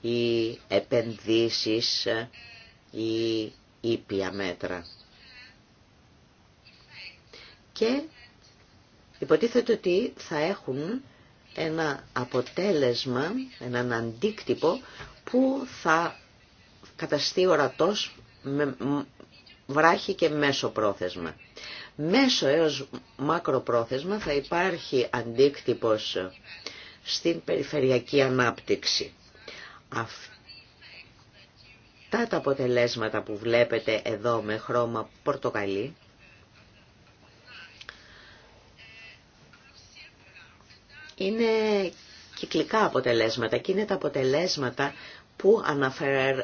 ή επενδύσεις ή ήπια μέτρα. Και υποτίθεται ότι θα έχουν ένα αποτέλεσμα, έναν αντίκτυπο που θα καταστεί ορατός με βράχη και μέσο πρόθεσμα. Μέσο έως μακροπρόθεσμα θα υπάρχει αντίκτυπος στην περιφερειακή ανάπτυξη. τα αποτελέσματα που βλέπετε εδώ με χρώμα πορτοκαλί είναι κυκλικά αποτελέσματα και είναι τα αποτελέσματα που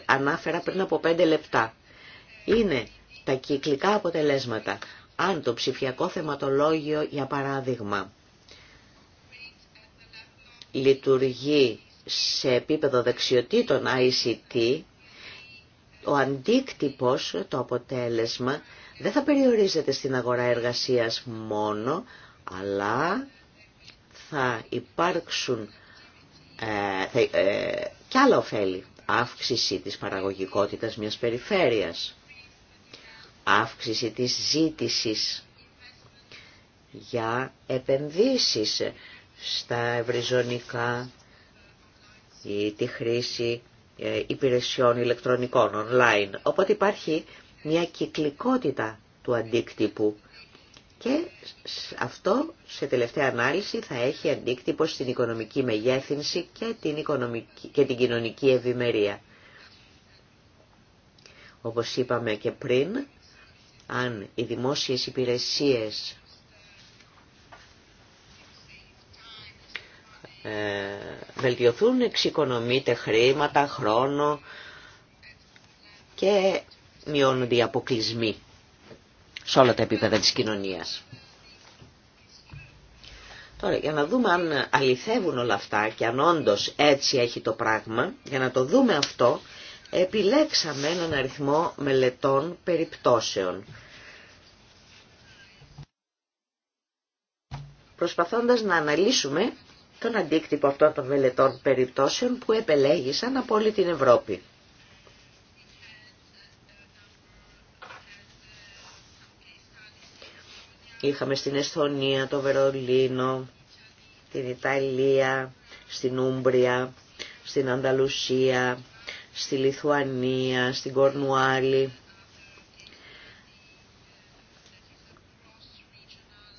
αναφερα, πριν από πέντε λεπτά. Είναι τα κυκλικά αποτελέσματα. Αν το ψηφιακό θεματολόγιο, για παράδειγμα, λειτουργεί σε επίπεδο δεξιοτήτων ICT, ο αντίκτυπος, το αποτέλεσμα, δεν θα περιορίζεται στην αγορά εργασίας μόνο, αλλά θα υπάρξουν ε, θα, ε, κι άλλα ωφέλη. Αύξηση της παραγωγικότητας μιας περιφέρειας, αύξηση της ζήτησης για επενδύσεις στα ευρυζωνικά ή τη χρήση ε, υπηρεσιών ηλεκτρονικών online. Οπότε υπάρχει μια κυκλικότητα του αντίκτυπου και αυτό σε τελευταία ανάλυση θα έχει αντίκτυπο στην οικονομική μεγέθυνση και την, οικονομική, και την κοινωνική ευημερία. Όπως είπαμε και πριν, αν οι δημόσιες υπηρεσίες ε, βελτιωθούν, εξοικονομείται χρήματα, χρόνο και μειώνονται οι αποκλεισμοί σε όλα τα επίπεδα της κοινωνίας. Τώρα, για να δούμε αν αληθεύουν όλα αυτά και αν όντω έτσι έχει το πράγμα, για να το δούμε αυτό, επιλέξαμε έναν αριθμό μελετών περιπτώσεων. Προσπαθώντας να αναλύσουμε τον αντίκτυπο αυτών των μελετών περιπτώσεων που επελέγησαν από όλη την Ευρώπη. Είχαμε στην Εσθονία, το Βερολίνο, την Ιταλία, στην Ούμπρια, στην Ανταλουσία, στη Λιθουανία, στην Κορνουάλη.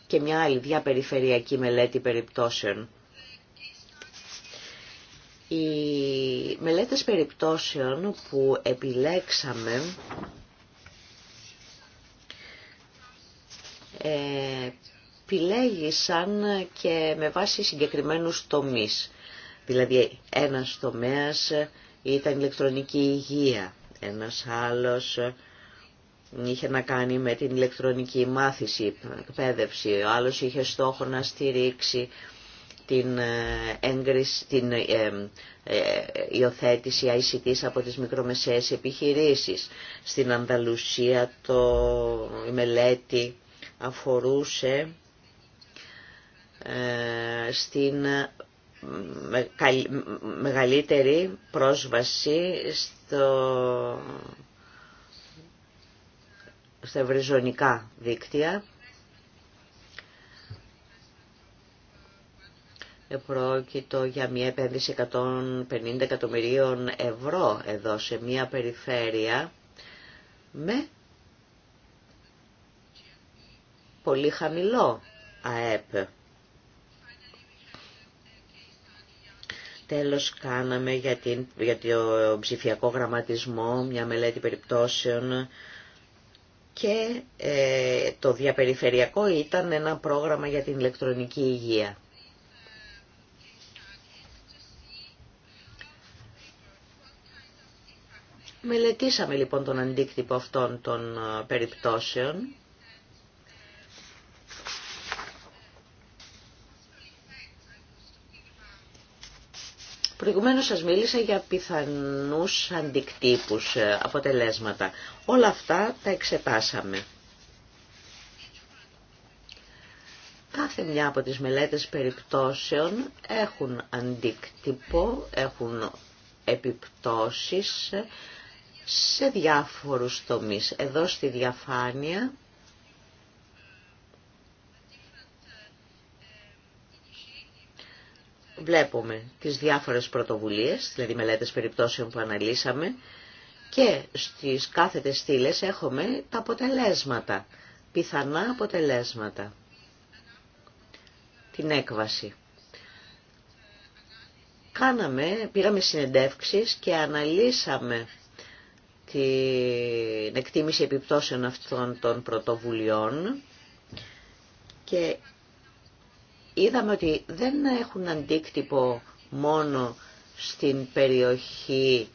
και μια άλλη διαπεριφερειακή μελέτη περιπτώσεων. Οι μελέτες περιπτώσεων που επιλέξαμε επιλέγησαν και με βάση συγκεκριμένους τομείς. Δηλαδή ένας τομέας ήταν ηλεκτρονική υγεία, ένας άλλος είχε να κάνει με την ηλεκτρονική μάθηση, εκπαίδευση, ο άλλος είχε στόχο να στηρίξει την, ε, έγκριση, την ε, ε, ε υιοθέτηση ICT από τις μικρομεσαίες επιχειρήσεις. Στην Ανταλουσία το, η μελέτη αφορούσε ε, στην μεγαλύτερη πρόσβαση στο, στα ευρυζωνικά δίκτυα. Πρόκειτο για μια επένδυση 150 εκατομμυρίων ευρώ εδώ σε μια περιφέρεια με πολύ χαμηλό ΑΕΠ. Τέλος κάναμε για, την, για το ψηφιακό γραμματισμό μια μελέτη περιπτώσεων και ε, το διαπεριφερειακό ήταν ένα πρόγραμμα για την ηλεκτρονική υγεία. Μελετήσαμε λοιπόν τον αντίκτυπο αυτών των ε, περιπτώσεων Προηγουμένως σας μίλησα για πιθανούς αντικτύπους ε, αποτελέσματα. Όλα αυτά τα εξετάσαμε. Κάθε μια από τις μελέτες περιπτώσεων έχουν αντίκτυπο, έχουν επιπτώσεις σε διάφορους τομείς. Εδώ στη διαφάνεια βλέπουμε τις διάφορες πρωτοβουλίες, δηλαδή μελέτες περιπτώσεων που αναλύσαμε και στις κάθετες στήλε έχουμε τα αποτελέσματα, πιθανά αποτελέσματα, την έκβαση. Κάναμε, πήραμε συνεντεύξεις και αναλύσαμε την εκτίμηση επιπτώσεων αυτών των πρωτοβουλειών και είδαμε ότι δεν έχουν αντίκτυπο μόνο στην περιοχή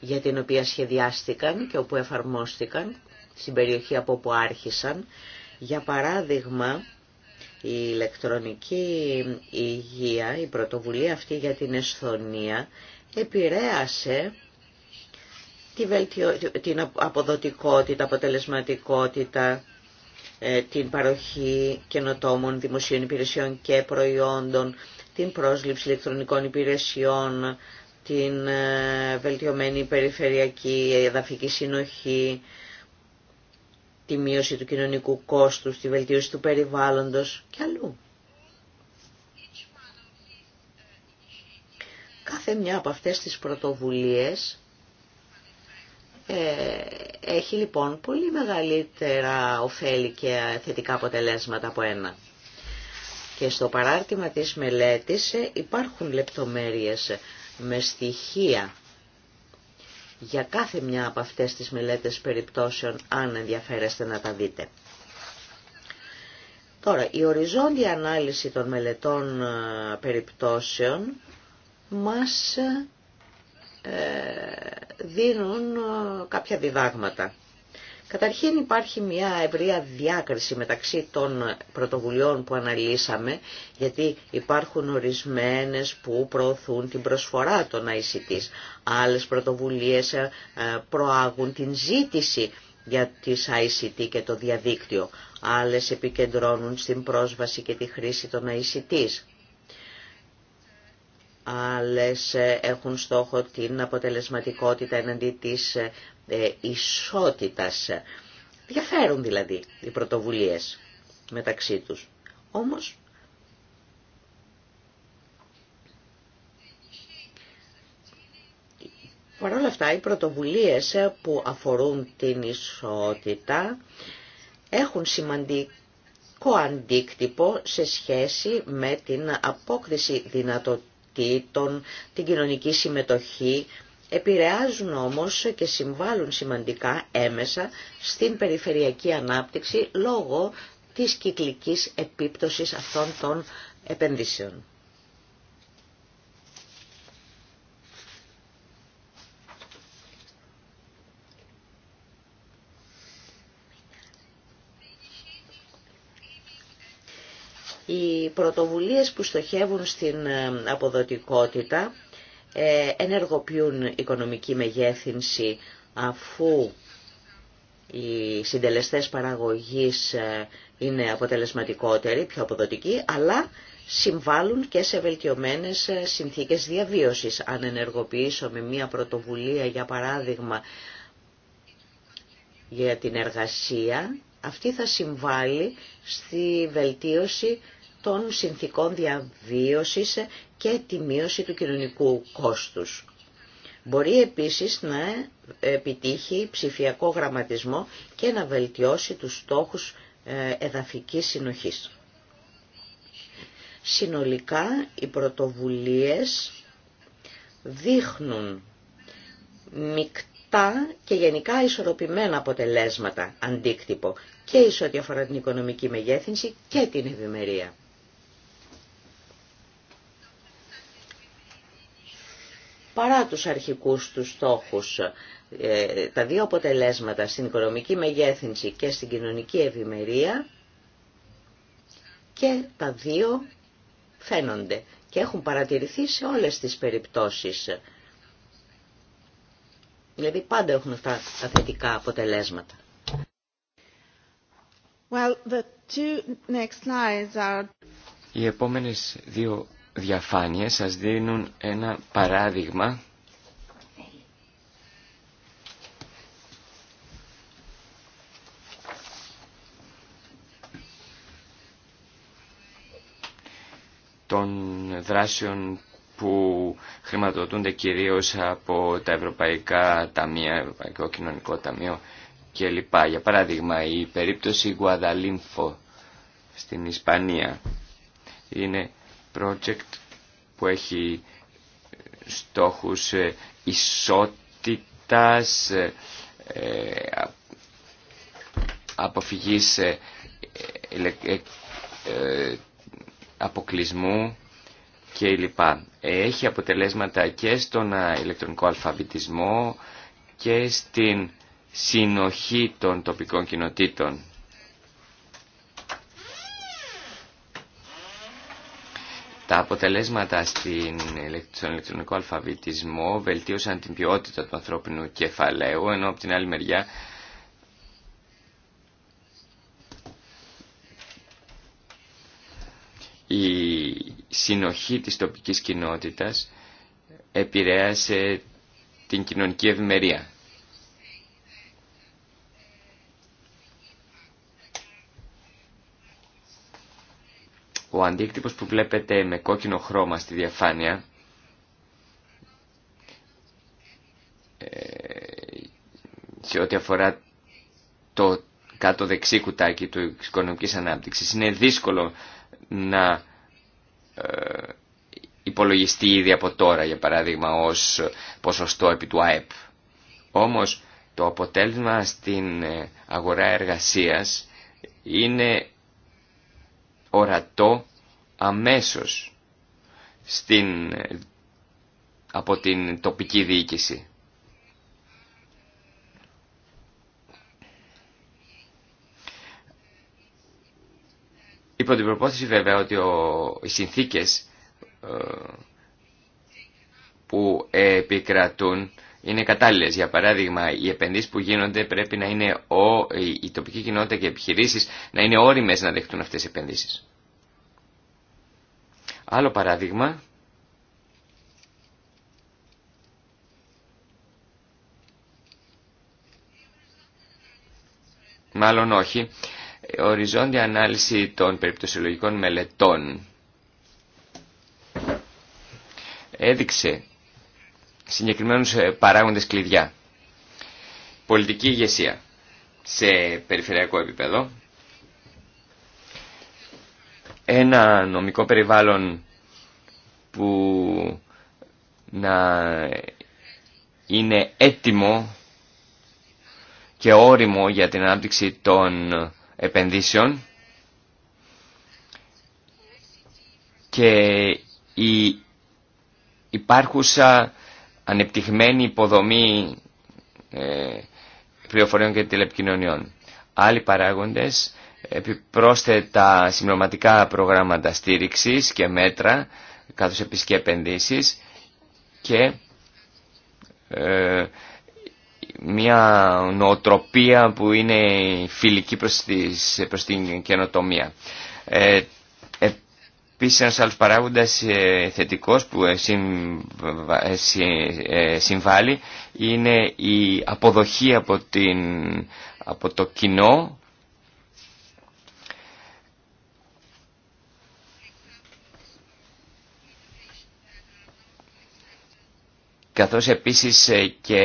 για την οποία σχεδιάστηκαν και όπου εφαρμόστηκαν, στην περιοχή από όπου άρχισαν. Για παράδειγμα, η ηλεκτρονική υγεία, η πρωτοβουλία αυτή για την Εσθονία, επηρέασε την αποδοτικότητα, αποτελεσματικότητα ε, την παροχή καινοτόμων δημοσίων υπηρεσιών και προϊόντων, την πρόσληψη ηλεκτρονικών υπηρεσιών, την ε, βελτιωμένη περιφερειακή εδαφική συνοχή, τη μείωση του κοινωνικού κόστους, τη βελτίωση του περιβάλλοντος και αλλού. Κάθε μια από αυτές τις πρωτοβουλίες ε, έχει λοιπόν πολύ μεγαλύτερα ωφέλη και θετικά αποτελέσματα από ένα. Και στο παράρτημα της μελέτης υπάρχουν λεπτομέρειες με στοιχεία για κάθε μια από αυτές τις μελέτες περιπτώσεων αν ενδιαφέρεστε να τα δείτε. Τώρα, η οριζόντια ανάλυση των μελετών ε, περιπτώσεων μας ε, δίνουν ε, κάποια διδάγματα. Καταρχήν υπάρχει μια ευρεία διάκριση μεταξύ των πρωτοβουλειών που αναλύσαμε, γιατί υπάρχουν ορισμένες που προωθούν την προσφορά των ICTs. Άλλες πρωτοβουλίες ε, προάγουν την ζήτηση για τις ICT και το διαδίκτυο. Άλλες επικεντρώνουν στην πρόσβαση και τη χρήση των ICTs. Άλλες ε, έχουν στόχο την αποτελεσματικότητα εναντί της ε, ε, ισότητας. Διαφέρουν δηλαδή οι πρωτοβουλίες μεταξύ τους. Όμως Παρ' όλα αυτά, οι πρωτοβουλίες που αφορούν την ισότητα έχουν σημαντικό αντίκτυπο σε σχέση με την απόκριση δυνατοτήτων την κοινωνική συμμετοχή, επηρεάζουν όμως και συμβάλλουν σημαντικά έμεσα στην περιφερειακή ανάπτυξη λόγω της κυκλικής επίπτωσης αυτών των επενδύσεων. οι πρωτοβουλίες που στοχεύουν στην ε, αποδοτικότητα ε, ενεργοποιούν οικονομική μεγέθυνση αφού οι συντελεστές παραγωγής ε, είναι αποτελεσματικότεροι, πιο αποδοτικοί, αλλά συμβάλλουν και σε βελτιωμένες συνθήκες διαβίωσης. Αν ενεργοποιήσω με μία πρωτοβουλία, για παράδειγμα, για την εργασία, αυτή θα συμβάλλει στη βελτίωση των συνθήκων διαβίωσης και τη μείωση του κοινωνικού κόστους. Μπορεί επίσης να επιτύχει ψηφιακό γραμματισμό και να βελτιώσει τους στόχους ε, εδαφικής συνοχής. Συνολικά οι πρωτοβουλίες δείχνουν μικτά και γενικά ισορροπημένα αποτελέσματα, αντίκτυπο και ίσως αφορά την οικονομική μεγέθυνση και την ευημερία. παρά τους αρχικούς τους στόχους. Ε, τα δύο αποτελέσματα στην οικονομική μεγέθυνση και στην κοινωνική ευημερία και τα δύο φαίνονται και έχουν παρατηρηθεί σε όλες τις περιπτώσεις. Δηλαδή πάντα έχουν αυτά τα θετικά αποτελέσματα. Well, the Οι επόμενες δύο διαφάνειες σας δίνουν ένα παράδειγμα των δράσεων που χρηματοδοτούνται κυρίως από τα Ευρωπαϊκά Ταμεία, Ευρωπαϊκό Κοινωνικό Ταμείο κλπ. Για παράδειγμα, η περίπτωση Guadalinfo στην Ισπανία είναι project που έχει ε, στόχους ε, ισότητας, ε, αποφυγής αποκλεισμού κλπ. Έχει αποτελέσματα και στον ηλεκτρονικό αλφαβητισμό και στην συνοχή των τοπικών κοινοτήτων αποτελέσματα στην, στον ηλεκτρονικό αλφαβητισμό βελτίωσαν την ποιότητα του ανθρώπινου κεφαλαίου, ενώ από την άλλη μεριά η συνοχή της τοπικής κοινότητας επηρέασε την κοινωνική ευημερία. Ο αντίκτυπος που βλέπετε με κόκκινο χρώμα στη διαφάνεια ε, σε ό,τι αφορά το κάτω δεξί κουτάκι του οικονομικής ανάπτυξης είναι δύσκολο να ε, υπολογιστεί ήδη από τώρα για παράδειγμα ως ποσοστό επί του ΑΕΠ. Όμως το αποτέλεσμα στην ε, αγορά εργασίας είναι ορατό αμέσως στην, από την τοπική διοίκηση. Η την προπόθεση βέβαια ότι οι συνθήκες ε, που επικρατούν είναι κατάλληλες. Για παράδειγμα, οι επενδύσεις που γίνονται πρέπει να είναι ο, η τοπική κοινότητα και οι επιχειρήσεις να είναι όριμες να δεχτούν αυτές τις επενδύσεις. Άλλο παράδειγμα, μάλλον όχι, οριζόντια ανάλυση των περιπτωσιολογικών μελετών έδειξε συγκεκριμένους ε, παράγοντες κλειδιά. Πολιτική ηγεσία σε περιφερειακό επίπεδο. Ένα νομικό περιβάλλον που να είναι έτοιμο και όριμο για την ανάπτυξη των επενδύσεων και η υπάρχουσα ...ανεπτυχμένη υποδομή ε, πληροφοριών και τηλεπικοινωνιών. Άλλοι παράγοντες, επιπρόσθετα συμπληρωματικά προγράμματα στήριξης και μέτρα, καθώς επίσης και επενδύσεις και ε, μια νοοτροπία που είναι φιλική προς, την καινοτομία. Ε, Επίση, ένα άλλο παράγοντα ε, θετικό που ε, ε, συμβάλλει είναι η αποδοχή από, την, από το κοινό καθώς επίσης ε, και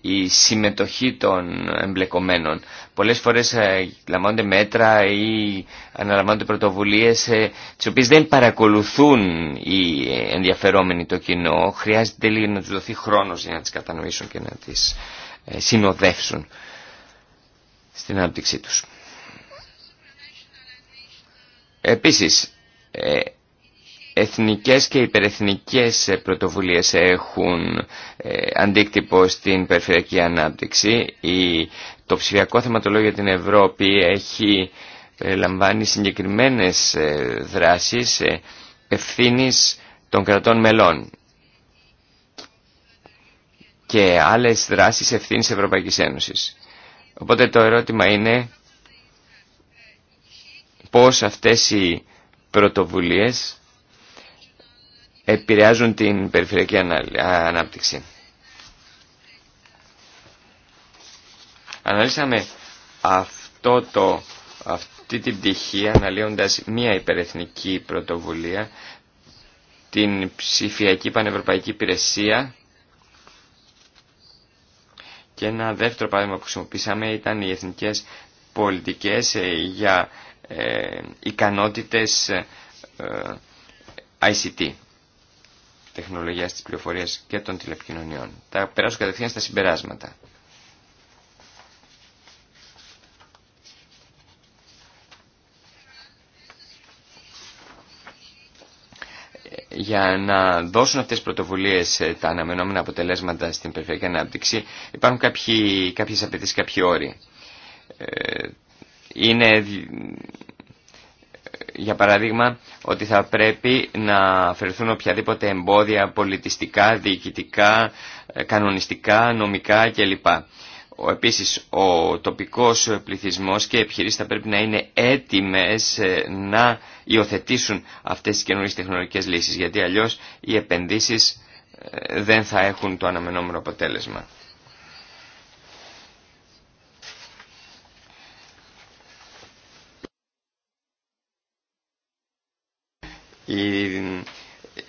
η συμμετοχή των εμπλεκομένων. Πολλές φορές ε, λαμβάνονται μέτρα ή αναλαμβάνονται πρωτοβουλίες ε, τις οποίες δεν παρακολουθούν οι ενδιαφερόμενοι το κοινό. Χρειάζεται λίγο να τους δοθεί χρόνος για να τις κατανοήσουν και να τις συνοδεύσουν στην ανάπτυξή τους. Επίσης, εθνικές και υπερεθνικές πρωτοβουλίες έχουν ε, αντίκτυπο στην περιφερειακή ανάπτυξη. Το ψηφιακό θεματολόγιο για την Ευρώπη έχει ε, λαμβάνει συγκεκριμένες ε, δράσεις ευθύνης των κρατών μελών και άλλες δράσεις ευθύνης Ευρωπαϊκής Ένωσης. Οπότε το ερώτημα είναι πώς αυτές οι πρωτοβουλίες επηρεάζουν την περιφερειακή ανάπτυξη. Αναλύσαμε αυτό το, αυτή την πτυχή αναλύοντας μία υπερεθνική πρωτοβουλία, την ψηφιακή πανευρωπαϊκή υπηρεσία και ένα δεύτερο παράδειγμα που χρησιμοποίησαμε ήταν οι εθνικές πολιτικές ε, για ε, ικανότητες ε, ε, ICT. Τεχνολογία τη πληροφορία και των τηλεπικοινωνιών. Τα περάσω κατευθείαν στα συμπεράσματα. για να δώσουν αυτές τις πρωτοβουλίες ε, τα αναμενόμενα αποτελέσματα στην περιφερειακή ανάπτυξη υπάρχουν κάποιοι, κάποιες κάποιοι όροι. Ε, είναι για παράδειγμα, ότι θα πρέπει να αφαιρεθούν οποιαδήποτε εμπόδια πολιτιστικά, διοικητικά, ε, κανονιστικά, νομικά κλπ. Ο, επίσης, ο τοπικός πληθυσμός και οι επιχειρήσεις θα πρέπει να είναι έτοιμες ε, να υιοθετήσουν αυτές τις καινούριες τεχνολογικές λύσεις, γιατί αλλιώς οι επενδύσεις ε, δεν θα έχουν το αναμενόμενο αποτέλεσμα. η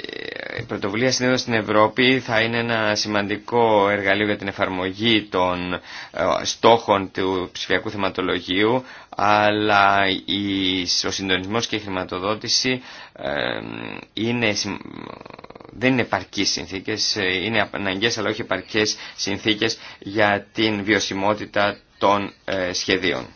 ε, πρωτοβουλία συνέδρου στην Ευρώπη θα είναι ένα σημαντικό εργαλείο για την εφαρμογή των ε, στόχων του ψηφιακού θεματολογίου, αλλά ο συντονισμός και η χρηματοδότηση ε, είναι, δεν είναι επαρκείς συνθήκες, είναι αναγκαίες αλλά όχι επαρκές συνθήκες για την βιωσιμότητα των σχεδίων.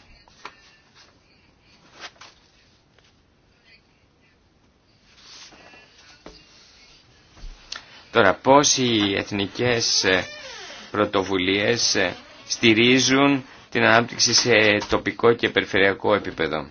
Τώρα, πώς οι εθνικές ε, πρωτοβουλίες ε, στηρίζουν την ανάπτυξη σε τοπικό και περιφερειακό επίπεδο.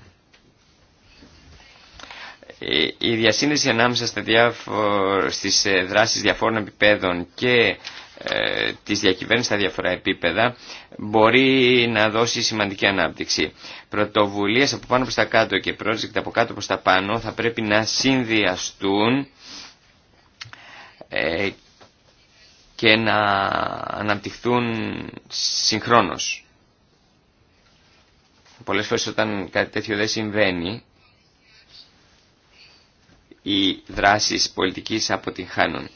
Ε, η διασύνδεση ανάμεσα στα διάφο... στις δράσεις διαφόρων επίπεδων και τις της διακυβέρνησης στα διάφορα επίπεδα μπορεί να δώσει σημαντική ανάπτυξη. Πρωτοβουλίες από πάνω προς τα κάτω και project από κάτω προς τα πάνω θα πρέπει να συνδυαστούν ε, και να αναπτυχθούν συγχρόνως. Πολλές φορές όταν κάτι τέτοιο δεν συμβαίνει, οι δράσεις πολιτικής αποτυγχάνουν.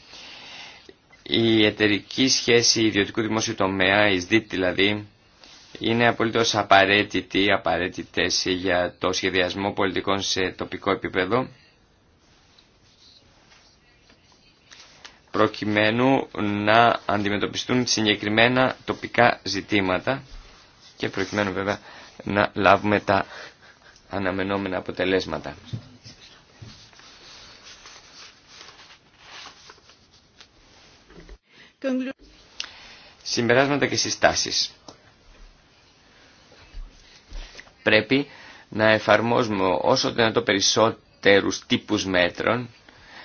Η εταιρική σχέση ιδιωτικού δημόσιου τομέα, η ΣΔΙΤ δηλαδή, είναι απολύτως απαραίτητη, απαραίτητες για το σχεδιασμό πολιτικών σε τοπικό επίπεδο προκειμένου να αντιμετωπιστούν συγκεκριμένα τοπικά ζητήματα και προκειμένου βέβαια να λάβουμε τα αναμενόμενα αποτελέσματα. Συμπεράσματα και συστάσεις. Πρέπει να εφαρμόζουμε όσο το περισσότερους τύπους μέτρων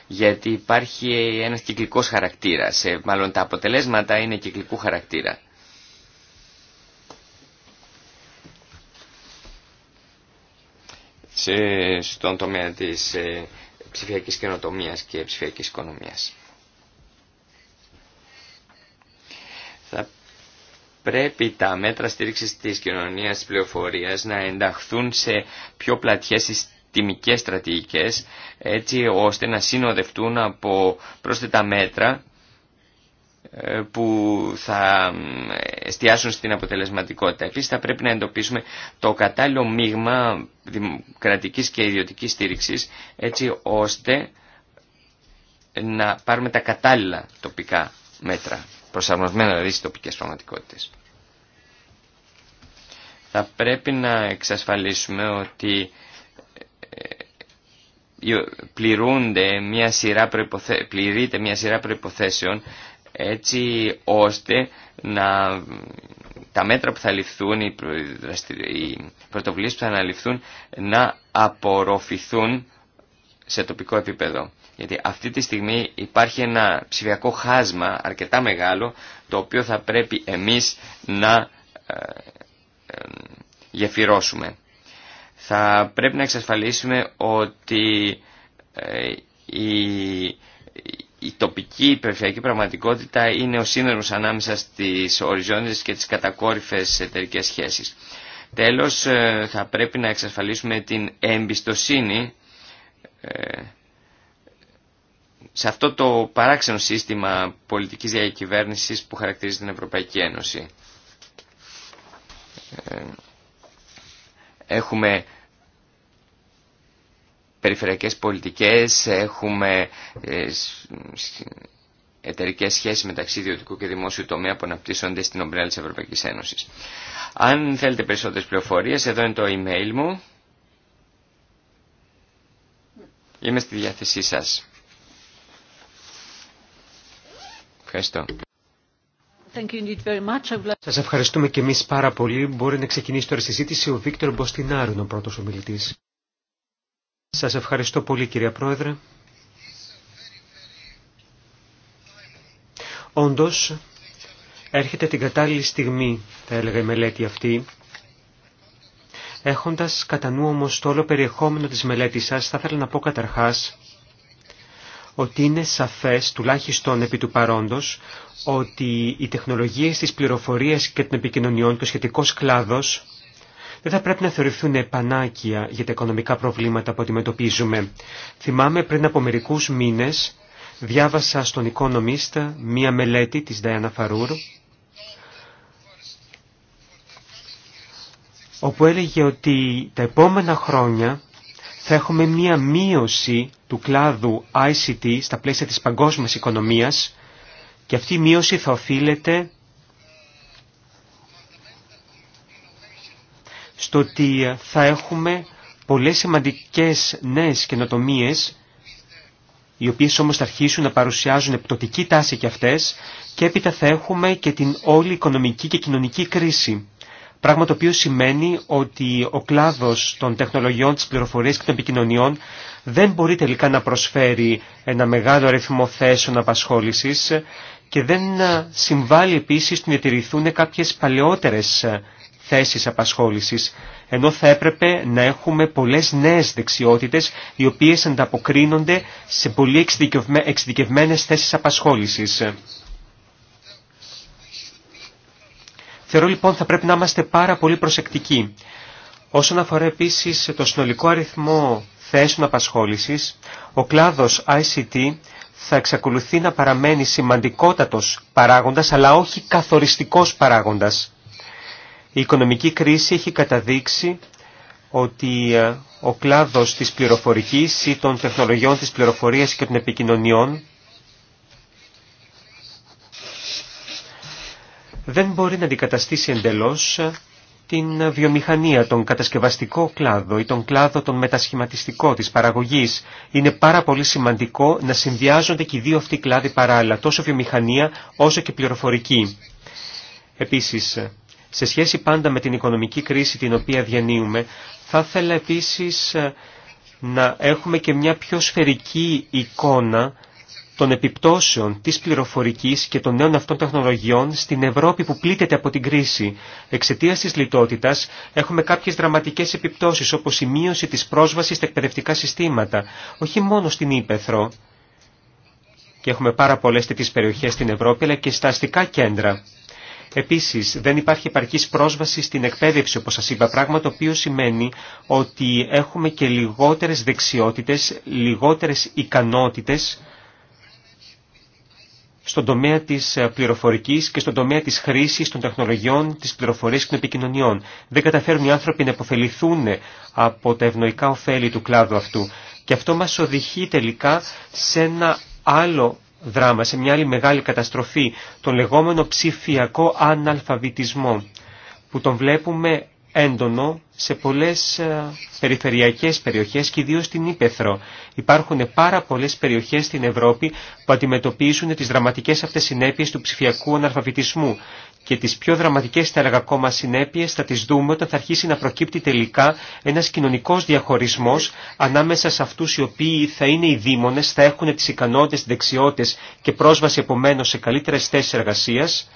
γιατί υπάρχει ένας κυκλικός χαρακτήρας, ε, μάλλον τα αποτελέσματα είναι κυκλικού χαρακτήρα. Σε, στον τομέα της ε, ψηφιακής καινοτομίας και ψηφιακής οικονομίας. Θα πρέπει τα μέτρα στήριξης της κοινωνίας της πληροφορίας να ενταχθούν σε πιο πλατιές τιμικές στρατηγικές έτσι ώστε να συνοδευτούν από πρόσθετα μέτρα ε, που θα εστιάσουν στην αποτελεσματικότητα. Επίσης θα πρέπει να εντοπίσουμε το κατάλληλο μείγμα δημοκρατικής και ιδιωτικής στήριξης έτσι ώστε να πάρουμε τα κατάλληλα τοπικά μέτρα προσαρμοσμένα δηλαδή στις τοπικές πραγματικότητες. Θα πρέπει να εξασφαλίσουμε ότι πληρούνται μια σειρά μια σειρά προϋποθέσεων έτσι ώστε να τα μέτρα που θα ληφθούν, οι, που θα αναλυφθούν να απορροφηθούν σε τοπικό επίπεδο. Γιατί αυτή τη στιγμή υπάρχει ένα ψηφιακό χάσμα αρκετά μεγάλο το οποίο θα πρέπει εμείς να ε, ε, γεφυρώσουμε. Θα πρέπει να εξασφαλίσουμε ότι ε, η, η τοπική η πραγματικότητα είναι ο σύνδρομος ανάμεσα στις οριζόντες και τις κατακόρυφες εταιρικέ σχέσεις. Τέλος, ε, θα πρέπει να εξασφαλίσουμε την εμπιστοσύνη ε, σε αυτό το παράξενο σύστημα πολιτικής διακυβέρνησης που χαρακτηρίζει την Ευρωπαϊκή Ένωση. Έχουμε περιφερειακές πολιτικές, έχουμε ε, εταιρικές σχέσεις μεταξύ ιδιωτικού και δημόσιου τομέα που αναπτύσσονται στην ομπρέλα της Ευρωπαϊκής Ένωσης. Αν θέλετε περισσότερες πληροφορίες, εδώ είναι το email μου. Είμαι στη διάθεσή σας. Ευχαριστώ. Σας ευχαριστούμε και εμείς πάρα πολύ. Μπορεί να ξεκινήσει τώρα η συζήτηση ο Βίκτορ Μποστινάρου, ο πρώτος ομιλητή. Σας ευχαριστώ πολύ κυρία Πρόεδρε. Όντω, έρχεται την κατάλληλη στιγμή, θα έλεγα η μελέτη αυτή, έχοντας κατά νου όμω το όλο περιεχόμενο της μελέτης σας, θα ήθελα να πω καταρχά ότι είναι σαφές, τουλάχιστον επί του παρόντος, ότι οι τεχνολογίες της πληροφορίας και των επικοινωνιών και ο σχετικό κλάδος δεν θα πρέπει να θεωρηθούν επανάκια για τα οικονομικά προβλήματα που αντιμετωπίζουμε. Θυμάμαι πριν από μερικούς μήνες διάβασα στον οικονομίστα μία μελέτη της Diana Φαρούρ όπου έλεγε ότι τα επόμενα χρόνια θα έχουμε μία μείωση του κλάδου ICT στα πλαίσια της παγκόσμιας οικονομίας και αυτή η μείωση θα οφείλεται στο ότι θα έχουμε πολλές σημαντικές νέες καινοτομίε οι οποίες όμως θα αρχίσουν να παρουσιάζουν πτωτική τάση και αυτές και έπειτα θα έχουμε και την όλη οικονομική και κοινωνική κρίση. Πράγμα το οποίο σημαίνει ότι ο κλάδος των τεχνολογιών της πληροφορίας και των επικοινωνιών δεν μπορεί τελικά να προσφέρει ένα μεγάλο αριθμό θέσεων απασχόλησης και δεν συμβάλλει επίσης να διατηρηθούν κάποιες παλαιότερες θέσεις απασχόλησης, ενώ θα έπρεπε να έχουμε πολλές νέες δεξιότητες οι οποίες ανταποκρίνονται σε πολύ εξειδικευμένες θέσεις απασχόλησης. Θεωρώ λοιπόν θα πρέπει να είμαστε πάρα πολύ προσεκτικοί. Όσον αφορά επίσης το συνολικό αριθμό θέσεων απασχόλησης, ο κλάδος ICT θα εξακολουθεί να παραμένει σημαντικότατος παράγοντας, αλλά όχι καθοριστικός παράγοντας. Η οικονομική κρίση έχει καταδείξει ότι ε, ο κλάδος της πληροφορικής ή των τεχνολογιών της πληροφορίας και των επικοινωνιών δεν μπορεί να αντικαταστήσει εντελώς την βιομηχανία, τον κατασκευαστικό κλάδο ή τον κλάδο τον μετασχηματιστικό της παραγωγής. Είναι πάρα πολύ σημαντικό να συνδυάζονται και οι δύο αυτοί κλάδοι παράλληλα, τόσο βιομηχανία όσο και πληροφορική. Επίσης, σε σχέση πάντα με την οικονομική κρίση την οποία διανύουμε, θα ήθελα επίσης να έχουμε και μια πιο σφαιρική εικόνα των επιπτώσεων της πληροφορικής και των νέων αυτών τεχνολογιών στην Ευρώπη που πλήττεται από την κρίση. Εξαιτίας της λιτότητας έχουμε κάποιες δραματικές επιπτώσεις όπως η μείωση της πρόσβασης στα εκπαιδευτικά συστήματα, όχι μόνο στην Ήπεθρο και έχουμε πάρα πολλές τέτοιες περιοχές στην Ευρώπη αλλά και στα αστικά κέντρα. Επίσης, δεν υπάρχει επαρκής πρόσβαση στην εκπαίδευση, όπως σας είπα, πράγμα το οποίο σημαίνει ότι έχουμε και λιγότερες δεξιότητες, λιγότερες ικανότητες στον τομέα της ε, πληροφορικής και στον τομέα της χρήσης των τεχνολογιών, της πληροφορίας και των επικοινωνιών. Δεν καταφέρουν οι άνθρωποι να υποφεληθούν ε, από τα ευνοϊκά ωφέλη του κλάδου αυτού. Και αυτό μας οδηγεί τελικά σε ένα άλλο δράμα, σε μια άλλη μεγάλη καταστροφή, τον λεγόμενο ψηφιακό αναλφαβητισμό, που τον βλέπουμε έντονο σε πολλές ε, περιφερειακές περιοχές και ιδίως στην Ήπεθρο. Υπάρχουν πάρα πολλές περιοχές στην Ευρώπη που αντιμετωπίζουν τις δραματικές αυτές συνέπειες του ψηφιακού αναρφαβητισμού και τις πιο δραματικές θα έλεγα ακόμα συνέπειες θα τις δούμε όταν θα αρχίσει να προκύπτει τελικά ένας κοινωνικός διαχωρισμός ανάμεσα σε αυτούς οι οποίοι θα είναι οι δήμονες, θα έχουν τις ικανότητες, τις δεξιότητες και πρόσβαση επομένως σε καλύτερες θέσεις εργασίας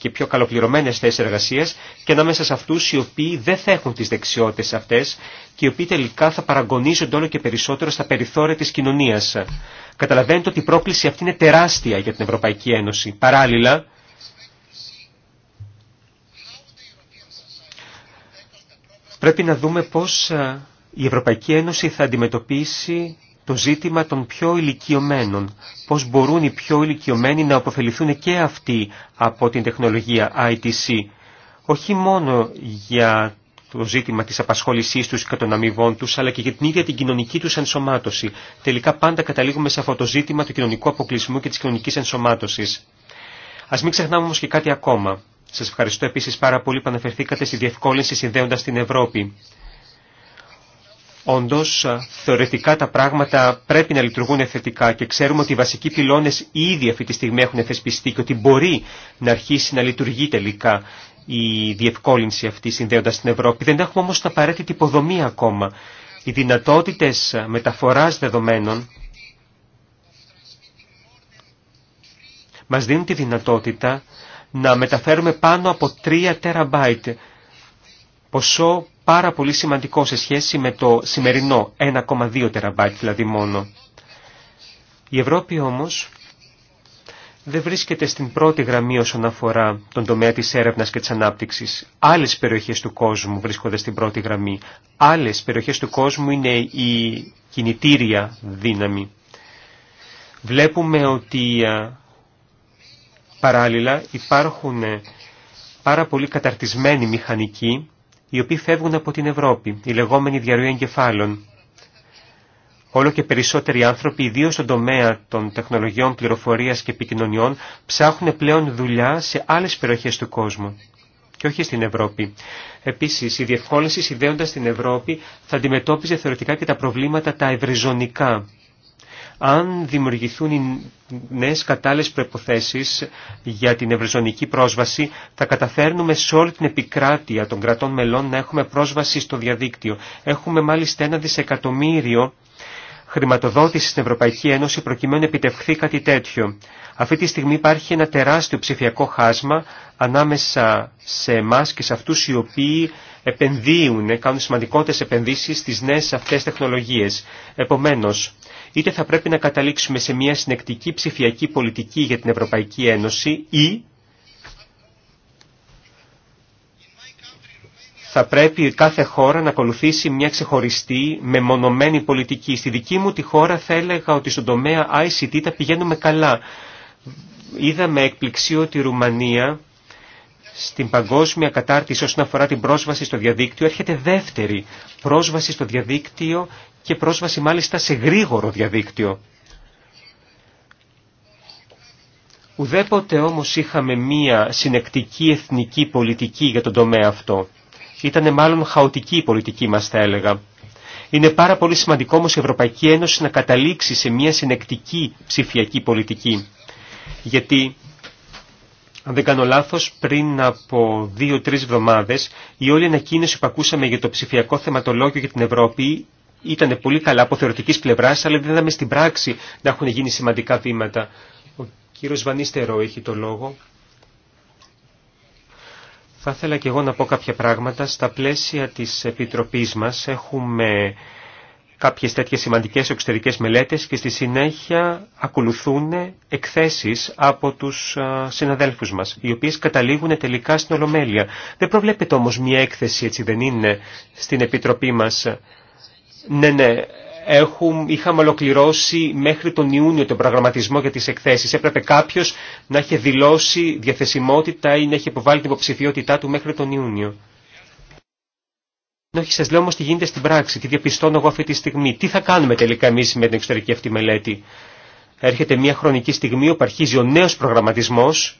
και πιο καλοπληρωμένες θέσεις εργασίας και ανάμεσα σε αυτούς οι οποίοι δεν θα έχουν τις δεξιότητες αυτές και οι οποίοι τελικά θα παραγωνίζονται όλο και περισσότερο στα περιθώρια της κοινωνίας. Καταλαβαίνετε ότι η πρόκληση αυτή είναι τεράστια για την Ευρωπαϊκή Ένωση. Παράλληλα, πρέπει να δούμε πώς ε, η Ευρωπαϊκή Ένωση θα αντιμετωπίσει το ζήτημα των πιο ηλικιωμένων. Πώς μπορούν οι πιο ηλικιωμένοι να αποφεληθούν και αυτοί από την τεχνολογία ITC. Όχι μόνο για το ζήτημα της απασχόλησής τους και των αμοιβών τους, αλλά και για την ίδια την κοινωνική τους ενσωμάτωση. Τελικά πάντα καταλήγουμε σε αυτό το ζήτημα του κοινωνικού αποκλεισμού και της κοινωνικής ενσωμάτωσης. Ας μην ξεχνάμε όμως και κάτι ακόμα. Σας ευχαριστώ επίσης πάρα πολύ που αναφερθήκατε στη διευκόλυνση συνδέοντας την Ευρώπη. Όντως, θεωρητικά τα πράγματα πρέπει να λειτουργούν θετικά και ξέρουμε ότι οι βασικοί πυλώνες ήδη αυτή τη στιγμή έχουν θεσπιστεί και ότι μπορεί να αρχίσει να λειτουργεί τελικά η διευκόλυνση αυτή συνδέοντας την Ευρώπη. Δεν έχουμε όμως την απαραίτητη υποδομή ακόμα. Οι δυνατότητες μεταφοράς δεδομένων μας δίνουν τη δυνατότητα να μεταφέρουμε πάνω από 3 τεραμπάιτ, ποσό πάρα πολύ σημαντικό σε σχέση με το σημερινό 1,2 τεραμπάιτ δηλαδή μόνο. Η Ευρώπη όμως δεν βρίσκεται στην πρώτη γραμμή όσον αφορά τον τομέα της έρευνας και της ανάπτυξης. Άλλες περιοχές του κόσμου βρίσκονται στην πρώτη γραμμή. Άλλες περιοχές του κόσμου είναι η κινητήρια δύναμη. Βλέπουμε ότι παράλληλα υπάρχουν ε, πάρα πολύ καταρτισμένοι μηχανικοί οι οποίοι φεύγουν από την Ευρώπη, η λεγόμενοι διαρροή εγκεφάλων. Όλο και περισσότεροι άνθρωποι, ιδίω στον τομέα των τεχνολογιών πληροφορία και επικοινωνιών, ψάχνουν πλέον δουλειά σε άλλε περιοχέ του κόσμου και όχι στην Ευρώπη. Επίση, η διευκόλυνση συνδέοντα την Ευρώπη θα αντιμετώπιζε θεωρητικά και τα προβλήματα τα ευρυζωνικά αν δημιουργηθούν οι νέες κατάλληλες προϋποθέσεις για την ευρυζωνική πρόσβαση, θα καταφέρνουμε σε όλη την επικράτεια των κρατών μελών να έχουμε πρόσβαση στο διαδίκτυο. Έχουμε μάλιστα ένα δισεκατομμύριο χρηματοδότηση στην Ευρωπαϊκή Ένωση προκειμένου να επιτευχθεί κάτι τέτοιο. Αυτή τη στιγμή υπάρχει ένα τεράστιο ψηφιακό χάσμα ανάμεσα σε εμά και σε αυτούς οι οποίοι επενδύουν, κάνουν σημαντικότερες επενδύσεις στις νέες αυτές τεχνολογίες. Επομένως, είτε θα πρέπει να καταλήξουμε σε μια συνεκτική ψηφιακή πολιτική για την Ευρωπαϊκή Ένωση ή θα πρέπει κάθε χώρα να ακολουθήσει μια ξεχωριστή, μεμονωμένη πολιτική. Στη δική μου τη χώρα θα έλεγα ότι στον τομέα ICT τα πηγαίνουμε καλά. Είδαμε εκπληξή ότι η Ρουμανία στην παγκόσμια κατάρτιση όσον αφορά την πρόσβαση στο διαδίκτυο έρχεται δεύτερη. Πρόσβαση στο διαδίκτυο και πρόσβαση μάλιστα σε γρήγορο διαδίκτυο. Ουδέποτε όμως είχαμε μία συνεκτική εθνική πολιτική για τον τομέα αυτό. Ήτανε μάλλον χαοτική η πολιτική μας θα έλεγα. Είναι πάρα πολύ σημαντικό όμως η Ευρωπαϊκή Ένωση να καταλήξει σε μία συνεκτική ψηφιακή πολιτική. Γιατί, αν δεν κάνω λάθος, πριν από δύο-τρεις εβδομάδες η όλη ανακοίνωση που ακούσαμε για το ψηφιακό θεματολόγιο για την Ευρώπη ήταν πολύ καλά από θεωρητική πλευρά, αλλά δεν είδαμε στην πράξη να έχουν γίνει σημαντικά βήματα. Ο κύριο Βανίστερο έχει το λόγο. Θα ήθελα και εγώ να πω κάποια πράγματα. Στα πλαίσια τη επιτροπή μα έχουμε κάποιε τέτοιε σημαντικέ εξωτερικέ μελέτε και στη συνέχεια ακολουθούν εκθέσει από του συναδέλφου μα, οι οποίε καταλήγουν τελικά στην Ολομέλεια. Δεν προβλέπεται όμω μια έκθεση, έτσι δεν είναι, στην Επιτροπή μα. Ναι, ναι. είχαμε ολοκληρώσει μέχρι τον Ιούνιο τον προγραμματισμό για τις εκθέσεις. Έπρεπε κάποιος να έχει δηλώσει διαθεσιμότητα ή να έχει υποβάλει την υποψηφιότητά του μέχρι τον Ιούνιο. Ναι, όχι, σας λέω όμως τι γίνεται στην πράξη, τι διαπιστώνω εγώ αυτή τη στιγμή. Τι θα κάνουμε τελικά εμείς με την εξωτερική αυτή μελέτη. Έρχεται μια χρονική στιγμή όπου αρχίζει ο νέος προγραμματισμός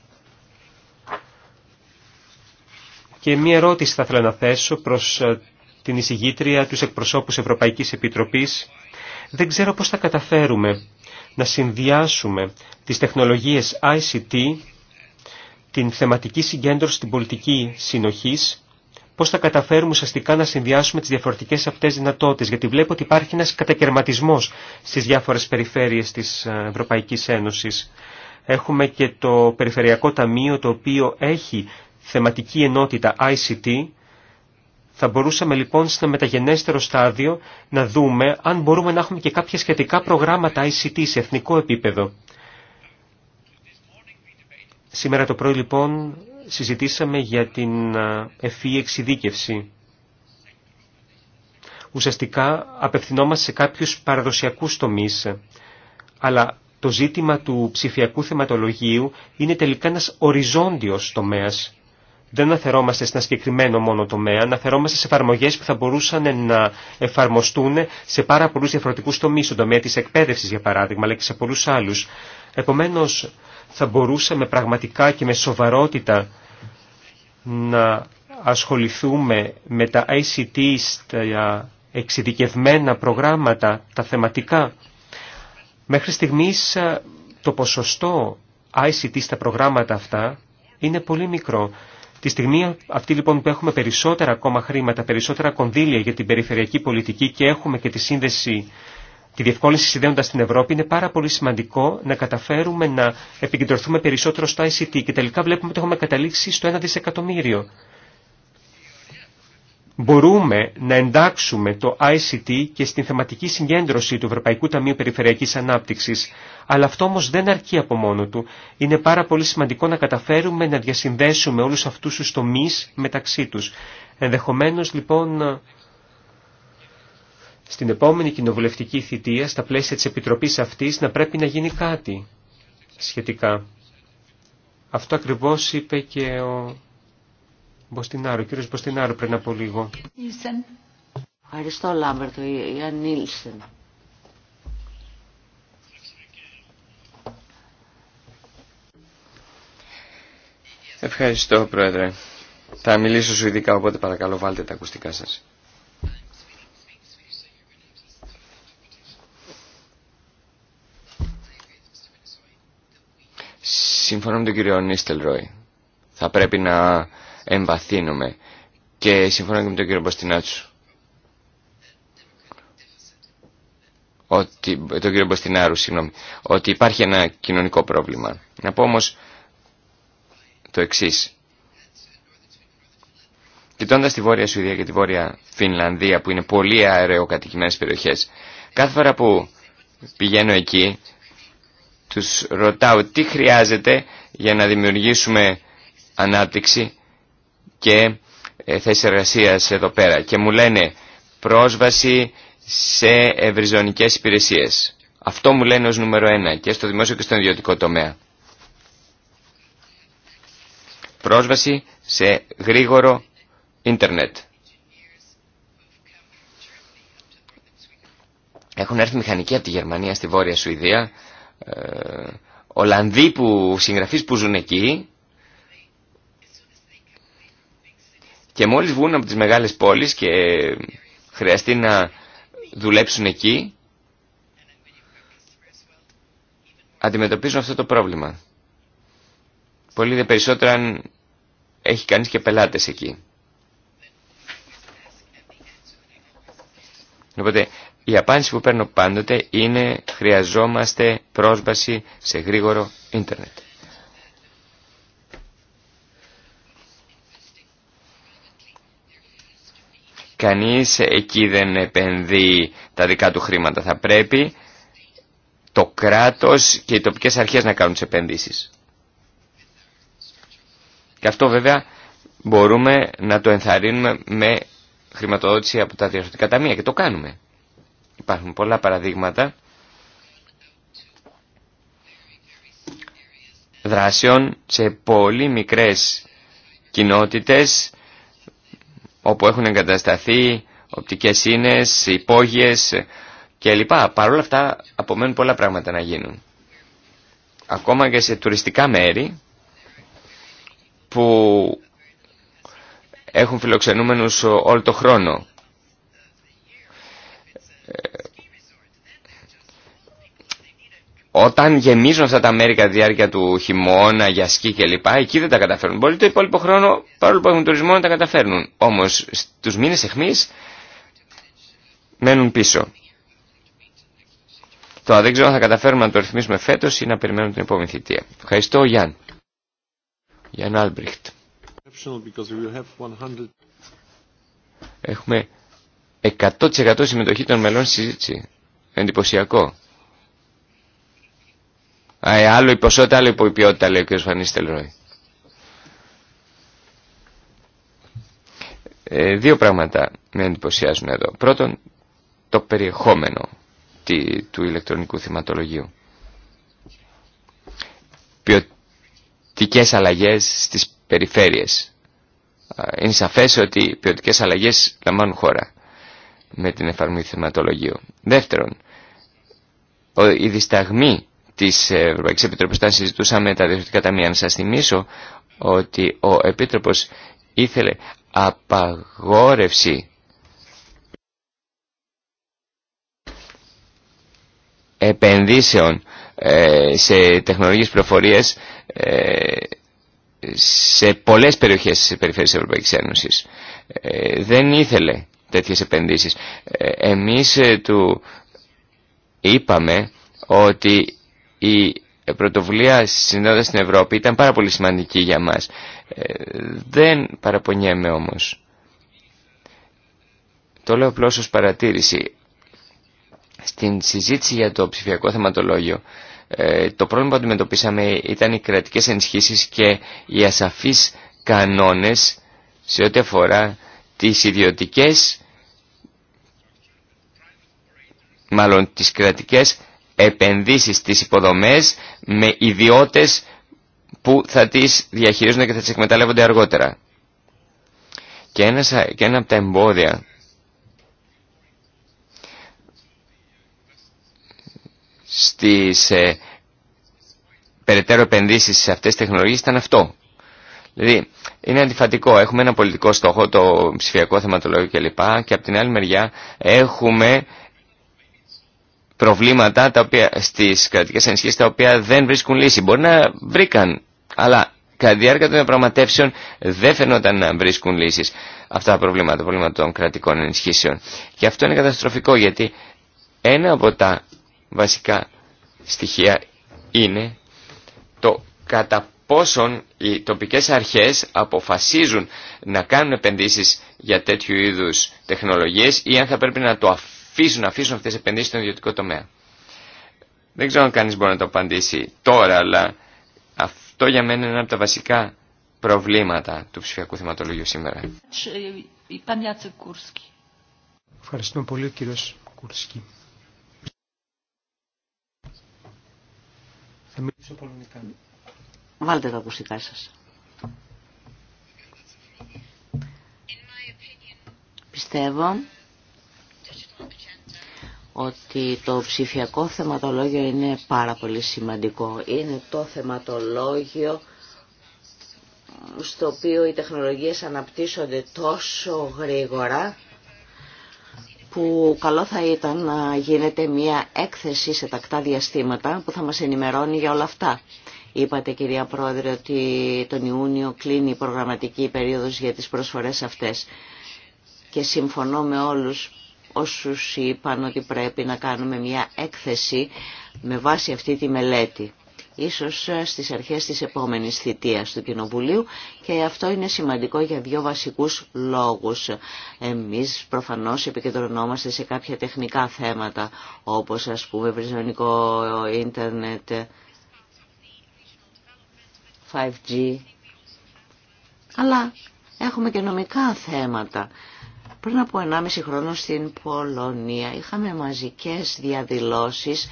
και μια ερώτηση θα ήθελα να θέσω προς ε, την εισηγήτρια, τους εκπροσώπους Ευρωπαϊκής Επιτροπής. Δεν ξέρω πώς θα καταφέρουμε να συνδυάσουμε τις τεχνολογίες ICT, την θεματική συγκέντρωση την πολιτική συνοχής, πώς θα καταφέρουμε ουσιαστικά να συνδυάσουμε τις διαφορετικές αυτές δυνατότητες, γιατί βλέπω ότι υπάρχει ένας κατακαιρματισμός στις διάφορες περιφέρειες της ε, Ευρωπαϊκής Ένωσης. Έχουμε και το Περιφερειακό Ταμείο, το οποίο έχει θεματική ενότητα ICT, θα μπορούσαμε λοιπόν στο μεταγενέστερο στάδιο να δούμε αν μπορούμε να έχουμε και κάποια σχετικά προγράμματα ICT σε εθνικό επίπεδο. Σήμερα το πρωί λοιπόν συζητήσαμε για την ευφύ εξειδίκευση. Ουσιαστικά απευθυνόμαστε σε κάποιους παραδοσιακούς τομείς, αλλά το ζήτημα του ψηφιακού θεματολογίου είναι τελικά ένας οριζόντιος τομέας δεν αναφερόμαστε σε ένα συγκεκριμένο μόνο τομέα, αναφερόμαστε σε εφαρμογέ που θα μπορούσαν να εφαρμοστούν σε πάρα πολλού διαφορετικού τομεί, στον τομέα τη εκπαίδευση για παράδειγμα, αλλά και σε πολλού άλλου. Επομένω, θα μπορούσαμε πραγματικά και με σοβαρότητα να ασχοληθούμε με τα ICT, στα εξειδικευμένα προγράμματα, τα θεματικά. Μέχρι στιγμής το ποσοστό ICT στα προγράμματα αυτά είναι πολύ μικρό. Τη στιγμή αυτή λοιπόν που έχουμε περισσότερα ακόμα χρήματα, περισσότερα κονδύλια για την περιφερειακή πολιτική και έχουμε και τη σύνδεση, τη διευκόλυνση συνδέοντα την Ευρώπη, είναι πάρα πολύ σημαντικό να καταφέρουμε να επικεντρωθούμε περισσότερο στο ICT και τελικά βλέπουμε ότι έχουμε καταλήξει στο 1 δισεκατομμύριο μπορούμε να εντάξουμε το ICT και στην θεματική συγκέντρωση του Ευρωπαϊκού Ταμείου Περιφερειακής Ανάπτυξης. Αλλά αυτό όμως δεν αρκεί από μόνο του. Είναι πάρα πολύ σημαντικό να καταφέρουμε να διασυνδέσουμε όλους αυτούς τους τομείς μεταξύ τους. Ενδεχομένως λοιπόν στην επόμενη κοινοβουλευτική θητεία, στα πλαίσια της Επιτροπής αυτής, να πρέπει να γίνει κάτι σχετικά. Αυτό ακριβώς είπε και ο μποστινάρο κύριος Μποστινάρου πριν από λίγο. Ευχαριστώ Λάμπερτο, Νίλσεν. Ευχαριστώ Πρόεδρε. Θα μιλήσω σου ειδικά, οπότε παρακαλώ βάλτε τα ακουστικά σας. Συμφωνώ με τον κύριο Νίστελ Ρόι. Θα πρέπει να εμβαθύνουμε. Και συμφωνώ και με τον κύριο Μποστινάτσου. Ότι, τον κύριο Μποστινάρου, συγγνώμη, ότι υπάρχει ένα κοινωνικό πρόβλημα. Να πω όμως το εξής. Κοιτώντα τη Βόρεια Σουηδία και τη Βόρεια Φινλανδία, που είναι πολύ αεροκατοικημένε περιοχές, κάθε φορά που πηγαίνω εκεί, τους ρωτάω τι χρειάζεται για να δημιουργήσουμε ανάπτυξη και ε, θέσει εργασία εδώ πέρα και μου λένε πρόσβαση σε ευρυζωνικές υπηρεσίες. Αυτό μου λένε ως νούμερο ένα και στο δημόσιο και στον ιδιωτικό τομέα. Πρόσβαση σε γρήγορο ίντερνετ. Έχουν έρθει μηχανικοί από τη Γερμανία στη Βόρεια Σουηδία, ε, Ολλανδοί που, συγγραφείς που ζουν εκεί, Και μόλις βγουν από τις μεγάλες πόλεις και χρειαστεί να δουλέψουν εκεί, αντιμετωπίζουν αυτό το πρόβλημα. Πολύ δε περισσότερο αν έχει κανείς και πελάτες εκεί. Οπότε η απάντηση που παίρνω πάντοτε είναι χρειαζόμαστε πρόσβαση σε γρήγορο ίντερνετ. κανείς εκεί δεν επενδύει τα δικά του χρήματα. Θα πρέπει το κράτος και οι τοπικές αρχές να κάνουν τις επενδύσεις. Και αυτό βέβαια μπορούμε να το ενθαρρύνουμε με χρηματοδότηση από τα διαρθρωτικά ταμεία και το κάνουμε. Υπάρχουν πολλά παραδείγματα δράσεων σε πολύ μικρές κοινότητες όπου έχουν εγκατασταθεί οπτικές σύνες, υπόγειες κλπ. Παρ' όλα αυτά απομένουν πολλά πράγματα να γίνουν. Ακόμα και σε τουριστικά μέρη που έχουν φιλοξενούμενους όλο το χρόνο. Όταν γεμίζουν αυτά τα μέρη κατά τη διάρκεια του χειμώνα για σκι κλπ. εκεί δεν τα καταφέρνουν. Μπορεί το υπόλοιπο χρόνο παρόλο που έχουν τουρισμό να τα καταφέρνουν. Όμω στου μήνε αιχμή μένουν πίσω. Τώρα δεν ξέρω αν θα καταφέρουμε να το ρυθμίσουμε φέτο ή να περιμένουμε την επόμενη θητεία. Ευχαριστώ, Γιάννη. Γιάνν Άλμπριχτ. Έχουμε 100% συμμετοχή των μελών στη συζήτηση. Εντυπωσιακό. Ε, άλλο η ποσότητα, άλλο η ποιότητα, λέει ο κ. Φανίστελ ε, δύο πράγματα με εντυπωσιάζουν εδώ. Πρώτον, το περιεχόμενο του ηλεκτρονικού θυματολογίου. Ποιοτικές αλλαγές στις περιφέρειες. Είναι σαφές ότι οι ποιοτικές αλλαγές λαμβάνουν χώρα με την εφαρμογή θεματολογίου. Δεύτερον, η δισταγμή της Ευρωπαϊκής Επιτροπής όταν συζητούσαμε τα διευθυντικά ταμεία. Να σας θυμίσω ότι ο Επίτροπος ήθελε απαγόρευση επενδύσεων ε, σε τεχνολογίες προφορίες ε, σε πολλές περιοχές της περιφέρειας της Ευρωπαϊκής ε, Δεν ήθελε τέτοιες επενδύσεις. Εμείς του είπαμε ότι η πρωτοβουλία συνόδας στην Ευρώπη ήταν πάρα πολύ σημαντική για μας. Ε, δεν παραπονιέμαι όμως. Το λέω απλώς ως παρατήρηση. Στην συζήτηση για το ψηφιακό θεματολόγιο ε, το πρόβλημα που αντιμετωπίσαμε ήταν οι κρατικές ενισχύσεις και οι ασαφείς κανόνες σε ό,τι αφορά τις ιδιωτικές, μάλλον τις κρατικές επενδύσεις στις υποδομές με ιδιώτες που θα τις διαχειρίζονται και θα τις εκμεταλλεύονται αργότερα. Και ένα, από τα εμπόδια στις ε, περαιτέρω επενδύσεις σε αυτές τις τεχνολογίες ήταν αυτό. Δηλαδή είναι αντιφατικό. Έχουμε ένα πολιτικό στόχο, το ψηφιακό θεματολόγιο κλπ. και από την άλλη μεριά έχουμε προβλήματα τα οποία, στις κρατικές ενισχύσεις τα οποία δεν βρίσκουν λύση. Μπορεί να βρήκαν, αλλά κατά τη διάρκεια των διαπραγματεύσεων δεν φαινόταν να βρίσκουν λύσεις αυτά τα προβλήματα, τα προβλήματα των κρατικών ενισχύσεων. Και αυτό είναι καταστροφικό γιατί ένα από τα βασικά στοιχεία είναι το κατά πόσον οι τοπικές αρχές αποφασίζουν να κάνουν επενδύσεις για τέτοιου είδους τεχνολογίες ή αν θα πρέπει να το αφήσουν αφήσουν, αφήσουν αυτές τις επενδύσεις στον ιδιωτικό τομέα. Δεν ξέρω αν κανείς μπορεί να το απαντήσει τώρα, αλλά αυτό για μένα είναι ένα από τα βασικά προβλήματα του ψηφιακού θεματολογίου σήμερα. Ευχαριστούμε πολύ ο κύριος Κουρσκή. Θα μιλήσω πολωνικά. Βάλτε τα ακουστικά σας. Πιστεύω ότι το ψηφιακό θεματολόγιο είναι πάρα πολύ σημαντικό. Είναι το θεματολόγιο στο οποίο οι τεχνολογίες αναπτύσσονται τόσο γρήγορα που καλό θα ήταν να γίνεται μια έκθεση σε τακτά διαστήματα που θα μας ενημερώνει για όλα αυτά. Είπατε κυρία Πρόεδρε ότι τον Ιούνιο κλείνει η προγραμματική περίοδος για τις προσφορές αυτές και συμφωνώ με όλους όσους είπαν ότι πρέπει να κάνουμε μια έκθεση με βάση αυτή τη μελέτη ίσως στις αρχές της επόμενης θητείας του Κοινοβουλίου και αυτό είναι σημαντικό για δύο βασικούς λόγους. Εμείς προφανώς επικεντρωνόμαστε σε κάποια τεχνικά θέματα όπως ας πούμε βριζονικό ίντερνετ, 5G, αλλά έχουμε και νομικά θέματα πριν από 1,5 χρόνο στην Πολωνία είχαμε μαζικές διαδηλώσεις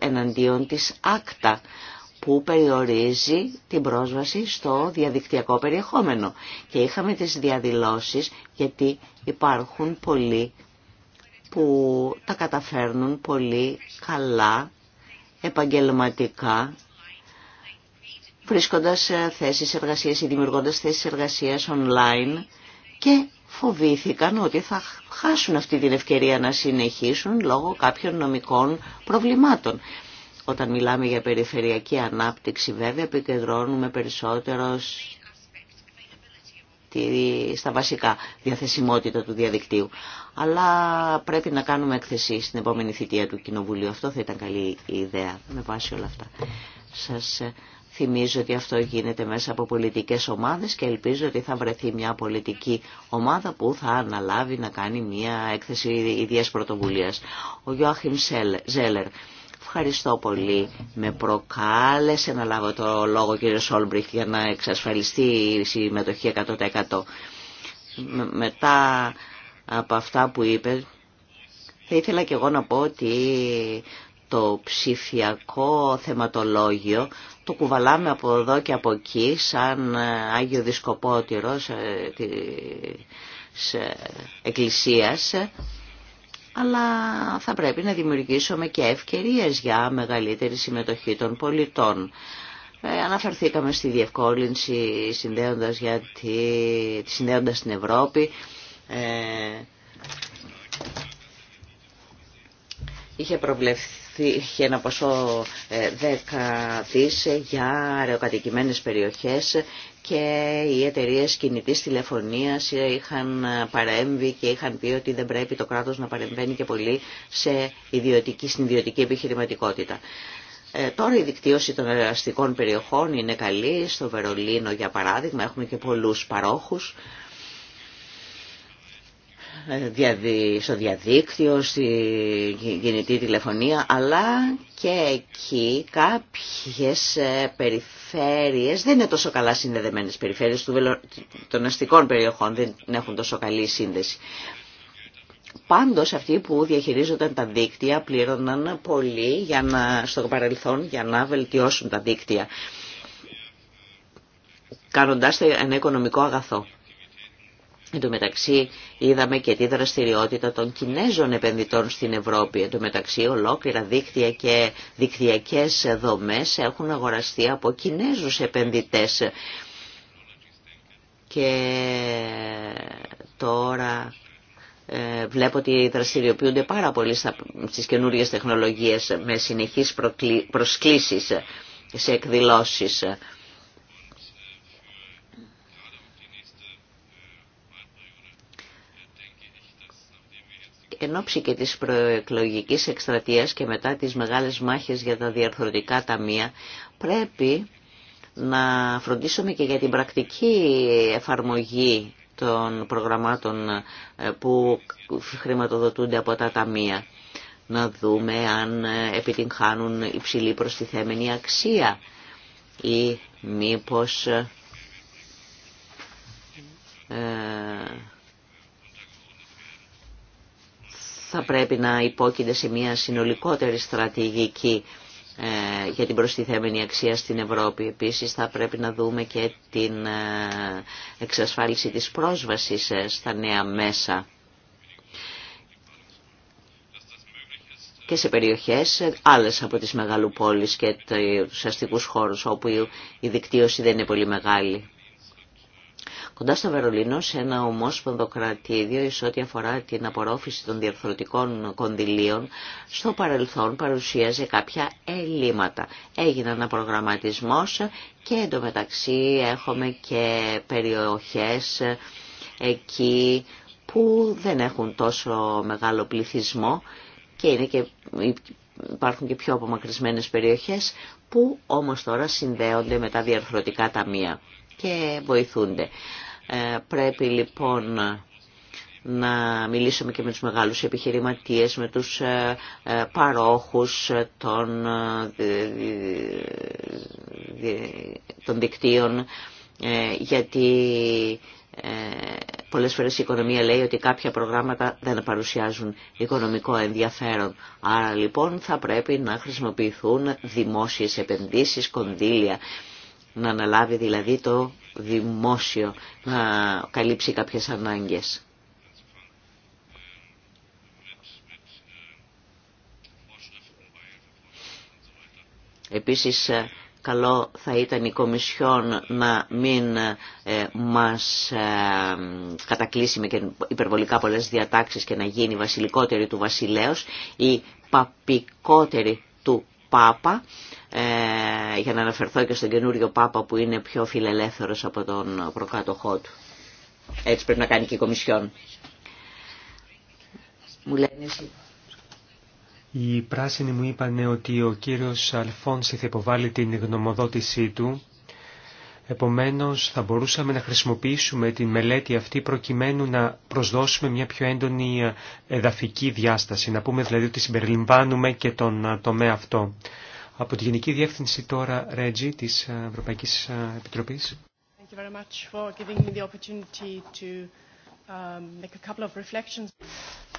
εναντίον της ΑΚΤΑ που περιορίζει την πρόσβαση στο διαδικτυακό περιεχόμενο. Και είχαμε τις διαδηλώσεις γιατί υπάρχουν πολλοί που τα καταφέρνουν πολύ καλά, επαγγελματικά, βρίσκοντας ε, θέσεις εργασίας ή δημιουργώντας θέσεις εργασίας online και φοβήθηκαν ότι θα χάσουν αυτή την ευκαιρία να συνεχίσουν λόγω κάποιων νομικών προβλημάτων. Όταν μιλάμε για περιφερειακή ανάπτυξη βέβαια επικεντρώνουμε περισσότερο στα βασικά διαθεσιμότητα του διαδικτύου. Αλλά πρέπει να κάνουμε εκθεσή στην επόμενη θητεία του Κοινοβουλίου. Αυτό θα ήταν καλή ιδέα με βάση όλα αυτά. Σας Θυμίζω ότι αυτό γίνεται μέσα από πολιτικές ομάδες και ελπίζω ότι θα βρεθεί μια πολιτική ομάδα που θα αναλάβει να κάνει μια έκθεση ιδίας πρωτοβουλίας. Ο Γιώαχιμ Ζέλερ. Ευχαριστώ πολύ. Με προκάλεσε να λάβω το λόγο κύριε Σόλμπριχ για να εξασφαλιστεί η συμμετοχή 100%. Μετά από αυτά που είπε, θα ήθελα και εγώ να πω ότι το ψηφιακό θεματολόγιο το κουβαλάμε από εδώ και από εκεί σαν ε, Άγιο Δισκοπότηρο της Εκκλησίας αλλά θα πρέπει να δημιουργήσουμε και ευκαιρίες για μεγαλύτερη συμμετοχή των πολιτών. Ε, αναφερθήκαμε στη διευκόλυνση συνδέοντας, για τη, συνδέοντας την Ευρώπη. Ε, είχε προβλεφθεί δόθηκε ένα ποσό 10 ε, δις για αεροκατοικημένες περιοχές και οι εταιρείε κινητής τηλεφωνίας είχαν παρέμβει και είχαν πει ότι δεν πρέπει το κράτος να παρεμβαίνει και πολύ σε ιδιωτική, στην ιδιωτική επιχειρηματικότητα. Ε, τώρα η δικτύωση των αστικών περιοχών είναι καλή. Στο Βερολίνο, για παράδειγμα, έχουμε και πολλούς παρόχους στο διαδίκτυο, στη γεννητή τηλεφωνία, αλλά και εκεί κάποιες ε, περιφέρειες δεν είναι τόσο καλά συνδεδεμένες περιφέρειες των αστικών περιοχών, δεν έχουν τόσο καλή σύνδεση. Πάντως αυτοί που διαχειρίζονταν τα δίκτυα πλήρωναν πολύ για να, στο παρελθόν για να βελτιώσουν τα δίκτυα, κάνοντας ένα οικονομικό αγαθό. Εν τω μεταξύ είδαμε και τη δραστηριότητα των Κινέζων επενδυτών στην Ευρώπη. Εν τω μεταξύ ολόκληρα δίκτυα και δικτυακές δομές έχουν αγοραστεί από Κινέζους επενδυτές. Και τώρα ε, βλέπω ότι δραστηριοποιούνται πάρα πολύ στις καινούριες τεχνολογίες με συνεχείς προσκλήσεις σε εκδηλώσεις. εν ώψη και της προεκλογικής εκστρατείας και μετά τις μεγάλες μάχες για τα διαρθρωτικά ταμεία, πρέπει να φροντίσουμε και για την πρακτική εφαρμογή των προγραμμάτων ε, που χρηματοδοτούνται από τα ταμεία. Να δούμε αν ε, επιτυγχάνουν υψηλή προστιθέμενη αξία ή μήπως ε, θα πρέπει να υπόκεινται σε μια συνολικότερη στρατηγική ε, για την προστιθέμενη αξία στην Ευρώπη. Επίσης θα πρέπει να δούμε και την ε, εξασφάλιση της πρόσβασης ε, στα νέα μέσα και σε περιοχές άλλες από τις μεγαλοπόλεις και τους αστικούς χώρους όπου η δικτύωση δεν είναι πολύ μεγάλη. Κοντά στο Βερολίνο, σε ένα ομόσπονδο κρατήδιο, εις ό,τι αφορά την απορρόφηση των διαρθρωτικών κονδυλίων, στο παρελθόν παρουσίαζε κάποια ελλείμματα. Έγινε ένα προγραμματισμός και εντωμεταξύ έχουμε και περιοχές εκεί που δεν έχουν τόσο μεγάλο πληθυσμό και, είναι και υπάρχουν και πιο απομακρυσμένες περιοχές που όμως τώρα συνδέονται με τα διαρθρωτικά ταμεία και βοηθούνται. Ε, πρέπει λοιπόν να μιλήσουμε και με τους μεγάλους επιχειρηματίες, με τους ε, ε, παρόχους των, των δικτύων, γιατί πολλές φορές η οικονομία λέει ότι κάποια προγράμματα δεν παρουσιάζουν οικονομικό ενδιαφέρον. Άρα λοιπόν θα πρέπει να χρησιμοποιηθούν δημόσιες επενδύσεις, κονδύλια, να αναλάβει δηλαδή το δημόσιο, να καλύψει κάποιες ανάγκες. Επίσης ε, καλό θα ήταν η Κομισιόν να μην ε, μας ε, κατακλείσει με υπερβολικά πολλές διατάξεις και να γίνει βασιλικότερη του βασιλέως ή παπικότερη του Πάπα για να αναφερθώ και στον καινούριο Πάπα που είναι πιο φιλελεύθερος από τον προκάτοχό του. Έτσι πρέπει να κάνει και η Κομισιόν. Μου λένε... Οι πράσινοι μου είπαν ότι ο κύριος Αλφόνση θα υποβάλει την γνωμοδότησή του. Επομένως θα μπορούσαμε να χρησιμοποιήσουμε την μελέτη αυτή προκειμένου να προσδώσουμε μια πιο έντονη εδαφική διάσταση. Να πούμε δηλαδή ότι συμπεριλαμβάνουμε και τον τομέα αυτό από τη Γενική Διεύθυνση τώρα Ρέτζι της Ευρωπαϊκής Επιτροπής.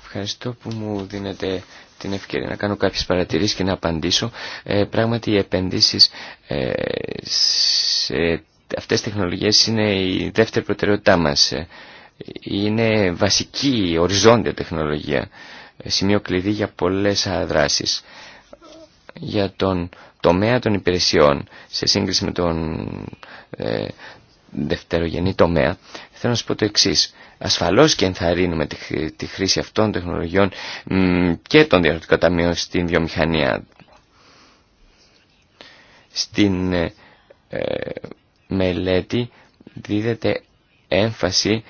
Ευχαριστώ που μου δίνετε την ευκαιρία να κάνω κάποιες παρατηρήσεις και να απαντήσω. Ε, πράγματι οι επενδύσεις ε, σε αυτές τις τεχνολογίες είναι η δεύτερη προτεραιότητά μας. Ε, είναι βασική οριζόντια τεχνολογία, ε, σημείο κλειδί για πολλές αδράσεις για τον τομέα των υπηρεσιών σε σύγκριση με τον ε, δευτερογενή τομέα, θέλω να σας πω το εξή. Ασφαλώς και ενθαρρύνουμε τη, χρήση αυτών των τεχνολογιών και των διαρροτικών ταμείων στην βιομηχανία. Στην ε, ε, μελέτη δίδεται έμφαση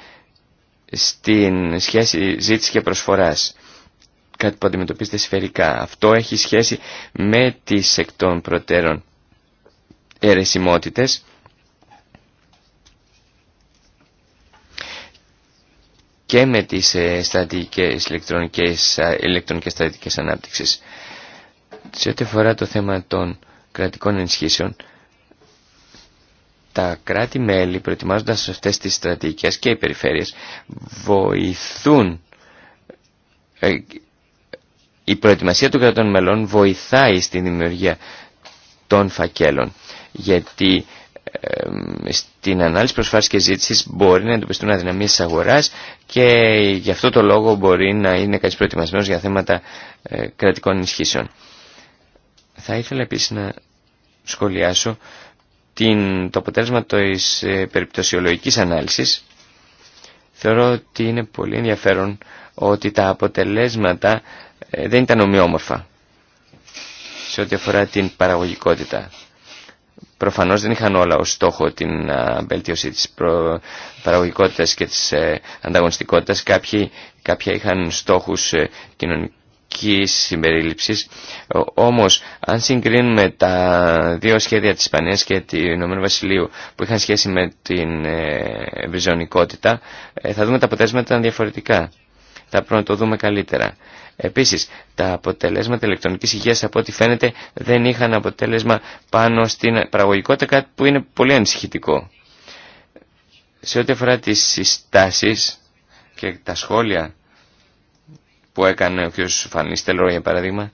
στην σχέση ζήτηση και προσφοράς κάτι που αντιμετωπίζεται σφαιρικά. Αυτό έχει σχέση με τις εκ των προτέρων αιρεσιμότητες και με τις ε, στατικές ηλεκτρονικές, ηλεκτρονικές στατικές ανάπτυξης. Σε ό,τι αφορά το θέμα των κρατικών ενισχύσεων, τα κράτη-μέλη προετοιμάζοντας αυτές τις στρατηγικές και οι περιφέρειες βοηθούν ε, η προετοιμασία των κρατών μελών βοηθάει στη δημιουργία των φακέλων. Γιατί στην ανάλυση προσφάσεις και ζήτησης μπορεί να εντοπιστούν αδυναμίες της αγοράς και γι' αυτό το λόγο μπορεί να είναι κάτι προετοιμασμένος για θέματα ε, κρατικών ενισχύσεων. Θα ήθελα επίσης να σχολιάσω την, το αποτέλεσμα της ε, περιπτωσιολογικής ανάλυσης. Θεωρώ ότι είναι πολύ ενδιαφέρον ότι τα αποτελέσματα ε, δεν ήταν ομοιόμορφα σε ό,τι αφορά την παραγωγικότητα. Προφανώς δεν είχαν όλα ως στόχο την βελτίωση της παραγωγικότητας και της ε, ανταγωνιστικότητας. Κάποιοι, κάποια είχαν στόχους ε, κοινωνικής συμπερίληψης. Όμως, αν συγκρίνουμε τα δύο σχέδια της Ισπανίας και του Ηνωμένου Βασιλείου που είχαν σχέση με την ευρυζωνικότητα, θα δούμε τα αποτέλεσματα διαφορετικά θα πρέπει να το δούμε καλύτερα. Επίσης, τα αποτελέσματα ηλεκτρονικής υγείας από ό,τι φαίνεται δεν είχαν αποτέλεσμα πάνω στην παραγωγικότητα, κάτι που είναι πολύ ανησυχητικό. Σε ό,τι αφορά τις συστάσεις και τα σχόλια που έκανε ο κ. Φανής για παράδειγμα,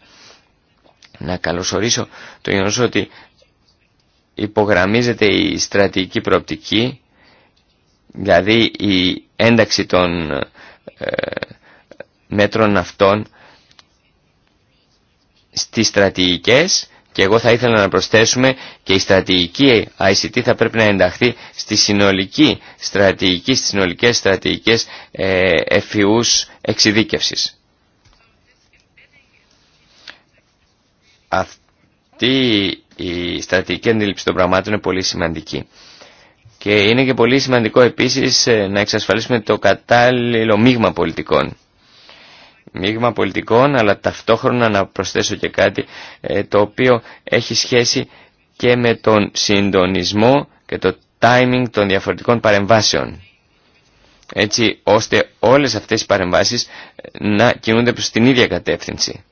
να καλωσορίσω το γεγονός ότι υπογραμμίζεται η στρατηγική προοπτική, δηλαδή η ένταξη των ε, μέτρων αυτών στις στρατηγικές και εγώ θα ήθελα να προσθέσουμε και η στρατηγική ICT θα πρέπει να ενταχθεί στη συνολική στρατηγική, στις συνολικές στρατηγικές ε, εφιούς εξειδίκευσης. Αυτή η στρατηγική αντίληψη των πραγμάτων είναι πολύ σημαντική. Και είναι και πολύ σημαντικό επίσης ε, να εξασφαλίσουμε το κατάλληλο μείγμα πολιτικών μείγμα πολιτικών, αλλά ταυτόχρονα να προσθέσω και κάτι ε, το οποίο έχει σχέση και με τον συντονισμό και το timing των διαφορετικών παρεμβάσεων. Έτσι ώστε όλες αυτές οι παρεμβάσεις ε, να κινούνται προς την ίδια κατεύθυνση.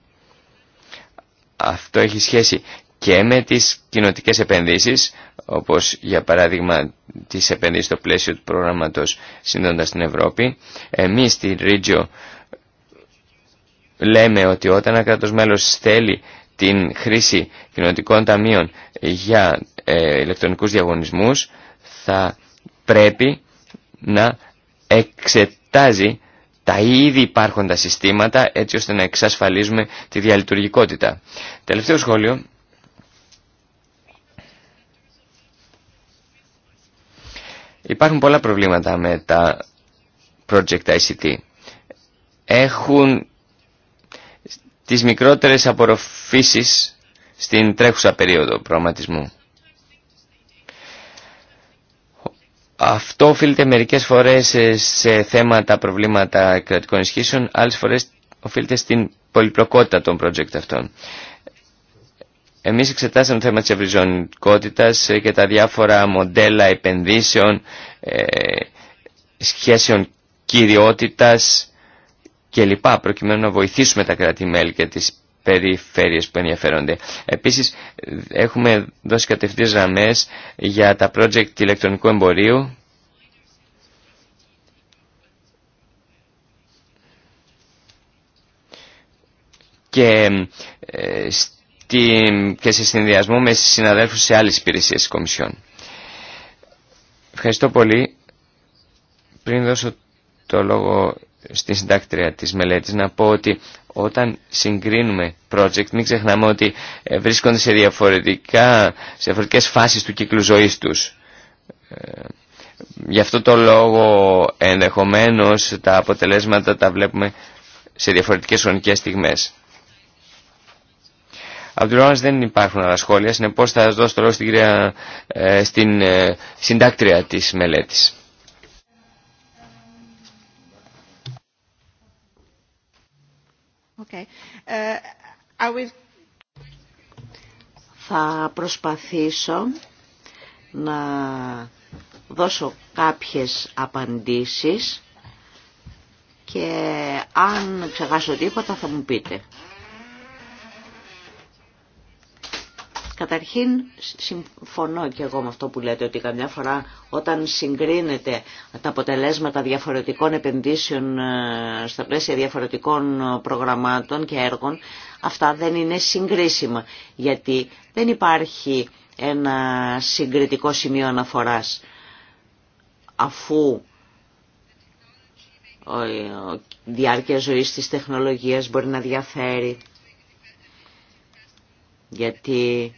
Αυτό έχει σχέση και με τις κοινοτικέ επενδύσεις, όπως για παράδειγμα τις επενδύσεις στο πλαίσιο του προγράμματος συνδοντας την Ευρώπη. Εμείς στη Ρίτζιο λέμε ότι όταν ένα κράτος μέλος θέλει την χρήση κοινωνικών ταμείων για ε, ηλεκτρονικούς διαγωνισμούς θα πρέπει να εξετάζει τα ήδη υπάρχοντα συστήματα έτσι ώστε να εξασφαλίζουμε τη διαλειτουργικότητα. Τελευταίο σχόλιο. Υπάρχουν πολλά προβλήματα με τα project ICT. Έχουν τις μικρότερες απορροφήσεις στην τρέχουσα περίοδο προγραμματισμού. Αυτό οφείλεται μερικές φορές σε θέματα, προβλήματα κρατικών ισχύσεων, άλλες φορές οφείλεται στην πολυπλοκότητα των project αυτών. Εμείς εξετάσαμε το θέμα της ευρυζωνικότητας ε, και τα διάφορα μοντέλα επενδύσεων, ε, σχέσεων κυριότητας, και λοιπά, προκειμένου να βοηθήσουμε τα κράτη-μέλη και τις περιφέρειες που ενδιαφέρονται. Επίσης έχουμε δώσει κατευθείαν γραμμέ για τα project ηλεκτρονικού εμπορίου και, ε, και σε συνδυασμό με συναδέλφους σε άλλες υπηρεσίες της Κομισιόν. Ευχαριστώ πολύ. Πριν δώσω το λόγο στη συντάκτρια της μελέτης να πω ότι όταν συγκρίνουμε project μην ξεχνάμε ότι ε, βρίσκονται σε, διαφορετικά, σε διαφορετικές φάσεις του κύκλου ζωής τους. Ε, γι' αυτό το λόγο ενδεχομένως τα αποτελέσματα τα βλέπουμε σε διαφορετικές χρονικές στιγμές. Από την δεν υπάρχουν άλλα σχόλια, συνεπώς θα δώσω το λόγο στην, ε, στην συντάκτρια της μελέτης. Uh, θα προσπαθήσω να δώσω κάποιες απαντήσεις και αν ξεχάσω τίποτα θα μου πείτε. Καταρχήν συμφωνώ και εγώ με αυτό που λέτε ότι καμιά φορά όταν συγκρίνεται τα αποτελέσματα διαφορετικών επενδύσεων ε, στα πλαίσια διαφορετικών ε, προγραμμάτων και έργων αυτά δεν είναι συγκρίσιμα γιατί δεν υπάρχει ένα συγκριτικό σημείο αναφοράς αφού η διάρκεια ζωής της τεχνολογίας μπορεί να διαφέρει γιατί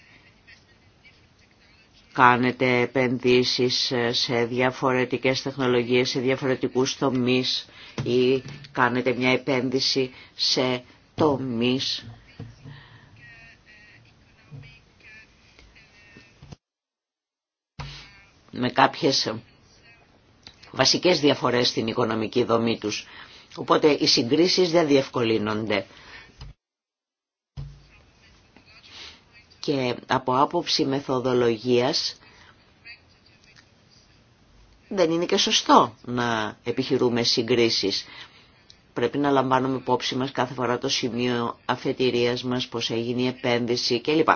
κάνετε επενδύσεις σε διαφορετικές τεχνολογίες, σε διαφορετικούς τομείς ή κάνετε μια επένδυση σε τομείς με κάποιες βασικές διαφορές στην οικονομική δομή τους. Οπότε οι συγκρίσεις δεν διευκολύνονται. και από άποψη μεθοδολογίας δεν είναι και σωστό να επιχειρούμε συγκρίσεις. Πρέπει να λαμβάνουμε υπόψη μας κάθε φορά το σημείο αφετηρίας μας, πώς έγινε η επένδυση κλπ.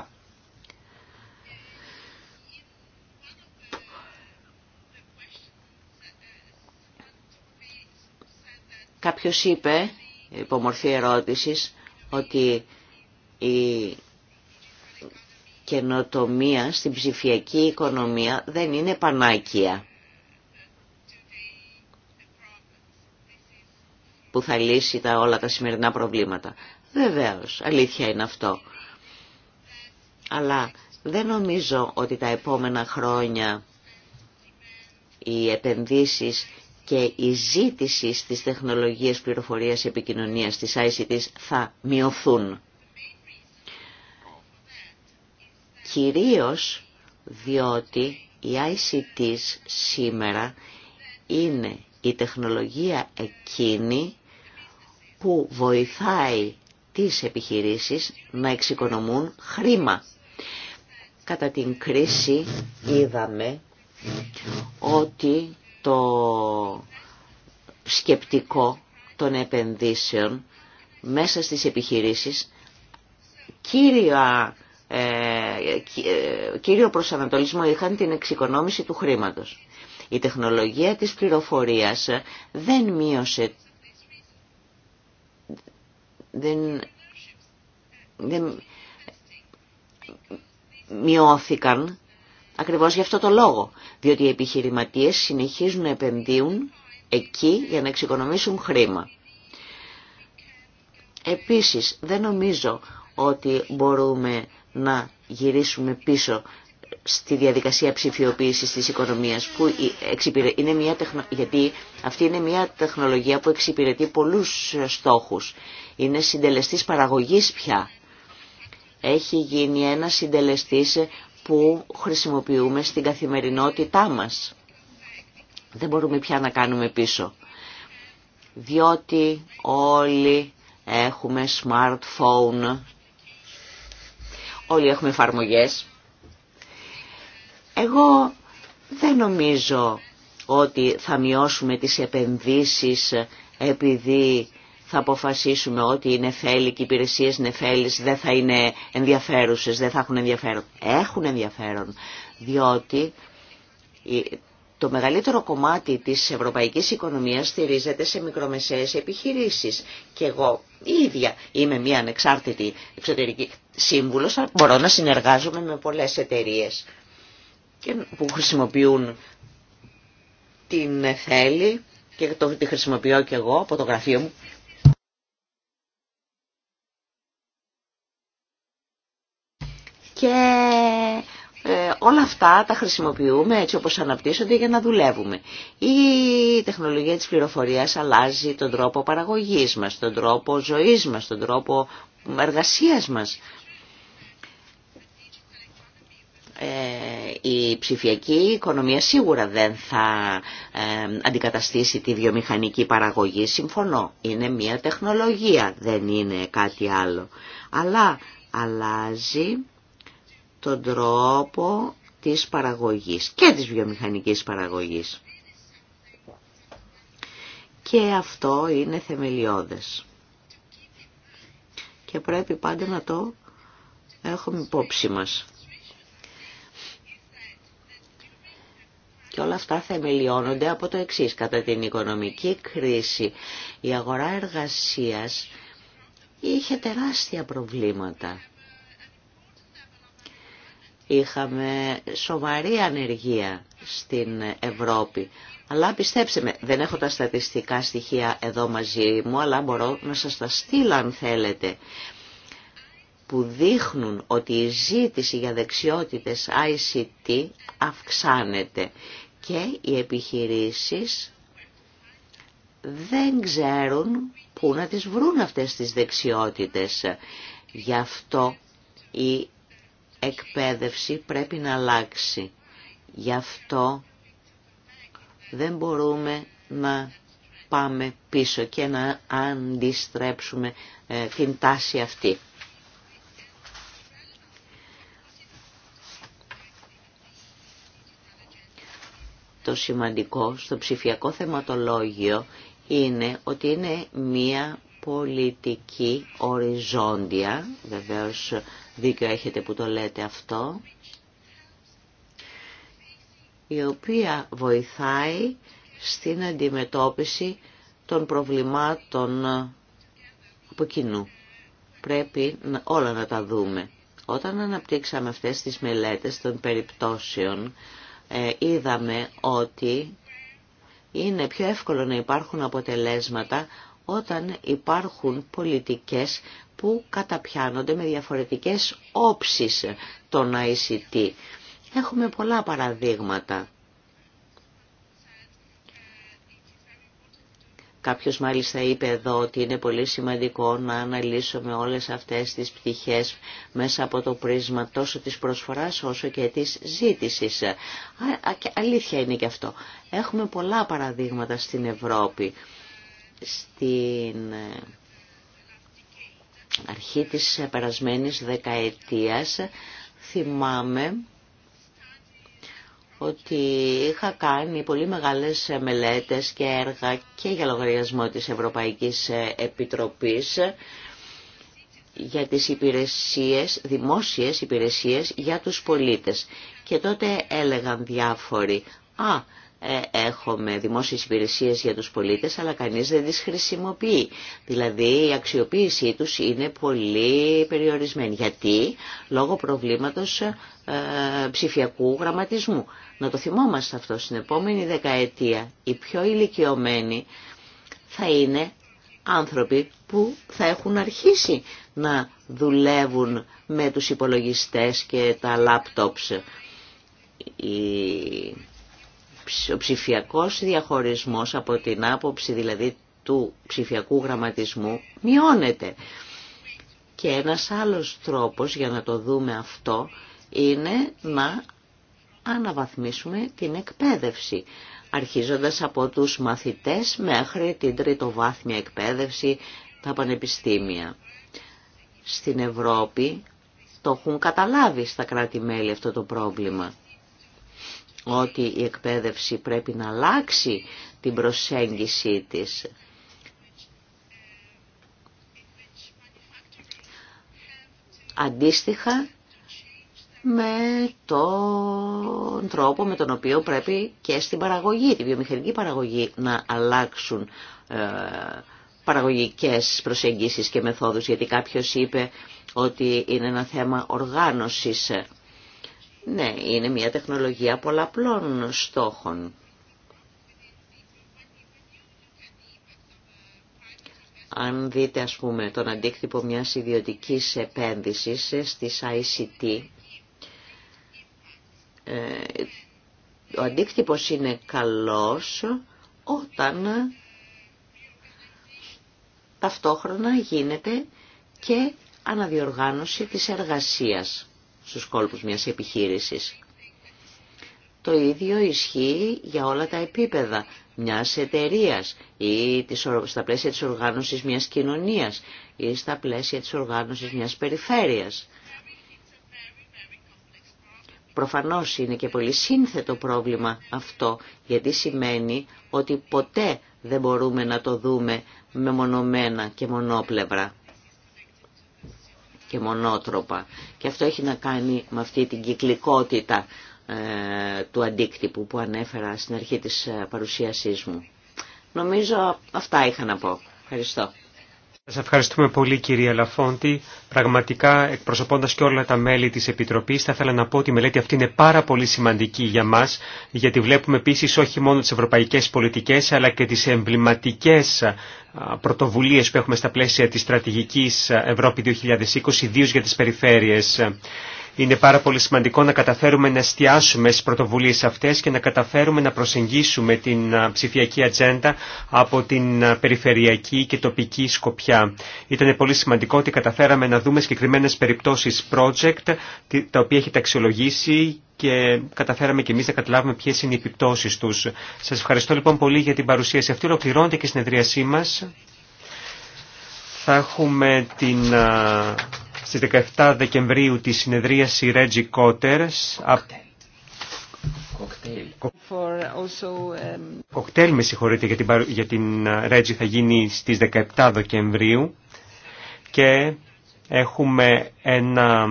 Κάποιος είπε, υπό μορφή ερώτησης, ότι η καινοτομία στην ψηφιακή οικονομία δεν είναι πανάκια που θα λύσει τα όλα τα σημερινά προβλήματα. Βεβαίως, αλήθεια είναι αυτό. Αλλά δεν νομίζω ότι τα επόμενα χρόνια οι επενδύσεις και η ζήτηση στις τεχνολογίες πληροφορίας επικοινωνίας της ICT θα μειωθούν. κυρίως διότι η ICTs σήμερα είναι η τεχνολογία εκείνη που βοηθάει τις επιχειρήσεις να εξοικονομούν χρήμα. Κατά την κρίση είδαμε ότι το σκεπτικό των επενδύσεων μέσα στις επιχειρήσεις κύρια ε, ε, κύριο προσανατολισμό είχαν την εξοικονόμηση του χρήματος. Η τεχνολογία της πληροφορίας δεν μείωσε μειώθηκαν ακριβώς γι' αυτό το λόγο. Διότι οι επιχειρηματίες συνεχίζουν να επενδύουν εκεί για να εξοικονομήσουν χρήμα. Επίσης δεν νομίζω ότι μπορούμε να γυρίσουμε πίσω στη διαδικασία ψηφιοποίησης της οικονομίας που είναι μια γιατί αυτή είναι μια τεχνολογία που εξυπηρετεί πολλούς στόχους. Είναι συντελεστής παραγωγής πια. Έχει γίνει ένα συντελεστής που χρησιμοποιούμε στην καθημερινότητά μας. Δεν μπορούμε πια να κάνουμε πίσω. Διότι όλοι έχουμε smartphone όλοι έχουμε εφαρμογές. Εγώ δεν νομίζω ότι θα μειώσουμε τις επενδύσεις επειδή θα αποφασίσουμε ότι οι νεφέλοι και οι υπηρεσίε νεφέλης δεν θα είναι ενδιαφέρουσες, δεν θα έχουν ενδιαφέρον. Έχουν ενδιαφέρον, διότι το μεγαλύτερο κομμάτι της ευρωπαϊκής οικονομίας στηρίζεται σε μικρομεσαίες επιχειρήσεις. Και εγώ η ίδια είμαι μια ανεξάρτητη εξωτερική σύμβουλος, μπορώ να συνεργάζομαι με πολλές εταιρείε που χρησιμοποιούν την θέλη και το, τη χρησιμοποιώ και εγώ από το γραφείο μου. Και ε, όλα αυτά τα χρησιμοποιούμε έτσι όπως αναπτύσσονται για να δουλεύουμε. Η τεχνολογία της πληροφορίας αλλάζει τον τρόπο παραγωγής μας, τον τρόπο ζωής μας, τον τρόπο εργασίας μας. Ε, η ψηφιακή οικονομία σίγουρα δεν θα ε, αντικαταστήσει τη βιομηχανική παραγωγή, συμφωνώ. Είναι μια τεχνολογία, δεν είναι κάτι άλλο. Αλλά αλλάζει τον τρόπο της παραγωγής και της βιομηχανικής παραγωγής. Και αυτό είναι θεμελιώδες. Και πρέπει πάντα να το έχουμε υπόψη μας. Και όλα αυτά θεμελιώνονται από το εξής. Κατά την οικονομική κρίση η αγορά εργασίας είχε τεράστια προβλήματα είχαμε σοβαρή ανεργία στην Ευρώπη. Αλλά πιστέψτε με, δεν έχω τα στατιστικά στοιχεία εδώ μαζί μου, αλλά μπορώ να σας τα στείλω αν θέλετε, που δείχνουν ότι η ζήτηση για δεξιότητες ICT αυξάνεται και οι επιχειρήσεις δεν ξέρουν πού να τις βρουν αυτές τις δεξιότητες. Γι' αυτό η εκπαίδευση πρέπει να αλλάξει. Γι' αυτό δεν μπορούμε να πάμε πίσω και να αντιστρέψουμε ε, την τάση αυτή. Το σημαντικό στο ψηφιακό θεματολόγιο είναι ότι είναι μία πολιτική οριζόντια, βεβαίως δίκιο έχετε που το λέτε αυτό, η οποία βοηθάει στην αντιμετώπιση των προβλημάτων από κοινού. Πρέπει όλα να τα δούμε. Όταν αναπτύξαμε αυτές τις μελέτες των περιπτώσεων, ε, είδαμε ότι είναι πιο εύκολο να υπάρχουν αποτελέσματα όταν υπάρχουν πολιτικές που καταπιάνονται με διαφορετικές όψεις των ICT. Έχουμε πολλά παραδείγματα. Κάποιος μάλιστα είπε εδώ ότι είναι πολύ σημαντικό να αναλύσουμε όλες αυτές τις πτυχές μέσα από το πρίσμα τόσο της προσφοράς όσο και της ζήτησης. αλήθεια είναι και αυτό. Έχουμε πολλά παραδείγματα στην Ευρώπη. Στην ε, αρχή της περασμένης δεκαετίας θυμάμαι ότι είχα κάνει πολύ μεγάλες μελέτες και έργα και για λογαριασμό της Ευρωπαϊκής Επιτροπής για τις υπηρεσίες, δημόσιες υπηρεσίες για τους πολίτες. Και τότε έλεγαν διάφοροι, α, ε, έχουμε δημόσιες υπηρεσίες για τους πολίτες, αλλά κανείς δεν τις χρησιμοποιεί. Δηλαδή η αξιοποίησή τους είναι πολύ περιορισμένη. Γιατί? Λόγω προβλήματος ε, ψηφιακού γραμματισμού. Να το θυμόμαστε αυτό. Στην επόμενη δεκαετία οι πιο ηλικιωμένοι θα είναι άνθρωποι που θα έχουν αρχίσει να δουλεύουν με τους υπολογιστές και τα λάπτοψ ο ψηφιακός διαχωρισμός από την άποψη δηλαδή του ψηφιακού γραμματισμού μειώνεται. Και ένας άλλος τρόπος για να το δούμε αυτό είναι να αναβαθμίσουμε την εκπαίδευση αρχίζοντας από τους μαθητές μέχρι την τριτοβάθμια εκπαίδευση τα πανεπιστήμια. Στην Ευρώπη το έχουν καταλάβει στα κράτη-μέλη αυτό το πρόβλημα ότι η εκπαίδευση πρέπει να αλλάξει την προσέγγιση της. Αντίστοιχα με τον τρόπο με τον οποίο πρέπει και στην παραγωγή, τη βιομηχανική παραγωγή να αλλάξουν ε, παραγωγικές προσεγγίσεις και μεθόδους, γιατί κάποιος είπε ότι είναι ένα θέμα οργάνωσης ναι, είναι μια τεχνολογία πολλαπλών στόχων. Αν δείτε ας πούμε τον αντίκτυπο μιας ιδιωτικής επένδυσης στις ICT, ε, ο αντίκτυπος είναι καλός όταν ταυτόχρονα γίνεται και αναδιοργάνωση της εργασίας στους κόλπους μιας επιχείρησης. Το ίδιο ισχύει για όλα τα επίπεδα μιας εταιρείας ή στα πλαίσια της οργάνωσης μιας κοινωνίας ή στα πλαίσια της οργάνωσης μιας περιφέρειας. Προφανώς είναι και πολύ σύνθετο πρόβλημα αυτό, γιατί σημαίνει ότι ποτέ δεν μπορούμε να το δούμε με μονομένα και μονόπλευρα και Και αυτό έχει να κάνει με αυτή την κυκλικότητα ε, του αντίκτυπου που ανέφερα στην αρχή της ε, παρουσίασής μου. Νομίζω αυτά είχα να πω. Ευχαριστώ. Σας ευχαριστούμε πολύ κυρία Λαφόντη. Πραγματικά εκπροσωπώντας και όλα τα μέλη της Επιτροπής θα ήθελα να πω ότι η μελέτη αυτή είναι πάρα πολύ σημαντική για μας γιατί βλέπουμε επίσης όχι μόνο τις ευρωπαϊκές πολιτικές αλλά και τις εμβληματικές πρωτοβουλίες που έχουμε στα πλαίσια της στρατηγικής Ευρώπη 2020 ιδίως για τις περιφέρειες. Είναι πάρα πολύ σημαντικό να καταφέρουμε να εστιάσουμε στις πρωτοβουλίες αυτές και να καταφέρουμε να προσεγγίσουμε την ψηφιακή ατζέντα από την περιφερειακή και τοπική σκοπιά. Ήταν πολύ σημαντικό ότι καταφέραμε να δούμε συγκεκριμένε περιπτώσεις project τα οποία έχει αξιολογήσει και καταφέραμε και εμείς να καταλάβουμε ποιες είναι οι επιπτώσεις τους. Σας ευχαριστώ λοιπόν πολύ για την παρουσίαση αυτή. Ολοκληρώνεται και η συνεδρίασή μας. Θα έχουμε την στις 17 Δεκεμβρίου τη συνεδρίαση Reggie Κότερς. Um, Κοκτέιλ με συγχωρείτε για την, Reggie θα γίνει στις 17 Δεκεμβρίου και έχουμε ένα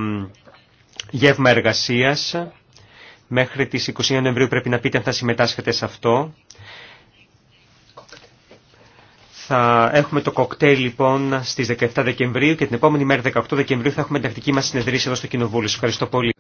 γεύμα εργασίας. Μέχρι τις 21 Νοεμβρίου πρέπει να πείτε αν θα συμμετάσχετε σε αυτό. Θα έχουμε το κοκτέιλ λοιπόν στις 17 Δεκεμβρίου και την επόμενη μέρα 18 Δεκεμβρίου θα έχουμε την τακτική μας συνεδρίαση εδώ στο Κοινοβούλιο. Σας ευχαριστώ πολύ.